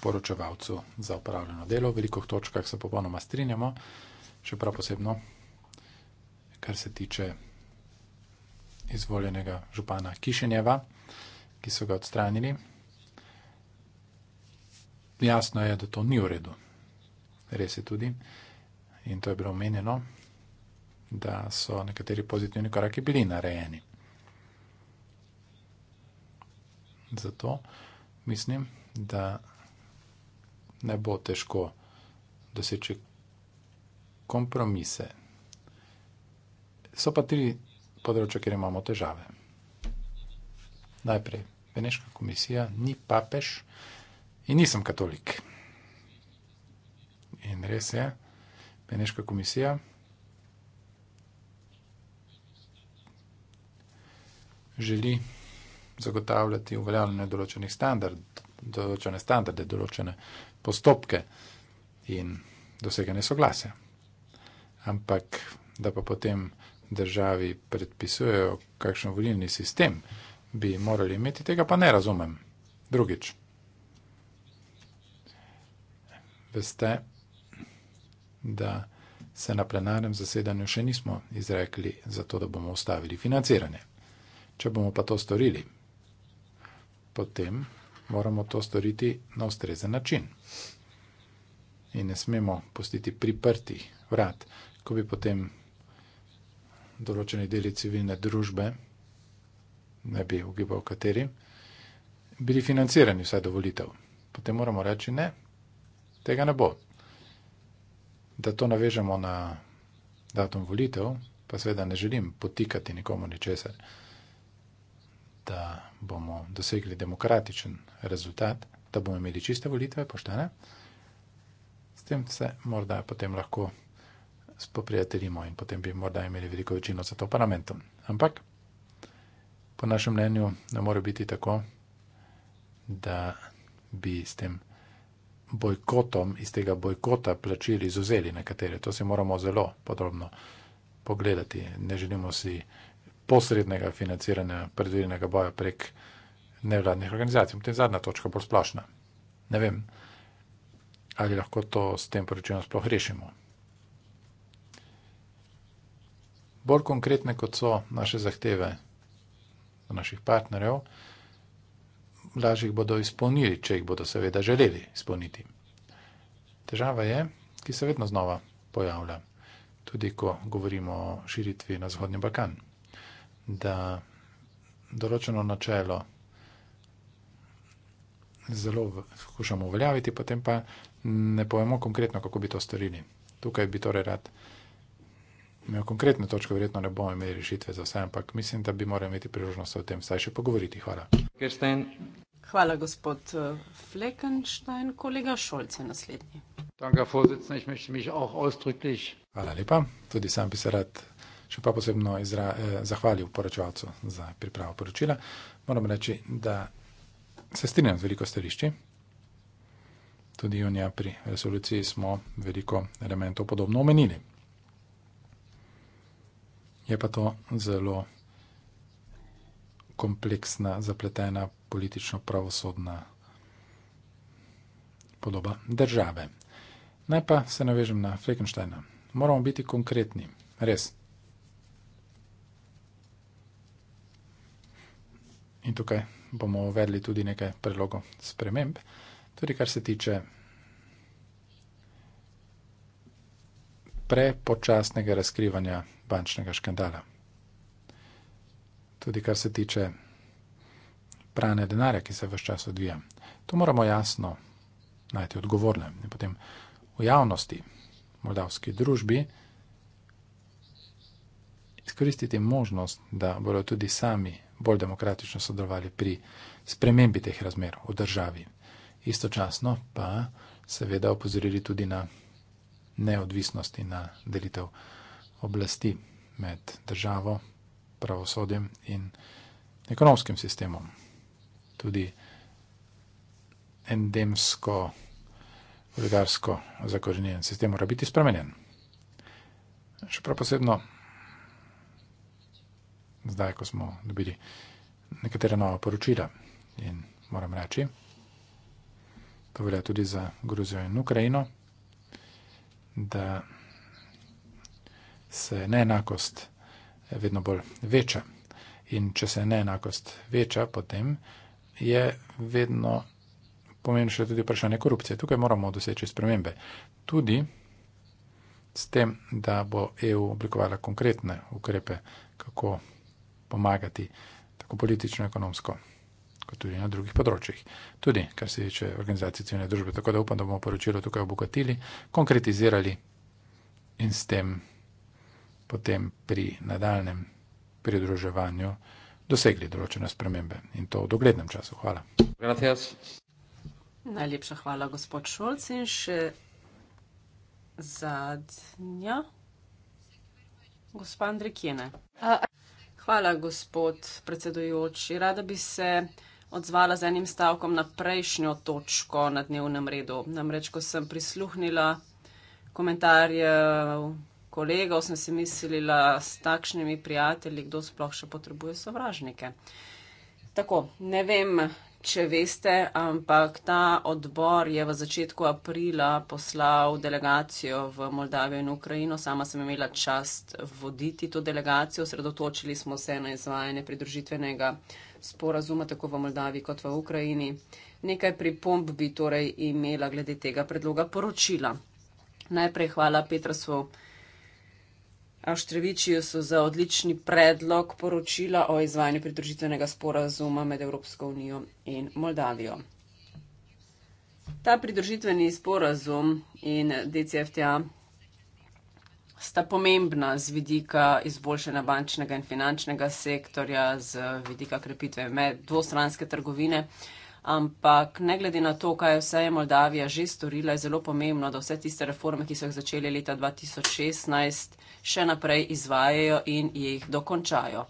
Speaker 1: poročevalcu za upravljeno delo. V velikih točkah se popolnoma strinjamo, še prav posebno kar se tiče izvoljenega župana Kišenjeva, ki so ga odstranili. Jasno je, da to ni v redu. Res je tudi, in to je bilo omenjeno, da so nekateri pozitivni koraki bili narejeni. Zato mislim, da ne bo težko doseči kompromise. So pa tri področja, kjer imamo težave. Najprej, Veneška komisija ni papež in nisem katolik. In res je, Veneška komisija. Želi zagotavljati uveljavljanje določenih standardov, določene standarde, določene postopke in dosegane soglasja. Ampak, da pa potem državi predpisujejo, kakšen volilni sistem bi morali imeti, tega pa ne razumem. Drugič. Veste, da se na plenarnem zasedanju še nismo izrekli za to, da bomo ustavili financiranje. Če bomo pa to storili, potem moramo to storiti na ustrezen način. In ne smemo pustiti priprtih vrat, ko bi potem določeni deli civilne družbe, ne bi ugibal kateri, bili financirani vsaj do volitev. Potem moramo reči ne, tega ne bo. Da to navežemo na datum volitev, pa seveda ne želim potikati nikomu ničesar, da bomo dosegli demokratičen rezultat, da bomo imeli čiste volitve, poštene. S tem se morda potem lahko spoprijateljimo in potem bi morda imeli veliko večino za to parlamentu. Ampak po našem mnenju ne more biti tako, da bi s tem bojkotom, iz tega bojkota plačili, izuzeli nekatere. To si moramo zelo podrobno pogledati. Ne želimo si posrednega financiranja predvidenega boja prek nevladnih organizacij. To je zadnja točka, bolj splošna. Ne vem, ali lahko to s tem poročilom sploh rešimo. bolj konkretne, kot so naše zahteve do naših partnerjev, lažje jih bodo izpolnili, če jih bodo seveda želeli izpolniti. Težava je, ki se vedno znova pojavlja, tudi ko govorimo o širitvi na Zhodnji Balkan, da določeno načelo zelo skušamo uveljaviti, potem pa ne povemo konkretno, kako bi to storili. Tukaj bi torej rad imel ja, konkretne točke, verjetno ne bomo imeli rešitve za vse, ampak mislim, da bi morali imeti priložnost o tem vsaj še pogovoriti. Hvala.
Speaker 4: Kirsten. Hvala, gospod eh, Fleckenstein. Kolega Šolc je naslednji.
Speaker 1: Hvala lepa. Tudi sam bi se rad še pa posebno izra, eh, zahvalil poročevalcu za pripravo poročila. Moram reči, da se strinjam z veliko stališči. Tudi junija pri resoluciji smo veliko elementov podobno omenili. Je pa to zelo kompleksna, zapletena politično-pravosodna podoba države. Naj pa se navežem na Fleckensteina. Moramo biti konkretni, res. In tukaj bomo uvedli tudi nekaj predlogov sprememb, tudi kar se tiče prepočasnega razkrivanja bančnega škandala. Tudi kar se tiče prane denarja, ki se v vse čas odvija. To moramo jasno najti odgovorne. In potem v javnosti, v moldavski družbi, izkoristiti možnost, da bodo tudi sami bolj demokratično sodelovali pri spremembi teh razmer v državi. Istočasno pa seveda opozorili tudi na neodvisnost in na delitev oblasti med državo, pravosodjem in ekonomskim sistemom. Tudi endemsko, oligarsko zakorenjen sistem mora biti spremenjen. Še prav posebno zdaj, ko smo dobili nekatere nova poročila in moram reči, to velja tudi za Gruzijo in Ukrajino, da se neenakost vedno bolj veča. In če se neenakost veča, potem je vedno pomembno še tudi vprašanje korupcije. Tukaj moramo doseči spremembe. Tudi s tem, da bo EU oblikovala konkretne ukrepe, kako pomagati tako politično, ekonomsko, kot tudi na drugih področjih. Tudi, kar se tiče organizacije civilne družbe. Tako da upam, da bomo poročilo tukaj obogatili, konkretizirali in s tem potem pri nadaljem pridruževanju dosegli določene spremembe in to v doglednem času. Hvala.
Speaker 2: Gracias.
Speaker 4: Najlepša hvala, gospod Šolc. In še zadnja, gospod Andrikine. Hvala, gospod predsedujoči. Rada bi se odzvala z enim stavkom na prejšnjo točko na dnevnem redu. Namreč, ko sem prisluhnila komentarje kolegov, sem si mislila, s takšnimi prijatelji, kdo sploh še potrebuje sovražnike. Tako, ne vem, če veste, ampak ta odbor je v začetku aprila poslal delegacijo v Moldavijo in Ukrajino. Sama sem imela čast voditi to delegacijo, osredotočili smo se na izvajanje pridružitvenega sporazuma tako v Moldaviji kot v Ukrajini. Nekaj pripomb bi torej imela glede tega predloga poročila. Najprej hvala Petrasvu. Avštrevičijo so za odlični predlog poročila o izvajanju pridružitvenega sporazuma med Evropsko unijo in Moldavijo. Ta pridružitveni sporazum in DCFTA sta pomembna z vidika izboljšanja bančnega in finančnega sektorja, z vidika krepitve dvostranske trgovine ampak ne glede na to, kaj vse je Moldavija že storila, je zelo pomembno, da vse tiste reforme, ki so jih začeli leta 2016, še naprej izvajajo in jih dokončajo.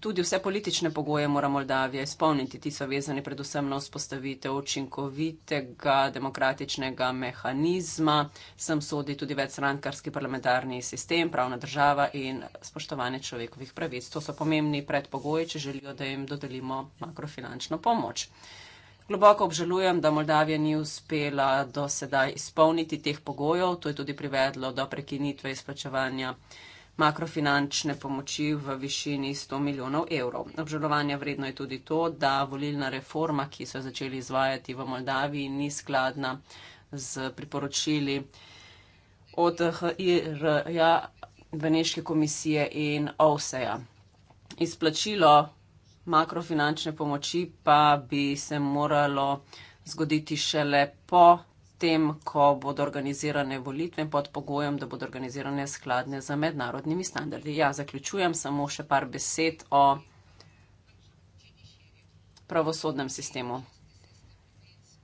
Speaker 4: Tudi vse politične pogoje mora Moldavija izpolniti. Ti so vezani predvsem na vzpostavitev učinkovitega demokratičnega mehanizma. Sem sodi tudi večstrankarski parlamentarni sistem, pravna država in spoštovanje človekovih pravic. To so pomembni predpogoji, če želijo, da jim dodelimo makrofinančno pomoč. Globoko obžalujem, da Moldavija ni uspela do sedaj izpolniti teh pogojev. To je tudi privedlo do prekinitve izplačevanja makrofinančne pomoči v višini 100 milijonov evrov. Obžalovanja vredno je tudi to, da volilna reforma, ki so začeli izvajati v Moldaviji, ni skladna z priporočili od HIR-ja, Veneške komisije in OVSE-ja. Izplačilo makrofinančne pomoči pa bi se moralo zgoditi šele po tem, ko bodo organizirane volitve pod pogojem, da bodo organizirane skladne za mednarodnimi standardi. Ja, zaključujem samo še par besed o pravosodnem sistemu.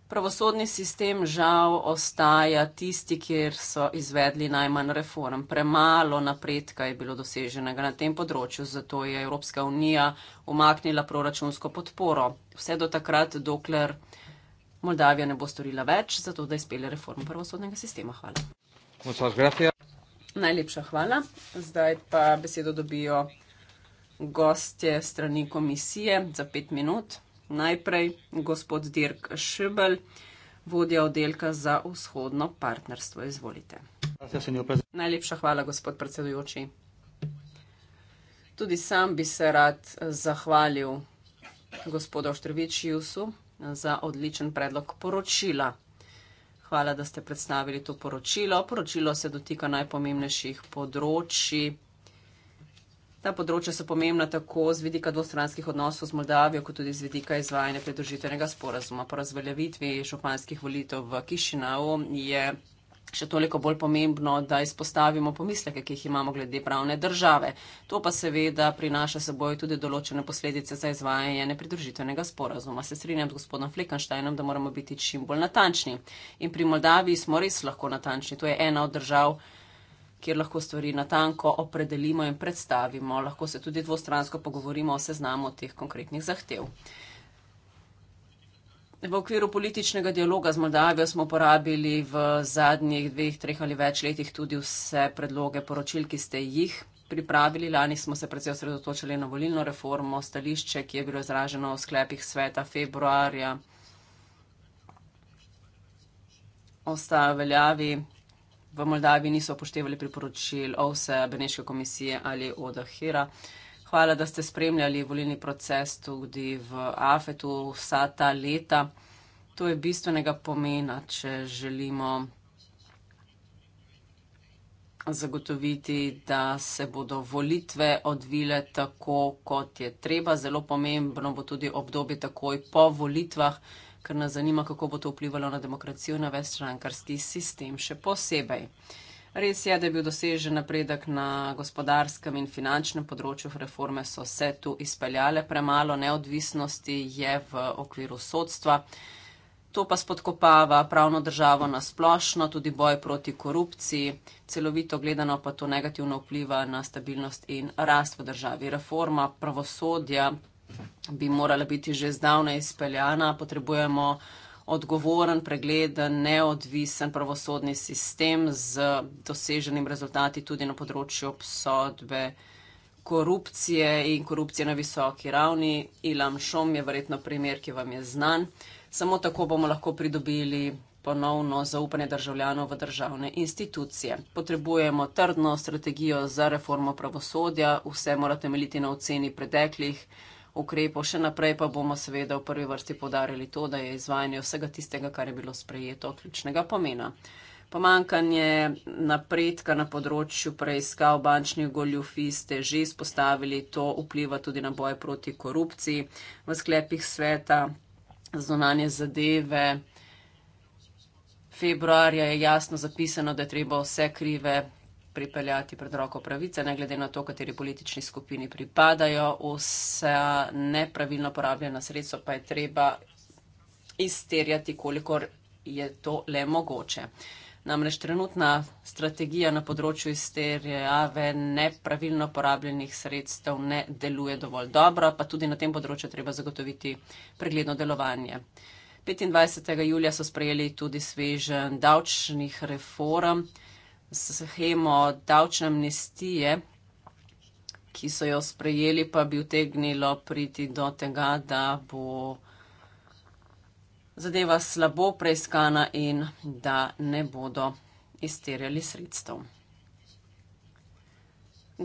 Speaker 4: Pravosodni sistem žal ostaja tisti, kjer so izvedli najmanj reform. Premalo napredka je bilo doseženega na tem področju, zato je Evropska unija umaknila proračunsko podporo. Vse do takrat, dokler Moldavija ne bo storila več, zato da izpele reform pravosodnega sistema.
Speaker 2: Hvala.
Speaker 4: Najlepša hvala. Zdaj pa besedo dobijo gostje strani komisije za pet minut najprej gospod Dirk Šebel, vodja oddelka za vzhodno partnerstvo. Izvolite. Najlepša hvala, gospod predsedujoči. Tudi sam bi se rad zahvalil gospodu Oštrvičiusu za odličen predlog poročila. Hvala, da ste predstavili to poročilo. Poročilo se dotika najpomembnejših področji. Ta področja so pomembna tako z vidika dvostranskih odnosov z Moldavijo, kot tudi z vidika izvajanja predružitvenega sporazuma. Po razveljavitvi županskih volitev v Kišinavu je še toliko bolj pomembno, da izpostavimo pomisleke, ki jih imamo glede pravne države. To pa seveda prinaša seboj tudi določene posledice za izvajanje nepridružitvenega sporazuma. Se strinjam z gospodom Flekensteinom, da moramo biti čim bolj natančni. In pri Moldaviji smo res lahko natančni. To je ena od držav, kjer lahko stvari natanko opredelimo in predstavimo, lahko se tudi dvostransko pogovorimo o seznamu teh konkretnih zahtev. V okviru političnega dialoga z Moldavijo smo uporabili v zadnjih dveh, treh ali več letih tudi vse predloge poročil, ki ste jih pripravili. Lani smo se predvsej osredotočili na volilno reformo, stališče, ki je bilo izraženo v sklepih sveta februarja. Ostaja veljavi v Moldaviji niso upoštevali priporočil OVSE, Beneške komisije ali ODAHIRA. Hvala, da ste spremljali volilni proces tudi v AFET-u vsa ta leta. To je bistvenega pomena, če želimo zagotoviti, da se bodo volitve odvile tako, kot je treba. Zelo pomembno bo tudi obdobje takoj po volitvah ker nas zanima, kako bo to vplivalo na demokracijo in na ves strankarski sistem še posebej. Res je, da je bil dosežen napredek na gospodarskem in finančnem področju, reforme so se tu izpeljale, premalo neodvisnosti je v okviru sodstva. To pa spodkopava pravno državo na splošno, tudi boj proti korupciji, celovito gledano pa to negativno vpliva na stabilnost in rast v državi. Reforma pravosodja bi morala biti že zdavne izpeljana. Potrebujemo odgovoren, pregleden, neodvisen pravosodni sistem z doseženim rezultati tudi na področju obsodbe korupcije in korupcije na visoki ravni. Ilam Šom je verjetno primer, ki vam je znan. Samo tako bomo lahko pridobili ponovno zaupanje državljanov v državne institucije. Potrebujemo trdno strategijo za reformo pravosodja, vse mora temeljiti na oceni preteklih ukrepov. Še naprej pa bomo seveda v prvi vrsti podarili to, da je izvajanje vsega tistega, kar je bilo sprejeto, ključnega pomena. Pomankanje napredka na področju preiskav bančnih goljufij ste že izpostavili, to vpliva tudi na boje proti korupciji. V sklepih sveta zunanje zadeve februarja je jasno zapisano, da je treba vse krive pripeljati pred roko pravice, ne glede na to, kateri politični skupini pripadajo. Vse nepravilno porabljena sredstva pa je treba izterjati, kolikor je to le mogoče. Namreč trenutna strategija na področju izterjave nepravilno porabljenih sredstev ne deluje dovolj dobro, pa tudi na tem področju treba zagotoviti pregledno delovanje. 25. julija so sprejeli tudi svežen davčnih reform schemo davčne amnestije, ki so jo sprejeli, pa bi utegnilo priti do tega, da bo zadeva slabo preiskana in da ne bodo izterjali sredstev.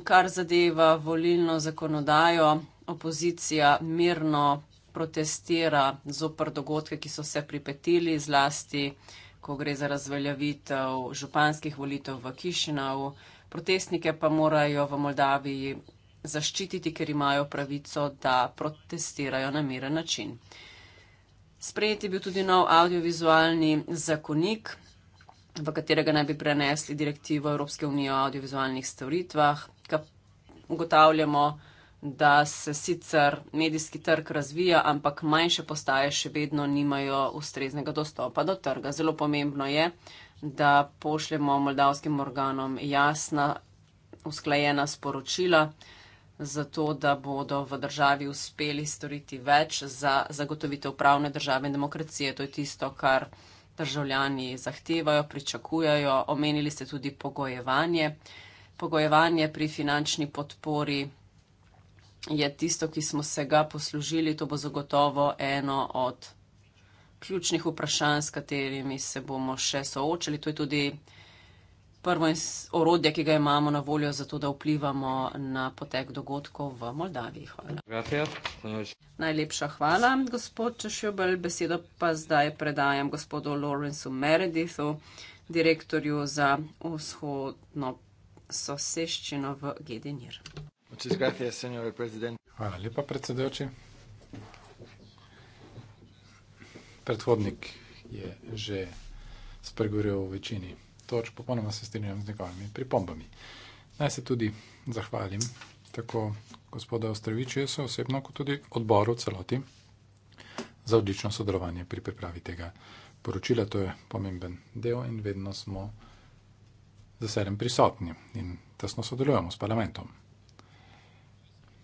Speaker 4: Kar zadeva volilno zakonodajo, opozicija mirno protestira zopr dogodke, ki so se pripetili zlasti ko gre za razveljavitev županskih volitev v Kišinavu. Protestnike pa morajo v Moldaviji zaščititi, ker imajo pravico, da protestirajo na miren način. Sprejeti je bil tudi nov audiovizualni zakonik, v katerega naj bi prenesli direktivo Evropske unije o audiovizualnih storitvah. Ugotavljamo, da da se sicer medijski trg razvija, ampak manjše postaje še vedno nimajo ustreznega dostopa do trga. Zelo pomembno je, da pošljemo moldavskim organom jasna, usklajena sporočila, zato da bodo v državi uspeli storiti več za zagotovitev pravne države in demokracije. To je tisto, kar državljani zahtevajo, pričakujajo. Omenili ste tudi pogojevanje. Pogojevanje pri finančni podpori je tisto, ki smo se ga poslužili, to bo zagotovo eno od ključnih vprašanj, s katerimi se bomo še soočili. To je tudi prvo orodje, ki ga imamo na voljo, zato da vplivamo na potek dogodkov v Moldaviji.
Speaker 2: Hvala.
Speaker 4: Najlepša hvala, gospod Češjobel. Besedo pa zdaj predajam gospodu Lawrenceu Meredithu, direktorju za vzhodno soseščino v Gedinir.
Speaker 1: Hvala lepa, predsedajoči. Predhodnik je že spregovoril o večini točk, popolnoma se strinjam z njegovimi pripombami. Naj se tudi zahvalim tako gospoda Ostroviča, jaz osebno, kot tudi odboru celoti za odlično sodelovanje pri pripravi tega poročila. To je pomemben del in vedno smo z veseljem prisotni in tesno sodelujemo s parlamentom.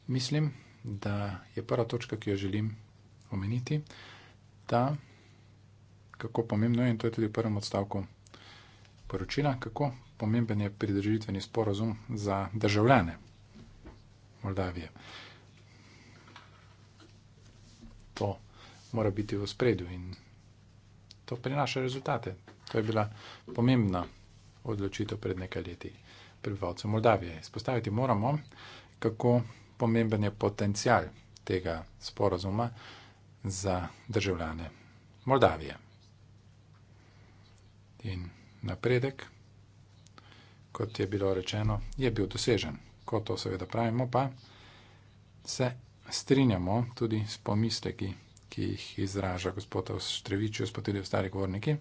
Speaker 1: Mislim, da je prva točka, ki jo želim omeniti, ta, kako pomembno je, in to je tudi v prvem odstavku poročila, kako pomemben je pridržitveni sporozum za državljane Moldavije. To mora biti v spredju in to prinaša rezultate. To je bila pomembna odločitev pred nekaj leti prebivalcev Moldavije. Izpostaviti moramo, kako pomemben je potencial tega sporozuma za državljane Moldavije. In napredek, kot je bilo rečeno, je bil dosežen. Ko to seveda pravimo, pa se strinjamo tudi s pomisleki, ki jih izraža gospod Ostreviči, gospod tudi ostali govorniki.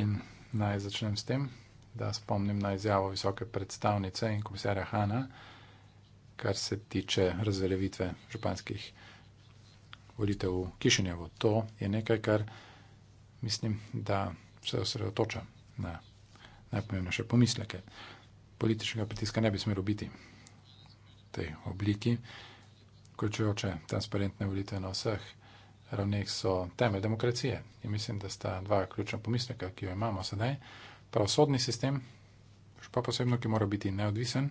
Speaker 1: In naj začnem s tem, da spomnim na izjavo visoke predstavnice in komisarja Hanna, kar se tiče razveljavitve županskih volitev v Kišinjevo. To je nekaj, kar mislim, da se osredotoča na najpomembnejše pomisleke. Političnega pritiska ne bi smelo biti v tej obliki, vključujoče transparentne volitve na vseh ravneh so temelj demokracije. In mislim, da sta dva ključna pomisleka, ki jo imamo sedaj, pravosodni sistem, pa posebno, ki mora biti neodvisen.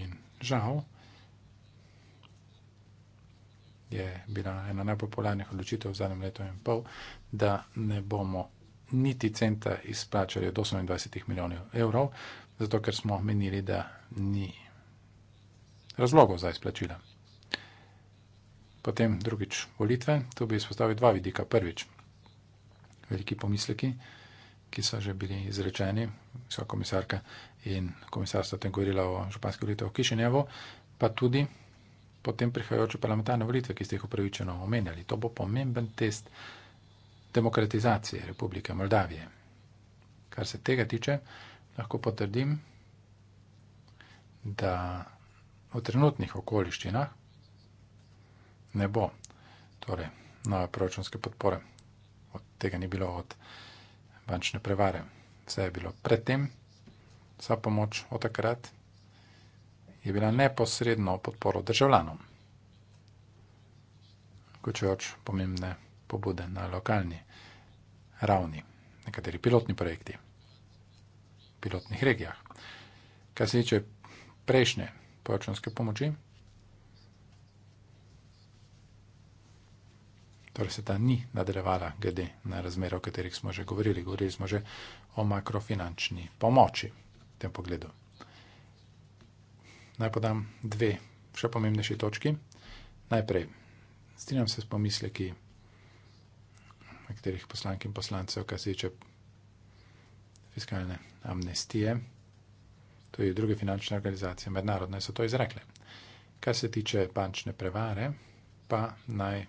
Speaker 1: In žal je bila ena najpopularnih odločitev v zadnjem letu in pol, da ne bomo niti centa izplačali od 28 milijonov evrov, zato ker smo menili, da ni razlogov za izplačila. Potem drugič volitve, tu bi izpostavil dva vidika. Prvič, veliki pomisleki ki so že bili izrečeni, visoka komisarka in komisarstvo tem govorila o županski volitev v Kišinjevu, pa tudi potem prihajajoče parlamentarne volitve, ki ste jih upravičeno omenjali. To bo pomemben test demokratizacije Republike Moldavije. Kar se tega tiče, lahko potrdim, da v trenutnih okoliščinah ne bo torej, nove proračunske podpore. Od tega ni bilo od bančne prevare. Vse je bilo predtem, vsa pomoč od takrat je bila neposredno v podporo državljanom, vključujoč pomembne pobude na lokalni ravni, nekateri pilotni projekti, pilotnih regijah. Kar se tiče prejšnje poročanske pomoči, torej se ta ni nadrevala glede na razmero, o katerih smo že govorili. Govorili smo že o makrofinančni pomoči v tem pogledu. Naj podam dve še pomembnejši točki. Najprej, strinjam se s pomisleki nekaterih poslank in poslancev, kar se tiče fiskalne amnestije, tudi druge finančne organizacije, mednarodne so to izrekle. Kar se tiče bančne prevare, pa naj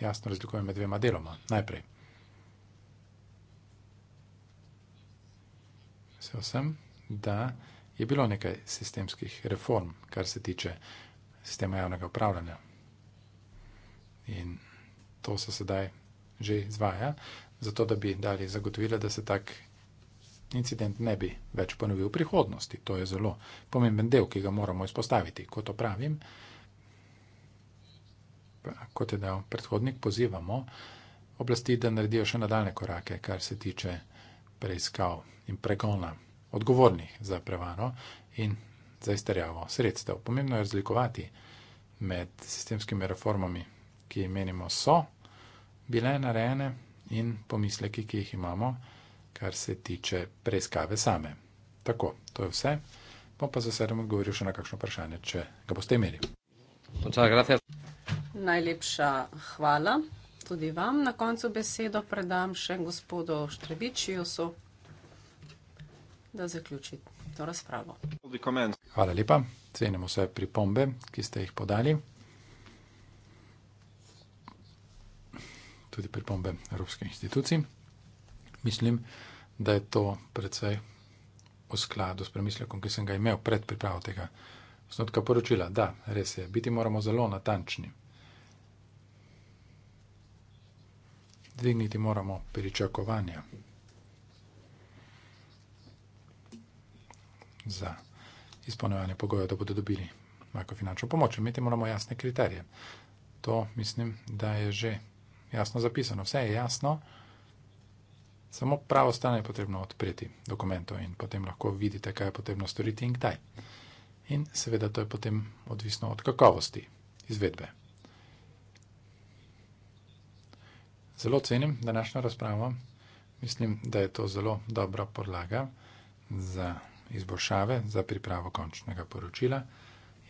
Speaker 1: jasno razlikujem med dvema deloma. Najprej. Vesel sem, da je bilo nekaj sistemskih reform, kar se tiče sistema javnega upravljanja. In to se sedaj že izvaja, zato da bi dali zagotovila, da se tak incident ne bi več ponovil v prihodnosti. To je zelo pomemben del, ki ga moramo izpostaviti. Ko to pravim, kot je dal predhodnik, pozivamo oblasti, da naredijo še nadaljne korake, kar se tiče preiskav in pregona odgovornih za prevaro in za izterjavo sredstev. Pomembno je razlikovati med sistemskimi reformami, ki menimo so bile narejene in pomisleki, ki jih imamo, kar se tiče preiskave same. Tako, to je vse. Bom pa za sedem odgovoril še na kakšno vprašanje, če ga boste imeli. Muchas gracias.
Speaker 4: Najlepša hvala tudi vam. Na koncu besedo predam še gospodu Štrebičiusu, da zaključi to razpravo.
Speaker 1: Hvala lepa. Cenimo vse pripombe, ki ste jih podali. Tudi pripombe Evropske institucij. Mislim, da je to predvsej v skladu s premislekom, ki sem ga imel pred pripravo tega osnotka poročila. Da, res je, biti moramo zelo natančni. dvigniti moramo pričakovanja. Za izpolnjevanje pogojev, da bodo dobili makrofinančno pomoč. Imeti moramo jasne kriterije. To mislim, da je že jasno zapisano. Vse je jasno, samo pravo stanje je potrebno odpreti dokumento in potem lahko vidite, kaj je potrebno storiti in kdaj. In seveda to je potem odvisno od kakovosti izvedbe. Zelo cenim današnjo razpravo. Mislim, da je to zelo dobra podlaga za izboljšave, za pripravo končnega poročila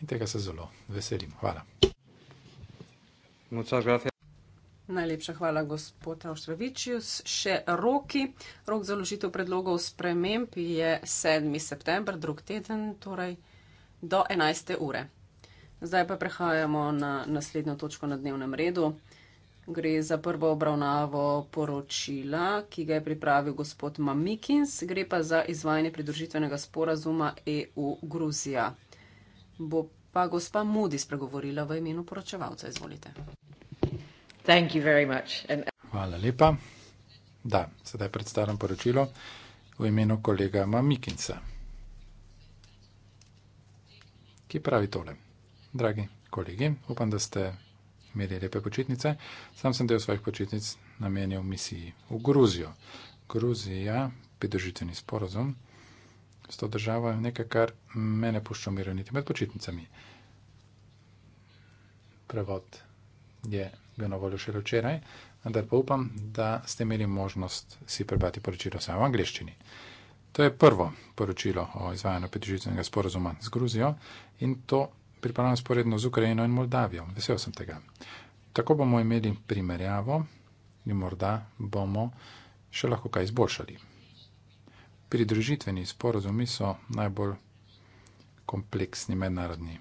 Speaker 1: in tega se zelo veselim. Hvala.
Speaker 4: Najlepša hvala, gospod Avštravičius. Še roki. Rok za ložitev predlogov sprememb je 7. september, drug teden, torej do 11. ure. Zdaj pa prehajamo na naslednjo točko na dnevnem redu. Gre za prvo obravnavo poročila, ki ga je pripravil gospod Mamikins, gre pa za izvajanje pridružitvenega sporazuma EU-Gruzija. Bo pa gospa Moody spregovorila v imenu poročevalca. Izvolite. Uh,
Speaker 1: Hvala lepa. Da, sedaj predstavljam poročilo v imenu kolega Mamikinsa, ki pravi tole. Dragi kolegi, upam, da ste imeli lepe počitnice, sam sem del svojih počitnic namenil misiji v Gruzijo. Gruzija, pridružitveni sporozum s to državo je nekaj, kar me ne pušča umiriti med počitnicami. Prevod je bil na voljo še včeraj, vendar pa upam, da ste imeli možnost si prebrati poročilo vse v angliščini. To je prvo poročilo o izvajanju pridružitvenega sporozuma z Gruzijo in to pripravljam sporedno z Ukrajino in Moldavijo. Vesel sem tega. Tako bomo imeli primerjavo in morda bomo še lahko kaj izboljšali. Pridružitveni sporozumi so najbolj kompleksni mednarodni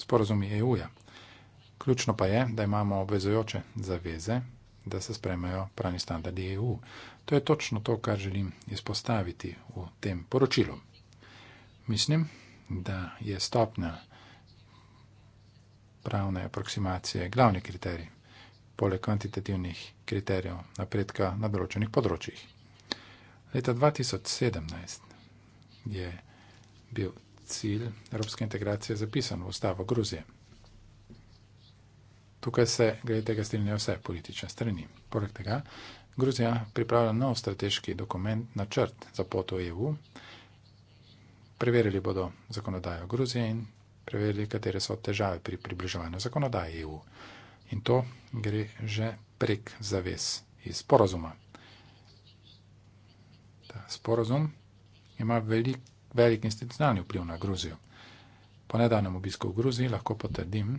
Speaker 1: sporozumi EU-ja. Ključno pa je, da imamo obvezojoče zaveze, da se spremajo pravni standardi EU. To je točno to, kar želim izpostaviti v tem poročilu. Mislim, da je stopnja pravne aproksimacije glavni kriterij, poleg kvantitativnih kriterijev napredka na določenih področjih. Leta 2017 je bil cilj evropske integracije zapisan v ustavo Gruzije. Tukaj se glede tega strinjajo vse politične strani. Poleg tega, Gruzija pripravlja nov strateški dokument na črt za pot v EU. Preverili bodo zakonodajo Gruzije in preverili, katere so težave pri približevanju zakonodaji EU. In to gre že prek zaves iz sporozuma. Ta sporozum ima velik, velik institucionalni vpliv na Gruzijo. Po nedavnem obisku v Gruziji lahko potrdim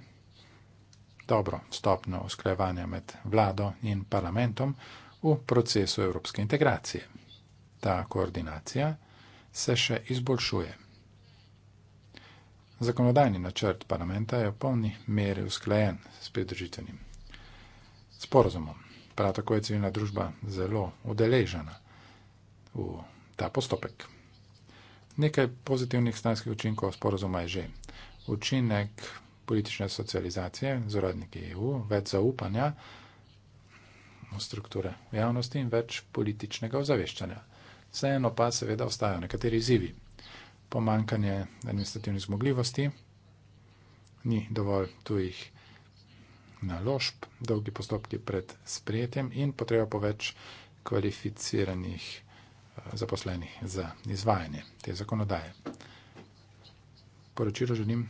Speaker 1: dobro stopno usklajevanja med vlado in parlamentom v procesu evropske integracije. Ta koordinacija se še izboljšuje. Zakonodajni načrt parlamenta je v polni meri usklajen s pridružitvenim sporozumom. Prav tako je civilna družba zelo udeležena v ta postopek. Nekaj pozitivnih stanskih učinkov sporozuma je že. Učinek politične socializacije z uradniki EU, več zaupanja v strukture v javnosti in več političnega ozaveščanja. Vseeno pa seveda ostajajo nekateri izzivi pomankanje administrativnih zmogljivosti, ni dovolj tujih naložb, dolgi postopki pred sprejetjem in potreba po več kvalificiranih eh, zaposlenih za izvajanje te zakonodaje. Poročilo želim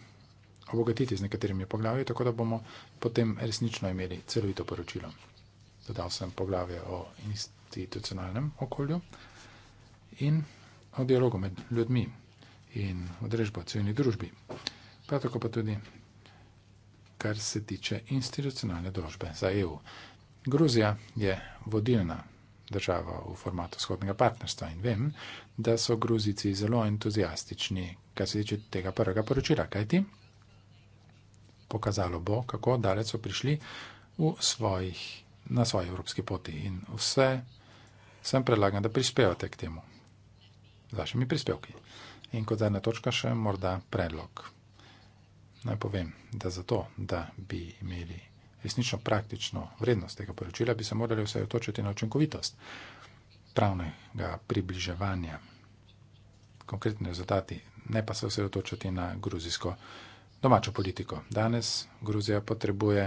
Speaker 1: obogatiti z nekaterimi poglavji, tako da bomo potem resnično imeli celovito poročilo. Dodal sem poglavje o institucionalnem okolju in o dialogu med ljudmi in odrežbo civilni družbi. Prav tako pa tudi, kar se tiče institucionalne dožbe za EU. Gruzija je vodilna država v formatu shodnega partnerstva in vem, da so gruzici zelo entuzijastični, kar se tiče tega prvega poročila. Kaj ti? Pokazalo bo, kako daleč so prišli svojih, na svoji evropski poti in vse sem predlagan, da prispevate k temu z vašimi prispevki. In kot zadnja točka še morda predlog. Naj povem, da zato, da bi imeli resnično praktično vrednost tega poročila, bi se morali vse otočiti na učinkovitost pravnega približevanja. Konkretni rezultati, ne pa se vse otočiti na gruzijsko domačo politiko. Danes Gruzija potrebuje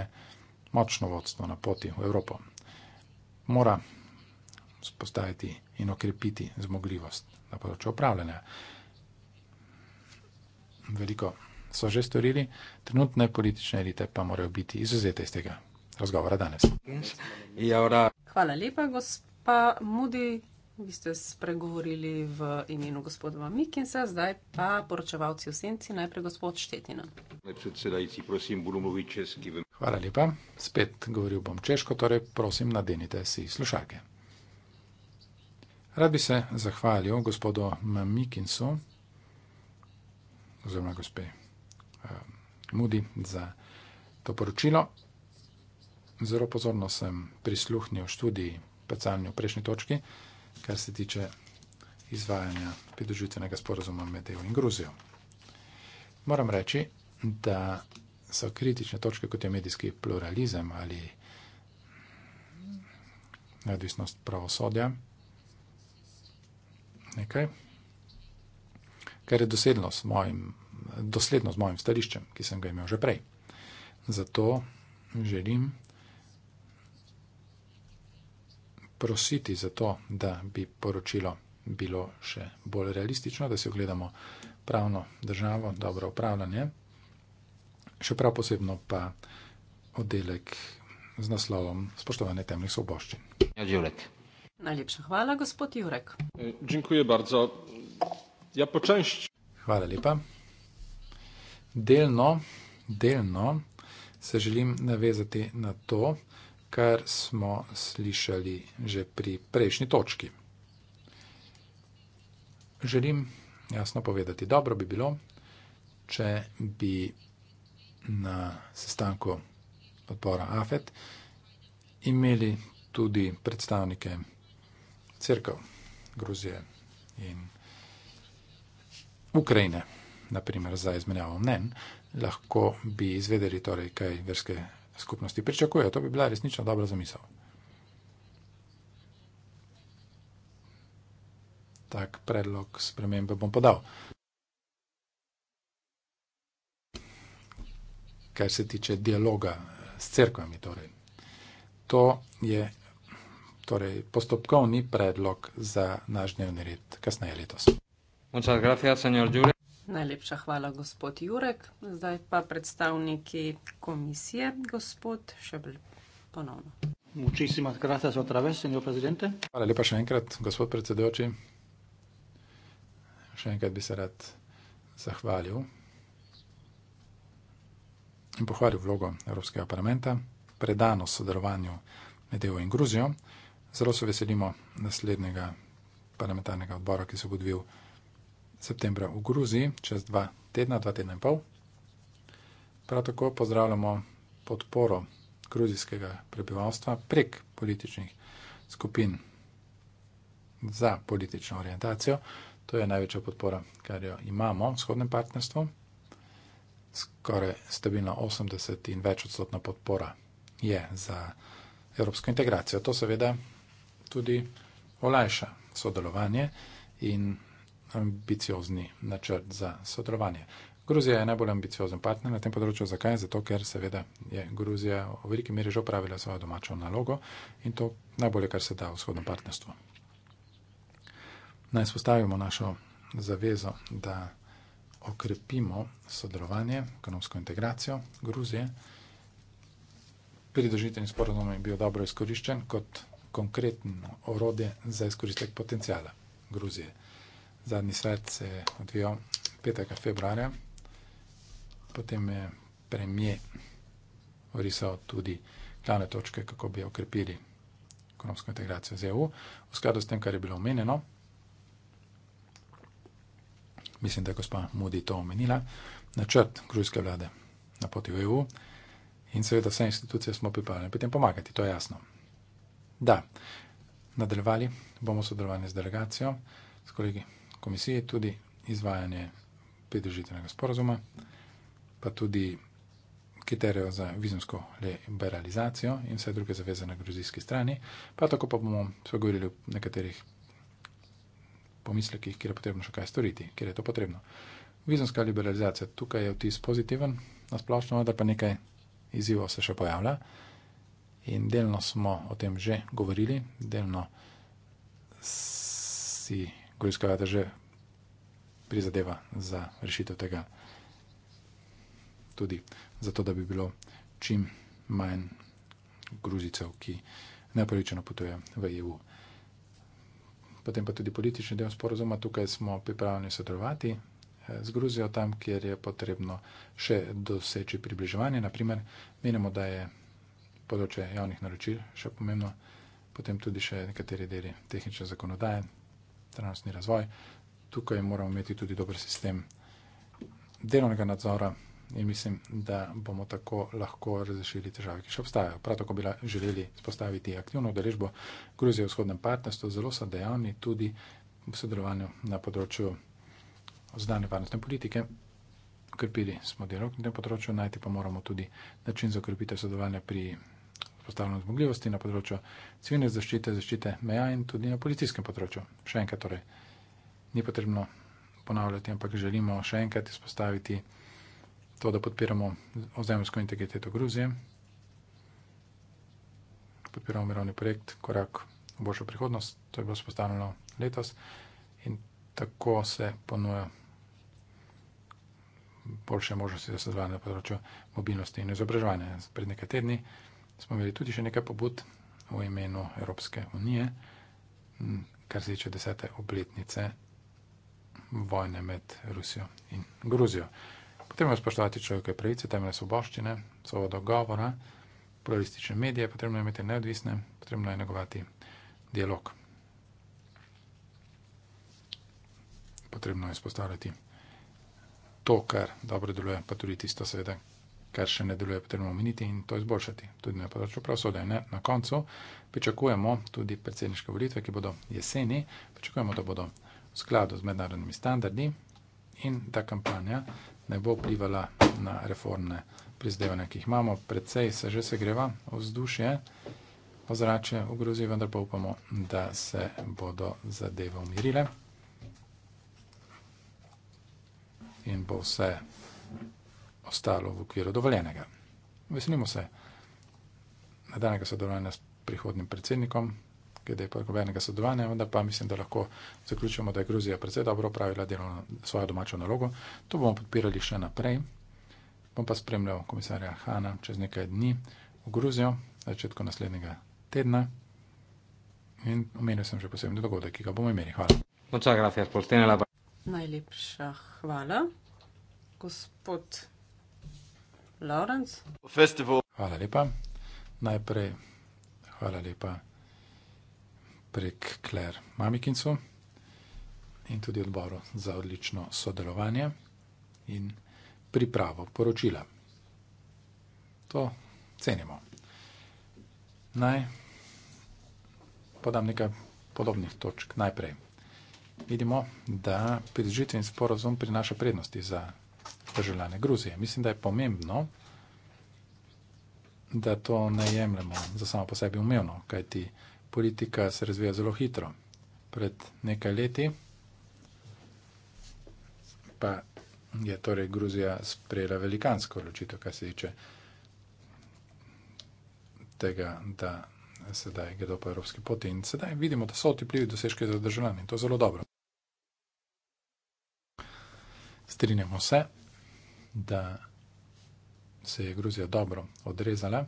Speaker 1: močno vodstvo na poti v Evropo. Mora spostaviti in okrepiti zmogljivost na področju upravljanja veliko so že storili, trenutne politične elite pa morajo biti izuzete iz tega razgovora danes.
Speaker 4: Hvala lepa, gospa Mudi. Vi ste spregovorili v imenu gospoda Mikinsa, zdaj pa poročevalci v senci, najprej gospod Štetina.
Speaker 1: Hvala lepa. Spet govoril bom češko, torej prosim, nadenite si slušalke. Rad bi se zahvalil gospodu Mikinsu oziroma gospe uh, Mudi za to poročilo. Zelo pozorno sem prisluhnil študiji pacalni v prejšnji točki, kar se tiče izvajanja pridružitvenega sporozuma med EU in Gruzijo. Moram reči, da so kritične točke, kot je medijski pluralizem ali neodvisnost pravosodja, nekaj, ker je dosledno s mojim, dosledno s mojim stališčem, ki sem ga imel že prej. Zato želim prositi za to, da bi poročilo bilo še bolj realistično, da si ogledamo pravno državo, dobro upravljanje, še prav posebno pa oddelek z naslovom Spoštovanje temnih svoboščin. Ja,
Speaker 4: Najlepša hvala, gospod Jurek.
Speaker 1: E, dziękuję bardzo. Ja, po čemšči. Hvala lepa. Delno, delno se želim navezati na to, kar smo slišali že pri prejšnji točki. Želim jasno povedati, dobro bi bilo, če bi na sestanku odbora AFET imeli tudi predstavnike crkv Gruzije in Gruzije. Ukrajine, naprimer za izmenjavo mnen, lahko bi izvedeli torej, kaj verske skupnosti pričakujejo. To bi bila resnično dobra zamisel. Tak predlog spremembe bom podal. Kar se tiče dialoga s crkvami, torej. To je torej, postopkovni predlog za naš dnevni red kasneje letos.
Speaker 4: Najlepša hvala, gospod Jurek. Zdaj pa predstavniki komisije, gospod Šebl, ponovno.
Speaker 1: Hvala lepa še enkrat, gospod predsedoči. Še enkrat bi se rad zahvalil in pohvalil vlogo Evropskega parlamenta, predano sodelovanju med EU in Gruzijo. Zelo se veselimo naslednjega parlamentarnega odbora, ki se bo odvil v Gruziji septembra v Gruziji, čez dva tedna, dva tedna in pol. Prav tako pozdravljamo podporo gruzijskega prebivalstva prek političnih skupin za politično orientacijo. To je največja podpora, kar jo imamo v shodnem partnerstvu. Skoraj stabilna 80 in več odstotna podpora je za evropsko integracijo. To seveda tudi olajša sodelovanje in ambiciozni načrt za sodelovanje. Gruzija je najbolj ambiciozen partner na tem področju. Zakaj? Zato, ker seveda je Gruzija v veliki meri že opravila svojo domačo nalogo in to najbolje, kar se da v shodnem partnerstvu. Naj spostavimo našo zavezo, da okrepimo sodelovanje, ekonomsko integracijo Gruzije. Pridružitveni sporozum je bil dobro izkoriščen kot konkretno orodje za izkoristek potencijala Gruzije. Zadnji svet se je odvijal 5. februarja, potem je premije orisal tudi glavne točke, kako bi okrepili ekonomsko integracijo z EU. V skladu s tem, kar je bilo omenjeno, mislim, da je gospa Mudi to omenila, načrt gružske vlade na poti v EU in seveda vse institucije smo pripravljeni potem pomagati, to je jasno. Da, nadaljevali bomo sodelovanje z delegacijo, s kolegi komisiji tudi izvajanje pridružitvenega sporazuma, pa tudi kriterijo za vizumsko liberalizacijo in vse druge zaveze na gruzijski strani. Pa tako pa bomo sve govorili o nekaterih pomislekih, kjer je potrebno še kaj storiti, kjer je to potrebno. Vizumska liberalizacija tukaj je vtis pozitiven, nasplošno, da pa nekaj izzivov se še pojavlja. In delno smo o tem že govorili, delno si Gojska vlada že prizadeva za rešitev tega, tudi zato, da bi bilo čim manj Gruzicev, ki neopravičeno potujejo v EU. Potem pa tudi politični del sporozuma, tukaj smo pripravljeni sodelovati eh, z Gruzijo, tam, kjer je potrebno še doseči približevanje. Naprimer, menimo, da je področje javnih naročil še pomembno, potem tudi še nekateri deli tehnične zakonodaje, trajnostni razvoj. Tukaj moramo imeti tudi dober sistem delovnega nadzora in mislim, da bomo tako lahko razrešili težave, ki še obstajajo. Prav tako bi želeli spostaviti aktivno udeležbo Gruzije v vzhodnem partnerstvu, zelo so dejavni tudi v sodelovanju na področju zdanje varnostne politike. Ukrepili smo delovnik na tem področju, najti pa moramo tudi način za ukrepitev sodelovanja pri vzpostavljeno zmogljivosti na področju civilne zaščite, zaščite meja in tudi na policijskem področju. Še enkrat torej, ni potrebno ponavljati, ampak želimo še enkrat izpostaviti to, da podpiramo ozemljsko integriteto Gruzije, podpiramo mirovni projekt, korak v boljšo prihodnost, to je bilo vzpostavljeno letos in tako se ponuja boljše možnosti za sodelovanje na področju mobilnosti in izobraževanja. Pred nekaj tedni smo imeli tudi še nekaj pobud v imenu Evropske unije, kar se tiče desete obletnice vojne med Rusijo in Gruzijo. Potrebno je spoštovati človekove pravice, temeljne svoboščine, svobodo govora, pluralistične medije, potrebno je imeti neodvisne, potrebno je negovati dialog. Potrebno je spostavljati to, kar dobro deluje, pa tudi tisto, seveda, kar še ne deluje, potrebno omeniti in to izboljšati. Tudi na področju pravosodja. Na koncu pričakujemo tudi predsedniške volitve, ki bodo jeseni. Pričakujemo, da bodo v skladu z mednarodnimi standardi in da kampanja ne bo vplivala na reformne prizadevanja, ki jih imamo. Predvsej se že segreva vzdušje, ozračje ogrozi, vendar pa upamo, da se bodo zadeve umirile. In bo vse ostalo v okviru dovoljenega. Veselimo se nadaljnega sodelovanja s prihodnim predsednikom, glede pa gobernega sodelovanja, vendar pa mislim, da lahko zaključimo, da je Gruzija predvsej dobro opravila delovno, svojo domačo nalogo. To bomo podpirali še naprej. Bom pa spremljal komisarja Hanna čez nekaj dni v Gruzijo, začetku naslednjega tedna. In omenil sem že posebno dogodek, ki ga bomo imeli. Hvala.
Speaker 4: Najlepša hvala, gospod. Lawrence.
Speaker 1: Hvala lepa. Najprej hvala lepa prek Claire Mamikincu in tudi odboru za odlično sodelovanje in pripravo poročila. To cenimo. Naj podam nekaj podobnih točk. Najprej vidimo, da pridružitveni sporozum prinaša prednosti za državljane Gruzije. Mislim, da je pomembno, da to ne jemljemo za samo po sebi umevno, kajti politika se razvija zelo hitro. Pred nekaj leti pa je torej Gruzija sprejela velikansko odločitev, kar se tiče tega, da sedaj gredo po evropski poti in sedaj vidimo, da so otipljivi dosežki za državljane in to zelo dobro. Strinjamo se, da se je Gruzija dobro odrezala,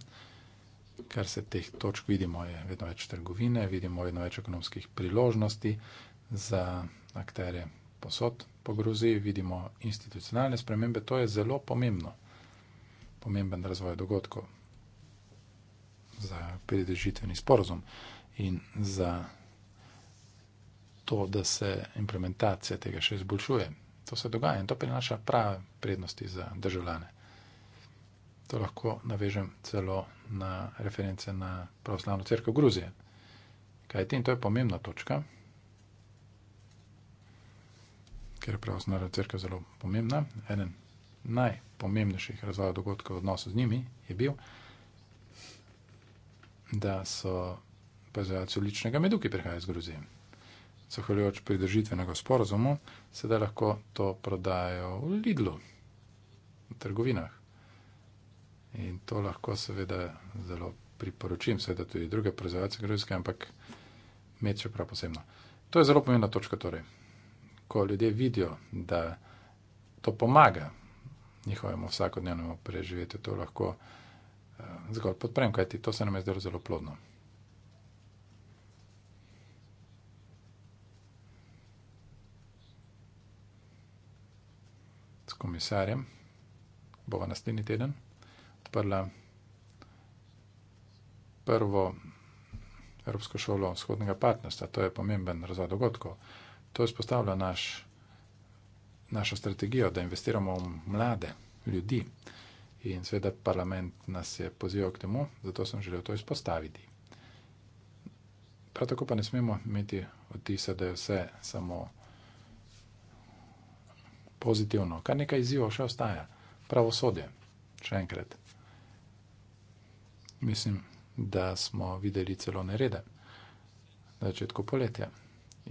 Speaker 1: kar se teh točk vidimo, je vedno več trgovine, vidimo vedno več ekonomskih priložnosti za akterje posod po Gruziji, vidimo institucionalne spremembe, to je zelo pomembno, pomemben razvoj dogodkov za pridržitveni sporozum in za to, da se implementacija tega še izboljšuje to se dogaja in to prinaša prave prednosti za državljane. To lahko navežem celo na reference na pravoslavno crkvo Gruzije. Kaj ti in to je pomembna točka, ker je pravoslavna crkva zelo pomembna. Eden najpomembnejših razvojev dogodkov v odnosu z njimi je bil, da so pa zelo celičnega medu, ki prihaja iz Gruzije zahvaljujoč pridržitvenega sporozumu, sedaj lahko to prodajo v Lidlu, v trgovinah. In to lahko seveda zelo priporočim, seveda tudi druge proizvajalce grožnjske, ampak med še prav posebno. To je zelo pomembna točka torej. Ko ljudje vidijo, da to pomaga njihovemu vsakodnevnemu preživetju, to lahko eh, zgolj podprem, kajti to se nam je zdelo zelo plodno. komisarjem, bova naslednji teden odprla prvo Evropsko šolo vzhodnega partnerstva. To je pomemben razvoj dogodkov. To je spostavila naš, našo strategijo, da investiramo v mlade ljudi. In seveda parlament nas je pozival k temu, zato sem želel to izpostaviti. Prav tako pa ne smemo imeti odtisa, da je vse samo pozitivno. Kar nekaj izzivov še ostaja. Pravosodje, še enkrat. Mislim, da smo videli celo nerede na začetku poletja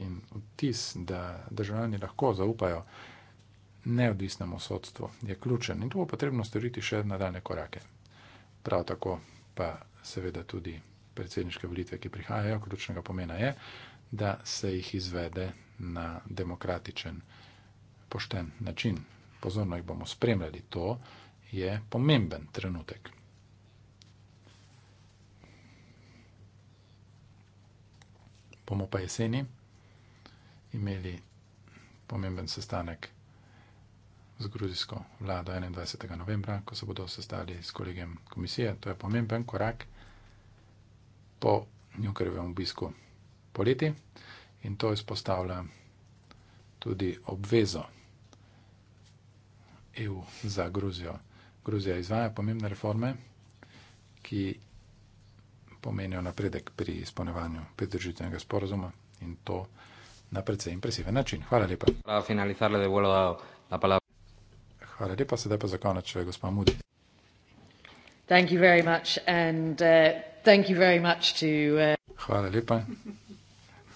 Speaker 1: in vtis, da državljani lahko zaupajo neodvisnemu sodstvu, je ključen in tu bo potrebno storiti še nadaljne korake. Prav tako pa seveda tudi predsedniške volitve, ki prihajajo, ključnega pomena je, da se jih izvede na demokratičen način pošten način. Pozorno jih bomo spremljali, to je pomemben trenutek. Bomo pa jeseni imeli pomemben sestanek z gruzijsko vlado 21. novembra, ko se bodo sestali s kolegem komisije. To je pomemben korak po njukrvem obisku poleti in to izpostavlja tudi obvezo EU za Gruzijo. Gruzija izvaja pomembne reforme, ki pomenijo napredek pri izpolnevanju pridržitvenega sporozuma in to na precej impresiven način. Hvala lepa. Hvala lepa, sedaj pa za konec, če je gospod Mudi. Hvala lepa.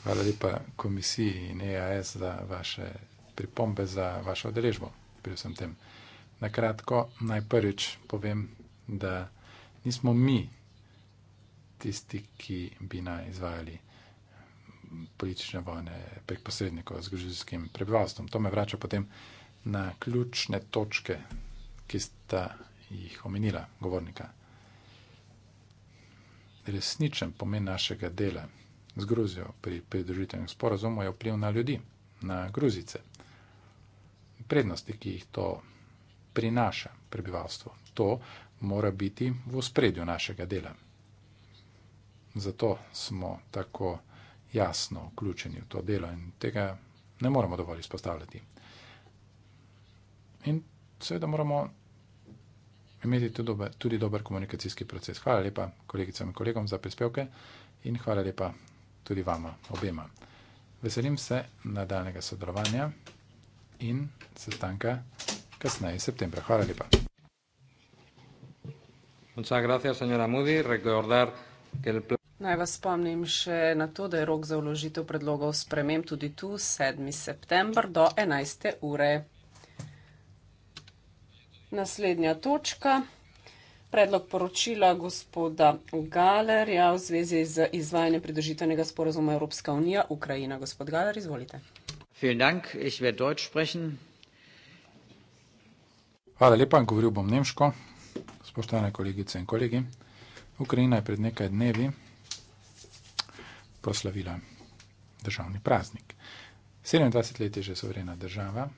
Speaker 1: Hvala lepa komisiji in EAS za vaše pripombe, za vašo odrežbo pri vsem tem. Na kratko, najprvič povem, da nismo mi tisti, ki bi naj izvajali politične vojne prek posrednikov z gruzijskim prebivalstvom. To me vrača potem na ključne točke, ki sta jih omenila govornika. Resničen pomen našega dela je, z Gruzijo pri pridružitvenem sporazumu je vpliv na ljudi, na Gruzice. Prednosti, ki jih to prinaša prebivalstvo, to mora biti v spredju našega dela. Zato smo tako jasno vključeni v to delo in tega ne moramo dovolj izpostavljati. In seveda moramo imeti tudi dober komunikacijski proces. Hvala lepa kolegicam in kolegom za prispevke in hvala lepa tudi vama, obema. Veselim se nadaljnega sodelovanja in sestanka kasneje v septembru. Hvala lepa.
Speaker 4: Naj vas spomnim še na to, da je rok za vložitev predlogov sprememb tudi tu 7. september do 11. ure. Naslednja točka. Predlog poročila gospoda Galerja v zvezi z izvajanjem pridružitvenega sporazuma Evropska unija Ukrajina. Gospod Galer, izvolite.
Speaker 1: Hvala lepa, govoril bom nemško. Spoštovane kolegice in kolegi, Ukrajina je pred nekaj dnevi proslavila državni praznik. 27 let je že sovrena država.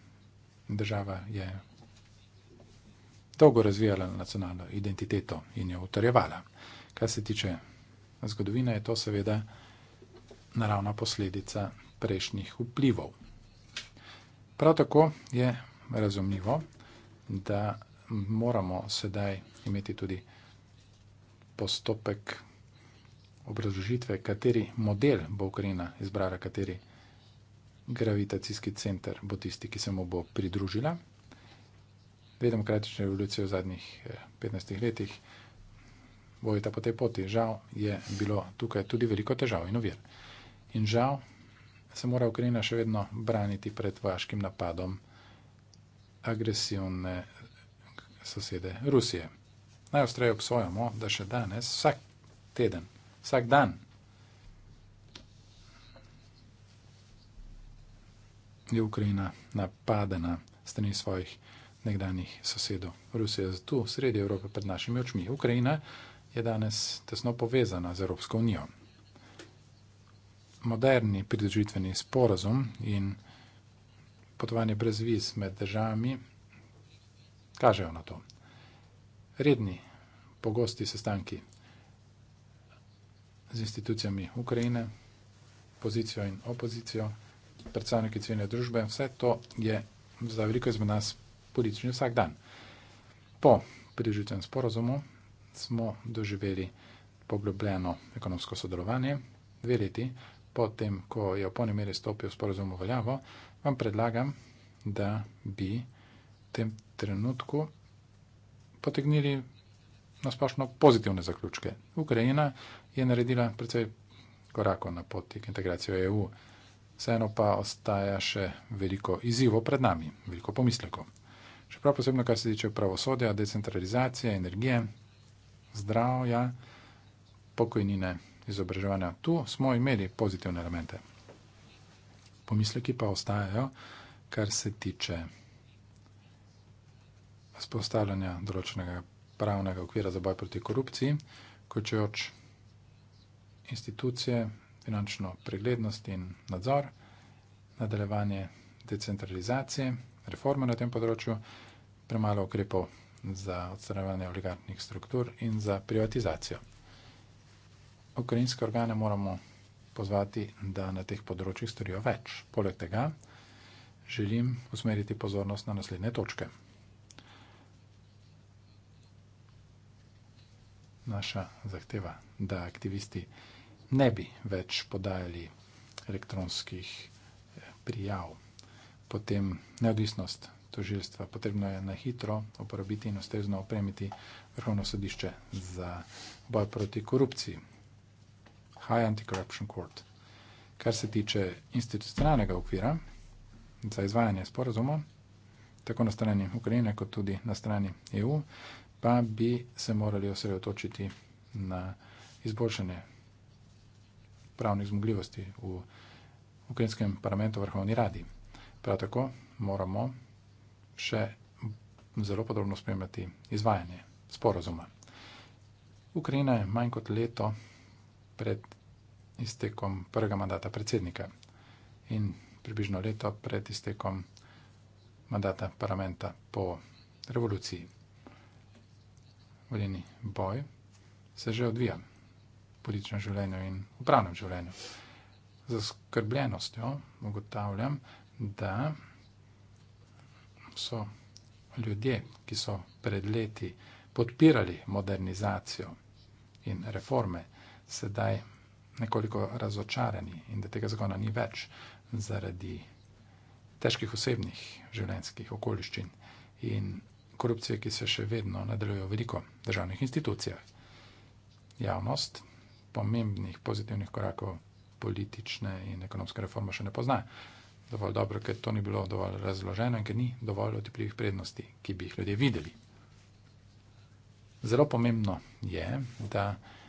Speaker 1: Država je dolgo razvijala nacionalno identiteto in jo utrjevala. Kar se tiče zgodovine, je to seveda naravna posledica prejšnjih vplivov. Prav tako je razumljivo, da moramo sedaj imeti tudi postopek obrazložitve, kateri model bo Ukrajina izbrala, kateri gravitacijski center bo tisti, ki se mu bo pridružila demokratične revolucije v zadnjih 15 eh, letih, bojita po tej poti. Žal je bilo tukaj tudi veliko težav in ovir. In žal se mora Ukrajina še vedno braniti pred vaškim napadom agresivne sosede Rusije. Najostreje obsojamo, da še danes, vsak teden, vsak dan, je Ukrajina napadena strani svojih nekdanjih sosedov. Rusija je tu, sredi Evrope, pred našimi očmi. Ukrajina je danes tesno povezana z Evropsko unijo. Moderni pridružitveni sporazum in potovanje brez viz med državami kažejo na to. Redni, pogosti sestanki z institucijami Ukrajine, pozicijo in opozicijo, predstavniki civilne družbe, vse to je za veliko izmed nas politični vsak dan. Po prižitem sporozumu smo doživeli poglobljeno ekonomsko sodelovanje. Dve leti po tem, ko je v polni meri stopil sporozum v veljavo, vam predlagam, da bi v tem trenutku potegnili na splošno pozitivne zaključke. Ukrajina je naredila precej korakov na poti k integraciji EU. Vseeno pa ostaja še veliko izzivo pred nami, veliko pomislekov še prav posebno, kar se tiče pravosodja, decentralizacije, energije, zdravja, pokojnine, izobraževanja. Tu smo imeli pozitivne elemente. Pomisleki pa ostajajo, kar se tiče spostavljanja določenega pravnega okvira za boj proti korupciji, kočejoč institucije, finančno preglednost in nadzor, nadaljevanje decentralizacije reforme na tem področju, premalo ukrepov za odstranjevanje oligarhnih struktur in za privatizacijo. Ukrajinske organe moramo pozvati, da na teh področjih storijo več. Poleg tega želim usmeriti pozornost na naslednje točke. Naša zahteva, da aktivisti ne bi več podajali elektronskih eh, prijav potem neodvisnost tožilstva. Potrebno je na hitro uporabiti in ustrezno opremiti vrhovno sodišče za boj proti korupciji. High Anti-Corruption Court. Kar se tiče institucionalnega okvira za izvajanje sporazuma, tako na strani Ukrajine kot tudi na strani EU, pa bi se morali osredotočiti na izboljšanje pravnih zmogljivosti v ukrajinskem parlamentu vrhovni radi. Prav tako moramo še zelo podrobno spremljati izvajanje sporozuma. Ukrajina je manj kot leto pred iztekom prvega mandata predsednika in približno leto pred iztekom mandata parlamenta po revoluciji. Voljeni boj se že odvija v političnem življenju in v pravnem življenju. Za skrbljenostjo ugotavljam, da so ljudje, ki so pred leti podpirali modernizacijo in reforme, sedaj nekoliko razočarani in da tega zagona ni več zaradi težkih osebnih življenjskih okoliščin in korupcije, ki se še vedno nadaljuje v veliko državnih institucijah. Javnost pomembnih pozitivnih korakov politične in ekonomske reforme še ne pozna dovolj dobro, ker to ni bilo dovolj razloženo in ker ni dovolj otepljivih prednosti, ki bi jih ljudje videli. Zelo pomembno je, da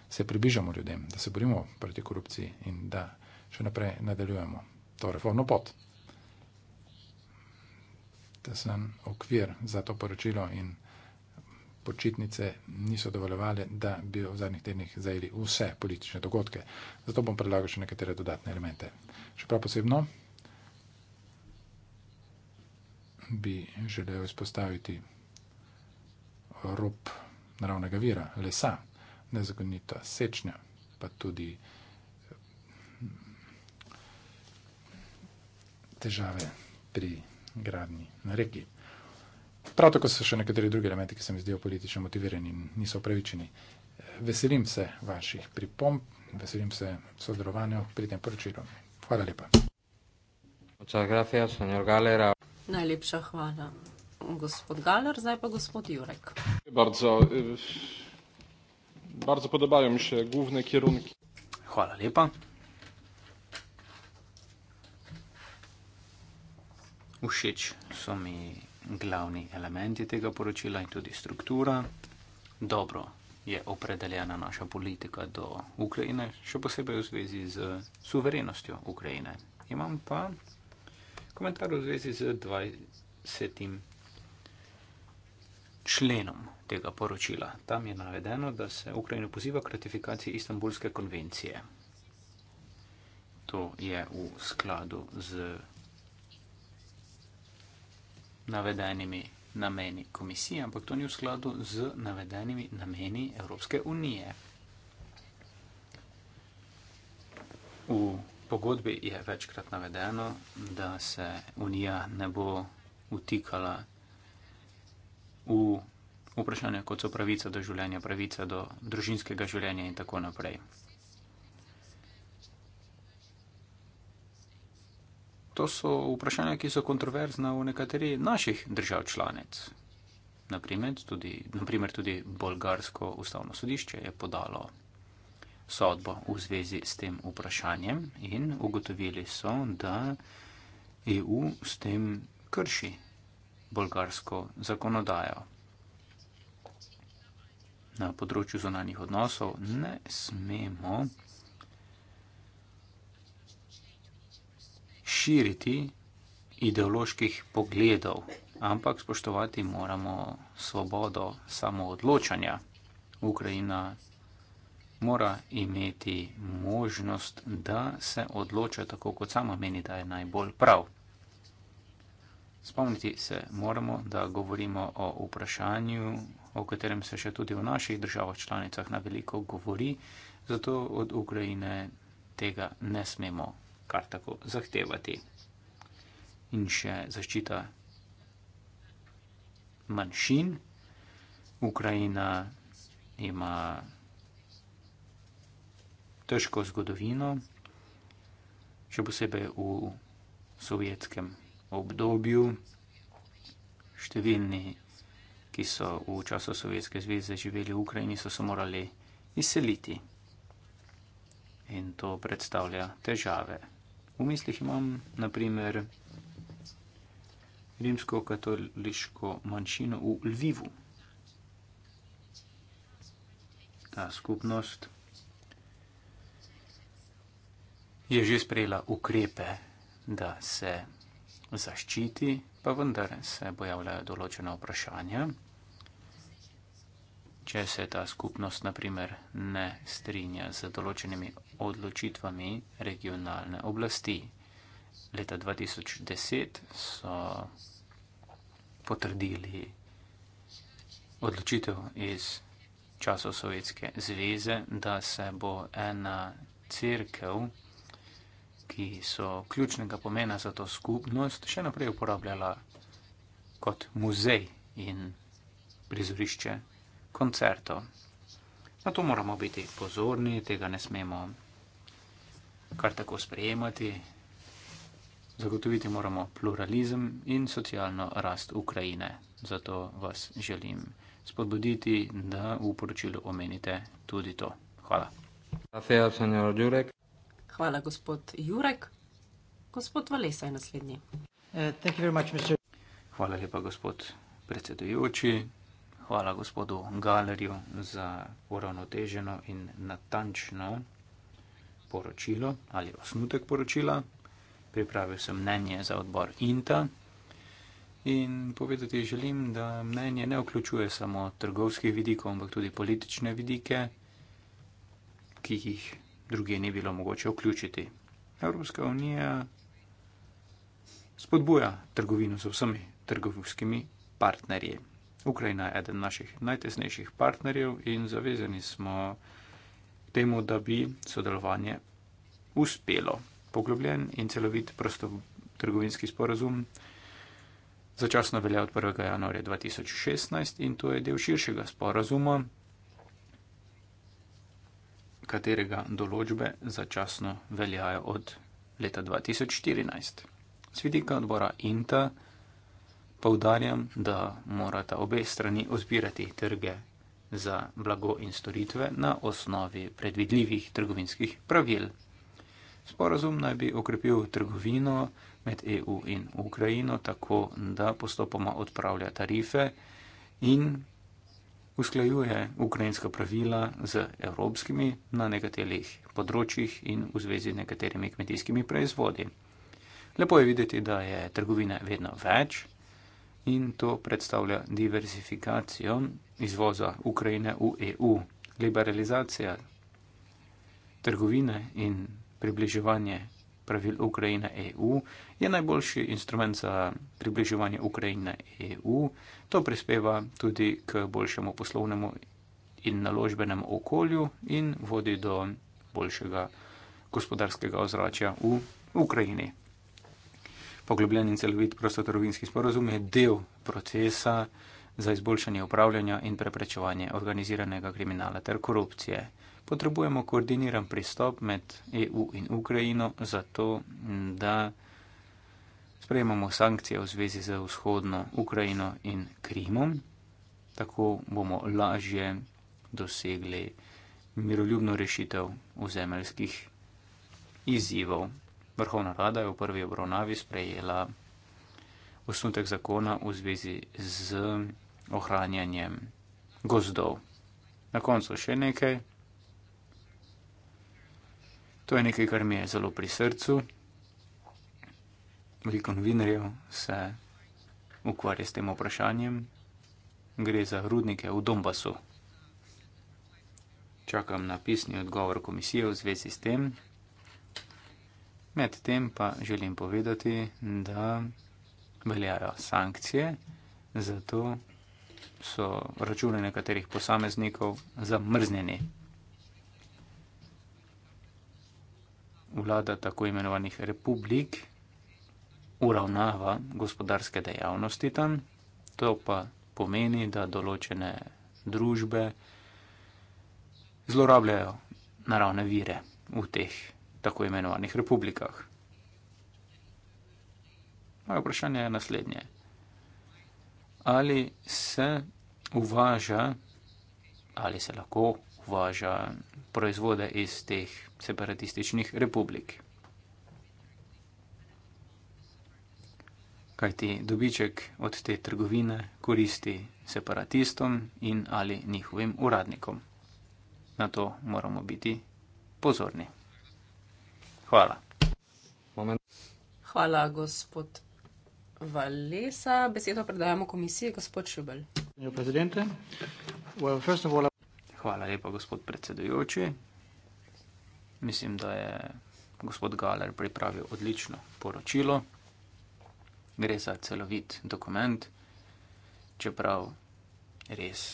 Speaker 1: se približamo ljudem, da se borimo proti korupciji in da še naprej nadaljujemo to reformno pot. Da sem okvir za to poročilo in počitnice niso dovoljevali, da bi v zadnjih tednih zajeli vse politične dogodke. Zato bom predlagal še nekatere dodatne elemente. Še prav posebno bi želel izpostaviti rob naravnega vira, lesa, nezakonita sečnja, pa tudi težave pri gradni na reki. Prav tako so še nekateri drugi elementi, ki se mi zdijo politično motivirani in niso upravičeni. Veselim se vaših pripomb, veselim se sodelovanja pri tem poročilu. Hvala lepa.
Speaker 2: Muchas gracias, señor Galera.
Speaker 4: Najlepša hvala. Gospod Galer, zdaj pa gospod Jurek.
Speaker 1: Bardzo, bardzo podobajo mi se glavne kierunki. Hvala lepa.
Speaker 3: Všeč so mi glavni elementi tega poročila in tudi struktura. Dobro je opredeljena naša politika do Ukrajine, še posebej v zvezi z suverenostjo Ukrajine. Imam pa komentar v zvezi z 20. členom tega poročila. Tam je navedeno, da se Ukrajina poziva k ratifikaciji Istanbulske konvencije. To je v skladu z navedenimi nameni komisije, ampak to ni v skladu z navedenimi nameni Evropske unije pogodbi je večkrat navedeno, da se Unija ne bo utikala v vprašanje, kot so pravica do življenja, pravica do družinskega življenja in tako naprej. To so vprašanja, ki so kontroverzna v nekateri naših držav članic. Naprimer, tudi, naprimer, tudi bolgarsko ustavno sodišče je podalo sodbo v zvezi s tem vprašanjem in ugotovili so, da EU s tem krši bolgarsko zakonodajo. Na področju zonanih odnosov ne smemo širiti ideoloških pogledov, ampak spoštovati moramo svobodo samoodločanja. Ukrajina mora imeti možnost, da se odloča tako, kot sama meni, da je najbolj prav. Spomniti se moramo, da govorimo o vprašanju, o katerem se še tudi v naših državah članicah na veliko govori, zato od Ukrajine tega ne smemo kar tako zahtevati. In še zaščita manjšin. Ukrajina ima težko zgodovino, še posebej v sovjetskem obdobju. Številni, ki so v času Sovjetske zveze živeli v Ukrajini, so se morali izseliti. In to predstavlja težave. V mislih imam naprimer rimsko-katoliško manjšino v Lvivu. Ta skupnost je že sprejela ukrepe, da se zaščiti, pa vendar se pojavljajo določena vprašanja. Če se ta skupnost naprimer ne strinja z določenimi odločitvami regionalne oblasti, leta 2010 so potrdili odločitev iz časov Sovjetske zveze, da se bo ena crkva ki so ključnega pomena za to skupnost, še naprej uporabljala kot muzej in prizorišče koncertov. Na to moramo biti pozorni, tega ne smemo kar tako sprejemati. Zagotoviti moramo pluralizem in socialno rast Ukrajine. Zato vas želim spodbuditi, da v poročilu omenite tudi to. Hvala. Gracias, señor Jurek.
Speaker 4: Hvala, gospod Jurek. Gospod Valesa je naslednji.
Speaker 1: Eh,
Speaker 3: Hvala lepa, gospod predsedujoči. Hvala gospodu Galerju za uravnoteženo in natančno poročilo ali osnutek poročila. Pripravil sem mnenje za odbor INTA in povedati želim, da mnenje ne vključuje samo trgovskih vidikov, ampak tudi politične vidike, ki jih druge ni bilo mogoče vključiti. Evropska unija spodbuja trgovino z vsemi trgovskimi partnerji. Ukrajina je eden naših najtesnejših partnerjev in zavezani smo temu, da bi sodelovanje uspelo. Poglobljen in celovit prostotrgovinski sporazum začasno velja od 1. januarja 2016 in to je del širšega sporazuma, katerega določbe začasno veljajo od leta 2014. S vidika odbora INTA poudarjam, da morata obe strani ozbirati trge za blago in storitve na osnovi predvidljivih trgovinskih pravil. Sporazum naj bi okrepil trgovino med EU in Ukrajino tako, da postopoma odpravlja tarife in usklajuje ukrajinska pravila z evropskimi na nekaterih področjih in v zvezi z nekaterimi kmetijskimi proizvodi. Lepo je videti, da je trgovine vedno več in to predstavlja diversifikacijo izvoza Ukrajine v EU, liberalizacija trgovine in približevanje pravil Ukrajina EU, je najboljši instrument za približevanje Ukrajine EU. To prispeva tudi k boljšemu poslovnemu in naložbenemu okolju in vodi do boljšega gospodarskega ozračja v Ukrajini. Poglobljen in celovit prostotrovinski sporozum je del procesa za izboljšanje upravljanja in preprečevanje organiziranega kriminala ter korupcije. Potrebujemo koordiniran pristop med EU in Ukrajino za to, da sprejemamo sankcije v zvezi z vzhodno Ukrajino in Krimom. Tako bomo lažje dosegli miroljubno rešitev ozemeljskih izzivov. Vrhovna rada je v prvi obravnavi sprejela osnutek zakona v zvezi z ohranjanjem gozdov. Na koncu še nekaj. To je nekaj, kar mi je zelo pri srcu. Veliko novinarjev se ukvarja s tem vprašanjem. Gre za rudnike v Donbasu. Čakam na pisni odgovor komisije v zvezi s tem. Medtem pa želim povedati, da veljajo sankcije, zato so račune nekaterih posameznikov zamrznjeni. vlada tako imenovanih republik uravnava gospodarske dejavnosti tam. To pa pomeni, da določene družbe zlorabljajo naravne vire v teh tako imenovanih republikah. Moje vprašanje je naslednje. Ali se uvaža, ali se lahko uvaža proizvode iz teh separatističnih republik. Kajti dobiček od te trgovine koristi separatistom in ali njihovim uradnikom. Na to moramo biti pozorni. Hvala.
Speaker 4: Hvala, gospod Valesa. Besedo predajamo komisiji, gospod Šubel.
Speaker 3: Well, first of all, Hvala lepa, gospod predsedujoči. Mislim, da je gospod Galer pripravil odlično poročilo. Gre za celovit dokument, čeprav res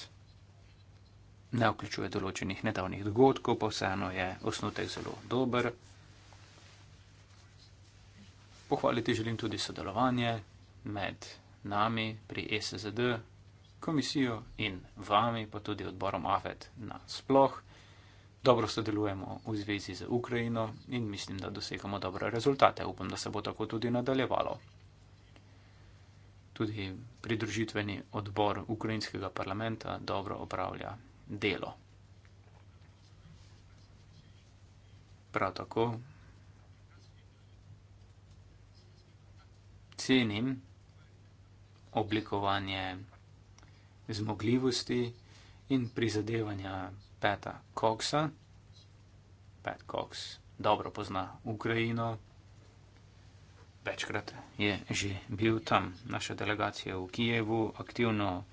Speaker 3: ne vključuje določenih nedavnih dogodkov, pa vseeno je osnutek zelo dober. Pohvaliti želim tudi sodelovanje med nami pri e SZD, komisijo in vami, pa tudi odborom AFET na sploh. Dobro sodelujemo v zvezi z Ukrajino in mislim, da dosegamo dobre rezultate. Upam, da se bo tako tudi nadaljevalo. Tudi pridružitveni odbor ukrajinskega parlamenta dobro opravlja delo. Prav tako cenim oblikovanje zmogljivosti in prizadevanja Peta Koksa. Pet Koks dobro pozna Ukrajino, večkrat je že bil tam. Naša delegacija v Kijevu aktivno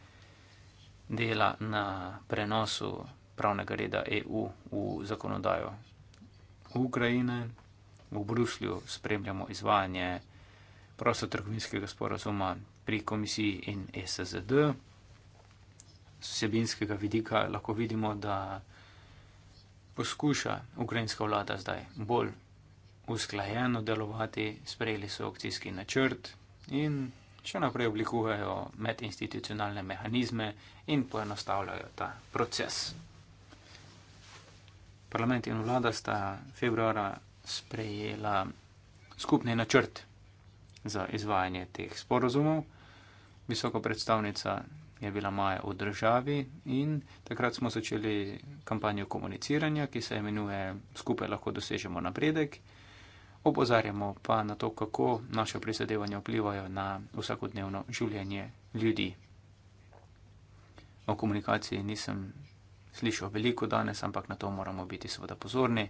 Speaker 3: dela na prenosu pravnega reda EU v zakonodajo Ukrajine. V Bruslju spremljamo izvajanje prostotrgovinskega sporazuma pri komisiji in e SZD vsebinskega vidika lahko vidimo, da poskuša ukrajinska vlada zdaj bolj usklajeno delovati, sprejeli so akcijski načrt in še naprej oblikujejo medinstitucionalne mehanizme in poenostavljajo ta proces. Parlament in vlada sta februara sprejela skupni načrt za izvajanje teh sporozumov. Visoka predstavnica je bila maja v državi in takrat smo začeli kampanjo komuniciranja, ki se imenuje Skupaj lahko dosežemo napredek. Opozarjamo pa na to, kako naše prizadevanja vplivajo na vsakodnevno življenje ljudi. O komunikaciji nisem slišal veliko danes, ampak na to moramo biti seveda pozorni,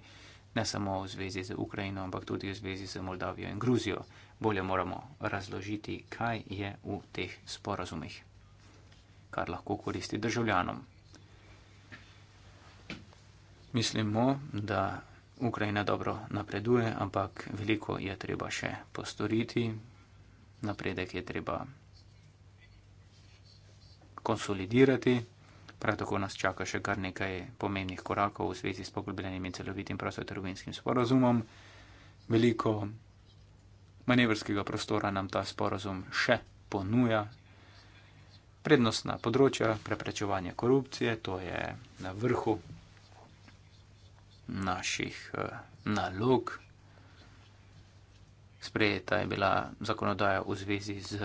Speaker 3: ne samo v zvezi z Ukrajino, ampak tudi v zvezi z Moldavijo in Gruzijo. Bolje moramo razložiti, kaj je v teh sporazumih kar lahko koristi državljanom. Mislimo, da Ukrajina dobro napreduje, ampak veliko je treba še postoriti. Napredek je treba konsolidirati. Prav tako nas čaka še kar nekaj pomembnih korakov v zvezi s poglobljenim in celovitim prostotrgovinskim sporozumom. Veliko manevrskega prostora nam ta sporozum še ponuja, prednostna področja preprečevanja korupcije, to je na vrhu naših eh, nalog. Sprejeta je bila zakonodaja v zvezi z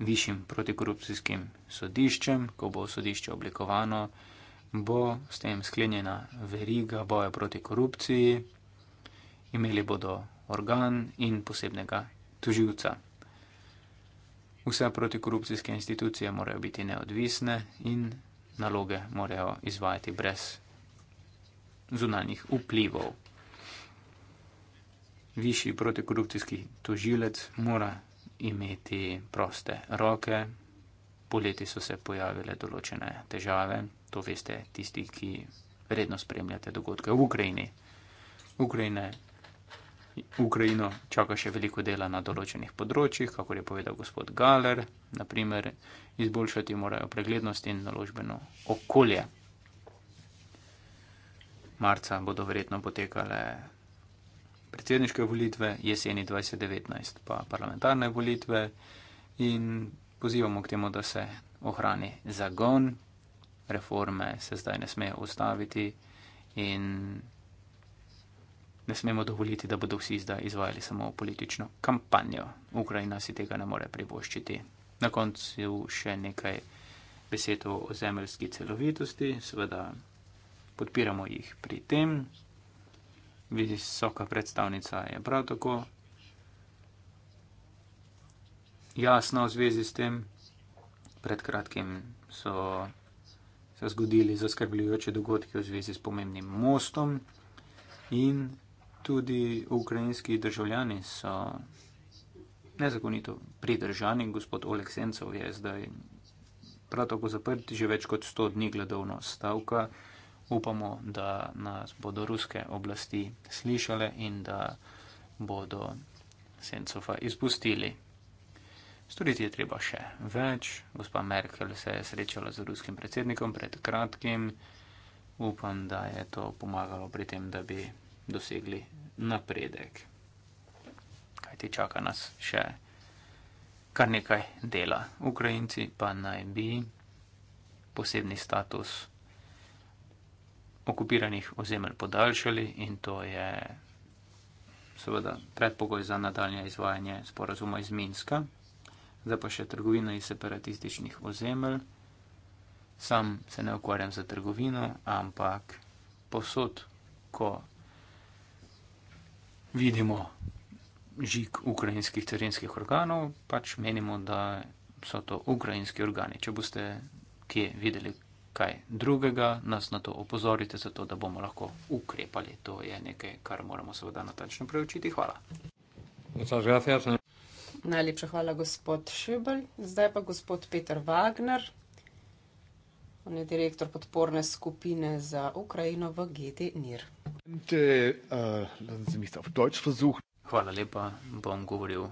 Speaker 3: višjim protikorupcijskim sodiščem. Ko bo sodišče oblikovano, bo s tem sklenjena veriga boja proti korupciji. Imeli bodo organ in posebnega tužilca. Vse protikorupcijske institucije morajo biti neodvisne in naloge morajo izvajati brez zunanjih vplivov. Višji protikorupcijski tožilec mora imeti proste roke. Poleti so se pojavile določene težave, to veste tisti, ki redno spremljate dogodke v Ukrajini. Ukrajine Ukrajino čaka še veliko dela na določenih področjih, kako je povedal gospod Galer, naprimer izboljšati morajo preglednost in naložbeno okolje. Marca bodo verjetno potekale predsedniške volitve, jeseni 2019 pa parlamentarne volitve in pozivamo k temu, da se ohrani zagon, reforme se zdaj ne smejo ustaviti in ne smemo dovoliti, da bodo vsi zdaj izvajali samo politično kampanjo. Ukrajina si tega ne more privoščiti. Na koncu še nekaj besed o zemeljski celovitosti, seveda podpiramo jih pri tem. Visoka predstavnica je prav tako jasna v zvezi s tem. Pred kratkim so se zgodili zaskrbljujoče dogodke v zvezi s pomembnim mostom in Tudi ukrajinski državljani so nezakonito pridržani. Gospod Oleg Sencov je zdaj prav tako zaprt, že več kot 100 dni gledovno stavka. Upamo, da nas bodo ruske oblasti slišale in da bodo Sencova izpustili. Storiti je treba še več. Gospa Merkel se je srečala z ruskim predsednikom pred kratkim. Upam, da je to pomagalo pri tem, da bi dosegli napredek. Kaj ti čaka nas še kar nekaj dela? Ukrajinci pa naj bi posebni status okupiranih ozemelj podaljšali in to je seveda predpogoj za nadaljne izvajanje sporazuma iz Minska. Zdaj pa še trgovina iz separatističnih ozemelj. Sam se ne ukvarjam za trgovino, ampak posod, ko vidimo žig ukrajinskih terenskih organov, pač menimo, da so to ukrajinski organi. Če boste kje videli kaj drugega, nas na to opozorite, zato da bomo lahko ukrepali. To je nekaj, kar moramo seveda natančno preučiti. Hvala.
Speaker 4: Najlepša hvala, gospod Šibelj. Zdaj pa gospod Peter Wagner. On je direktor podporne skupine za Ukrajino v GDNIR.
Speaker 3: Eh, hvala lepa, bom govoril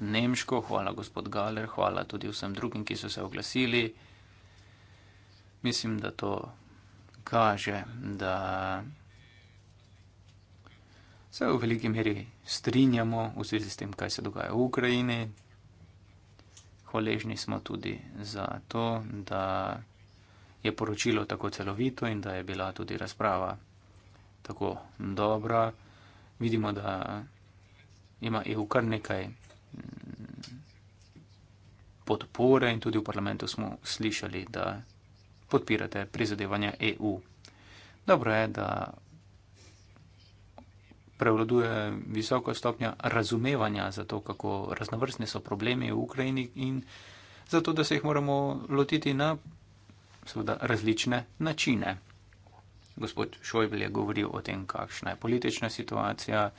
Speaker 3: nemško, hvala gospod Galer, hvala tudi vsem drugim, ki so se oglasili. Mislim, da to kaže, da se v veliki meri strinjamo v zvezi s tem, kaj se dogaja v Ukrajini, hvaležni smo tudi za to, da je poročilo tako celovito in da je bila tudi razprava tako dobra. Vidimo, da ima EU kar nekaj mm, podpore in tudi v parlamentu smo slišali, da podpirate prizadevanja EU. Dobro je, da prevladuje visoka stopnja razumevanja za to, kako raznovrstni so problemi v Ukrajini in zato, da se jih moramo lotiti na seveda, različne načine. Gospod Šojbel je govoril o tem, kakšna je politična situacija,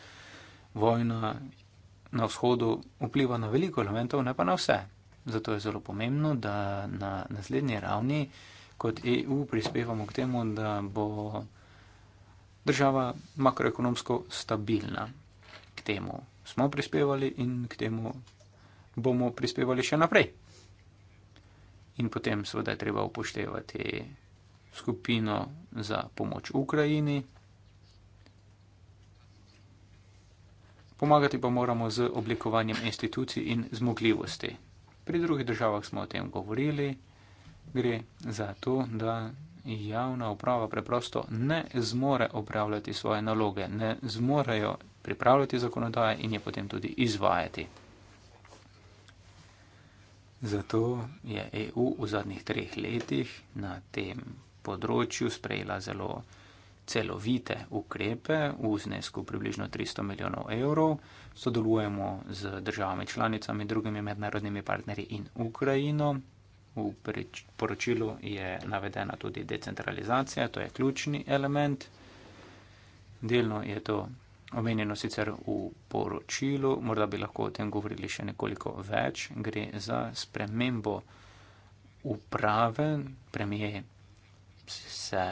Speaker 3: vojna na vzhodu vpliva na veliko elementov, ne pa na vse. Zato je zelo pomembno, da na naslednji ravni kot EU prispevamo k temu, da bo država makroekonomsko stabilna. K temu smo prispevali in k temu bomo prispevali še naprej. In potem seveda je treba upoštevati skupino za pomoč Ukrajini. Pomagati pa moramo z oblikovanjem institucij in zmogljivosti. Pri drugih državah smo o tem govorili. Gre za to, da javna uprava preprosto ne zmore upravljati svoje naloge, ne zmorejo pripravljati zakonodaje in je potem tudi izvajati. Zato je EU v zadnjih treh letih na tem področju sprejela zelo celovite ukrepe v znesku približno 300 milijonov evrov. Sodelujemo z državami članicami, drugimi mednarodnimi partnerji in Ukrajino. V poročilu je navedena tudi decentralizacija, to je ključni element. Delno je to omenjeno sicer v poročilu, morda bi lahko o tem govorili še nekoliko več. Gre za spremembo uprave. Premije se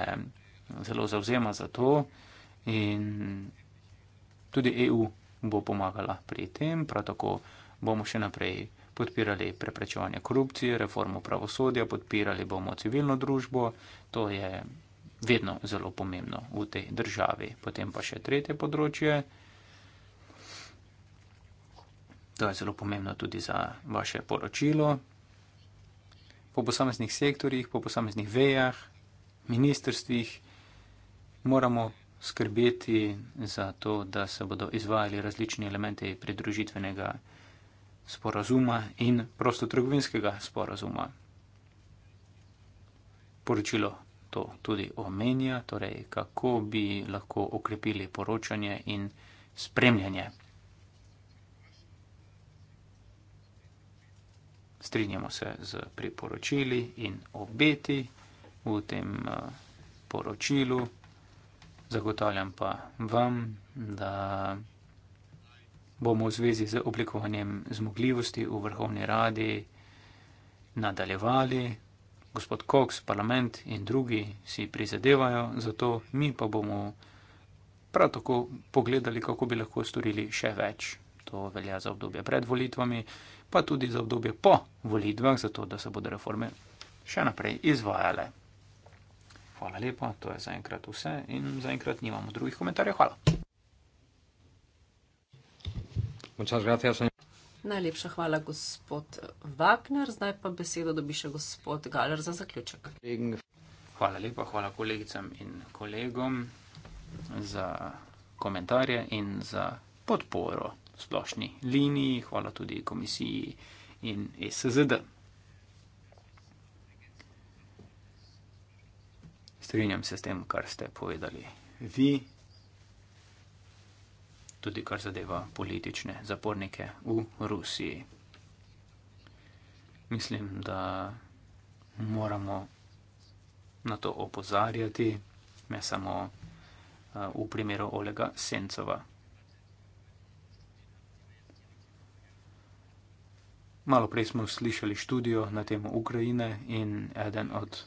Speaker 3: zelo zauzema za to in tudi EU bo pomagala pri tem, prav tako bomo še naprej podpirali preprečevanje korupcije, reformo pravosodja, podpirali bomo civilno družbo, to je vedno zelo pomembno v tej državi. Potem pa še tretje področje, to je zelo pomembno tudi za vaše poročilo. Po posameznih sektorjih, po posameznih vejah, ministrstvih moramo skrbeti za to, da se bodo izvajali različni elementi pridružitvenega sporazuma in prostotrgovinskega sporazuma. Poročilo to tudi omenja, torej kako bi lahko okrepili poročanje in spremljanje. Strinjamo se z priporočili in obeti v tem eh, poročilu, zagotavljam pa vam, da bomo v zvezi z oblikovanjem zmogljivosti v vrhovni radi nadaljevali. Gospod Cox, parlament in drugi si prizadevajo za to, mi pa bomo prav tako pogledali, kako bi lahko storili še več. To velja za obdobje pred volitvami, pa tudi za obdobje po volitvah, zato da se bodo reforme še naprej izvajale. Hvala lepa, to je zaenkrat vse in zaenkrat nimamo drugih komentarjev.
Speaker 4: Hvala. Najlepša hvala, gospod Wagner. Zdaj pa besedo dobi še gospod Galer za zaključek.
Speaker 3: Hvala lepa, hvala kolegicam in kolegom za komentarje in za podporo splošni liniji. Hvala tudi komisiji in SZD. Strinjam se s tem, kar ste povedali vi tudi kar zadeva politične zapornike v Rusiji. Mislim, da moramo na to opozarjati, ne samo uh, v primeru Olega Sencova. Malo prej smo slišali študijo na temo Ukrajine in eden od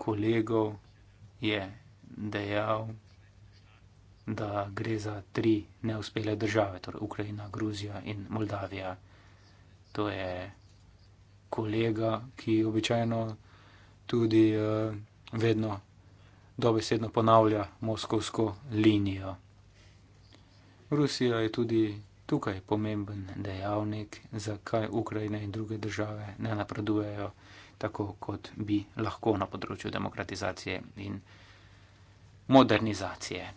Speaker 3: kolegov je dejal, da gre za tri neuspele države, torej Ukrajina, Gruzija in Moldavija. To je kolega, ki običajno tudi uh, vedno dobesedno ponavlja moskovsko linijo. Rusija je tudi tukaj pomemben dejavnik, zakaj Ukrajina in druge države ne napredujejo tako, kot bi lahko na področju demokratizacije in modernizacije.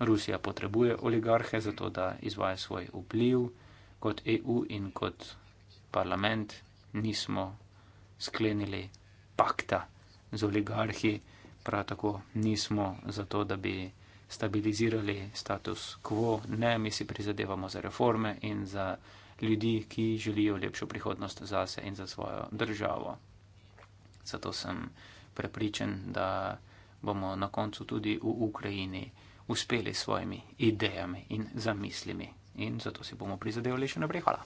Speaker 3: Rusija potrebuje oligarhe za to, da izvaja svoj vpliv, kot EU in kot parlament nismo sklenili pakta z oligarhi, prav tako nismo za to, da bi stabilizirali status quo, ne, mi si prizadevamo za reforme in za ljudi, ki želijo lepšo prihodnost za se in za svojo državo. Zato sem prepričan, da bomo na koncu tudi v Ukrajini uspeli s svojimi idejami in zamislimi. In zato si bomo prizadevali še naprej. Hvala.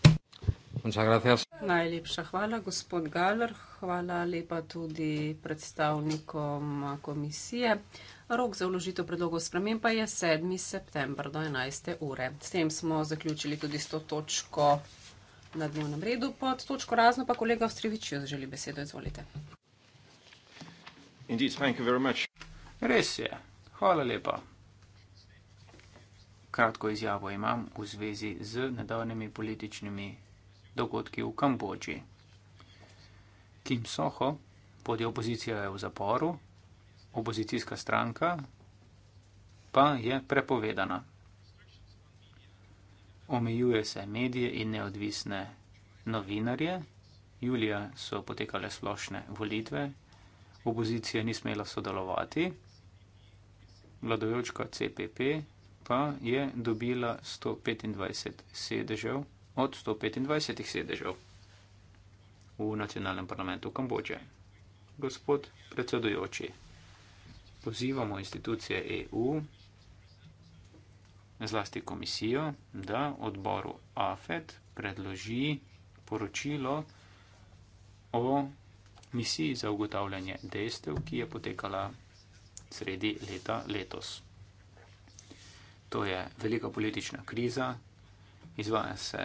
Speaker 4: Najlepša hvala, gospod Galer. Hvala lepa tudi predstavnikom komisije. Rok za vložitev predlogov sprememb pa je 7. september do 11. ure. S tem smo zaključili tudi s to točko na dnevnem redu. Pod točko razno pa kolega Ostrivič jo želi besedo. Izvolite.
Speaker 3: Indeed, Res je. Hvala lepa kratko izjavo imam v zvezi z nedavnimi političnimi dogodki v Kambodži. Kim Soho, vodja opozicije, je v zaporu, opozicijska stranka pa je prepovedana. Omejuje se medije in neodvisne novinarje. Julija so potekale splošne volitve, opozicija ni smela sodelovati, vladojočka CPP pa je dobila 125 sedežev od 125 sedežev v nacionalnem parlamentu Kambodže. Gospod predsedujoči, pozivamo institucije EU, zlasti komisijo, da odboru AFED predloži poročilo o misiji za ugotavljanje dejstev, ki je potekala sredi leta letos. To je velika politična kriza, izvaja se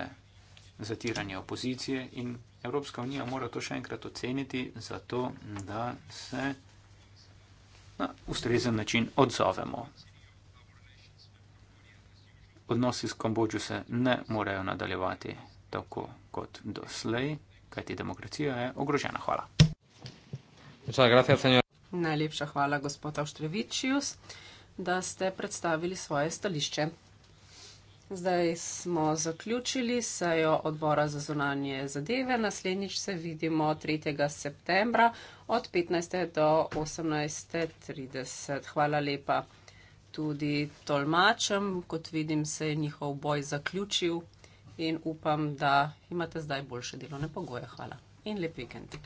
Speaker 3: zatiranje opozicije in Evropska unija mora to še enkrat oceniti, zato da se na ustrezen način odzovemo. Odnosi s Kambodžo se ne morejo nadaljevati tako kot doslej, kajti demokracija je ogrožena. Hvala.
Speaker 4: Najlepša hvala, gospod Avštrevičius da ste predstavili svoje stališče. Zdaj smo zaključili sejo odbora za zunanje zadeve. Naslednjič se vidimo 3. septembra od 15. do 18.30. Hvala lepa tudi tolmačem. Kot vidim, se je njihov boj zaključil in upam, da imate zdaj boljše delovne pogoje. Hvala in lep vikend.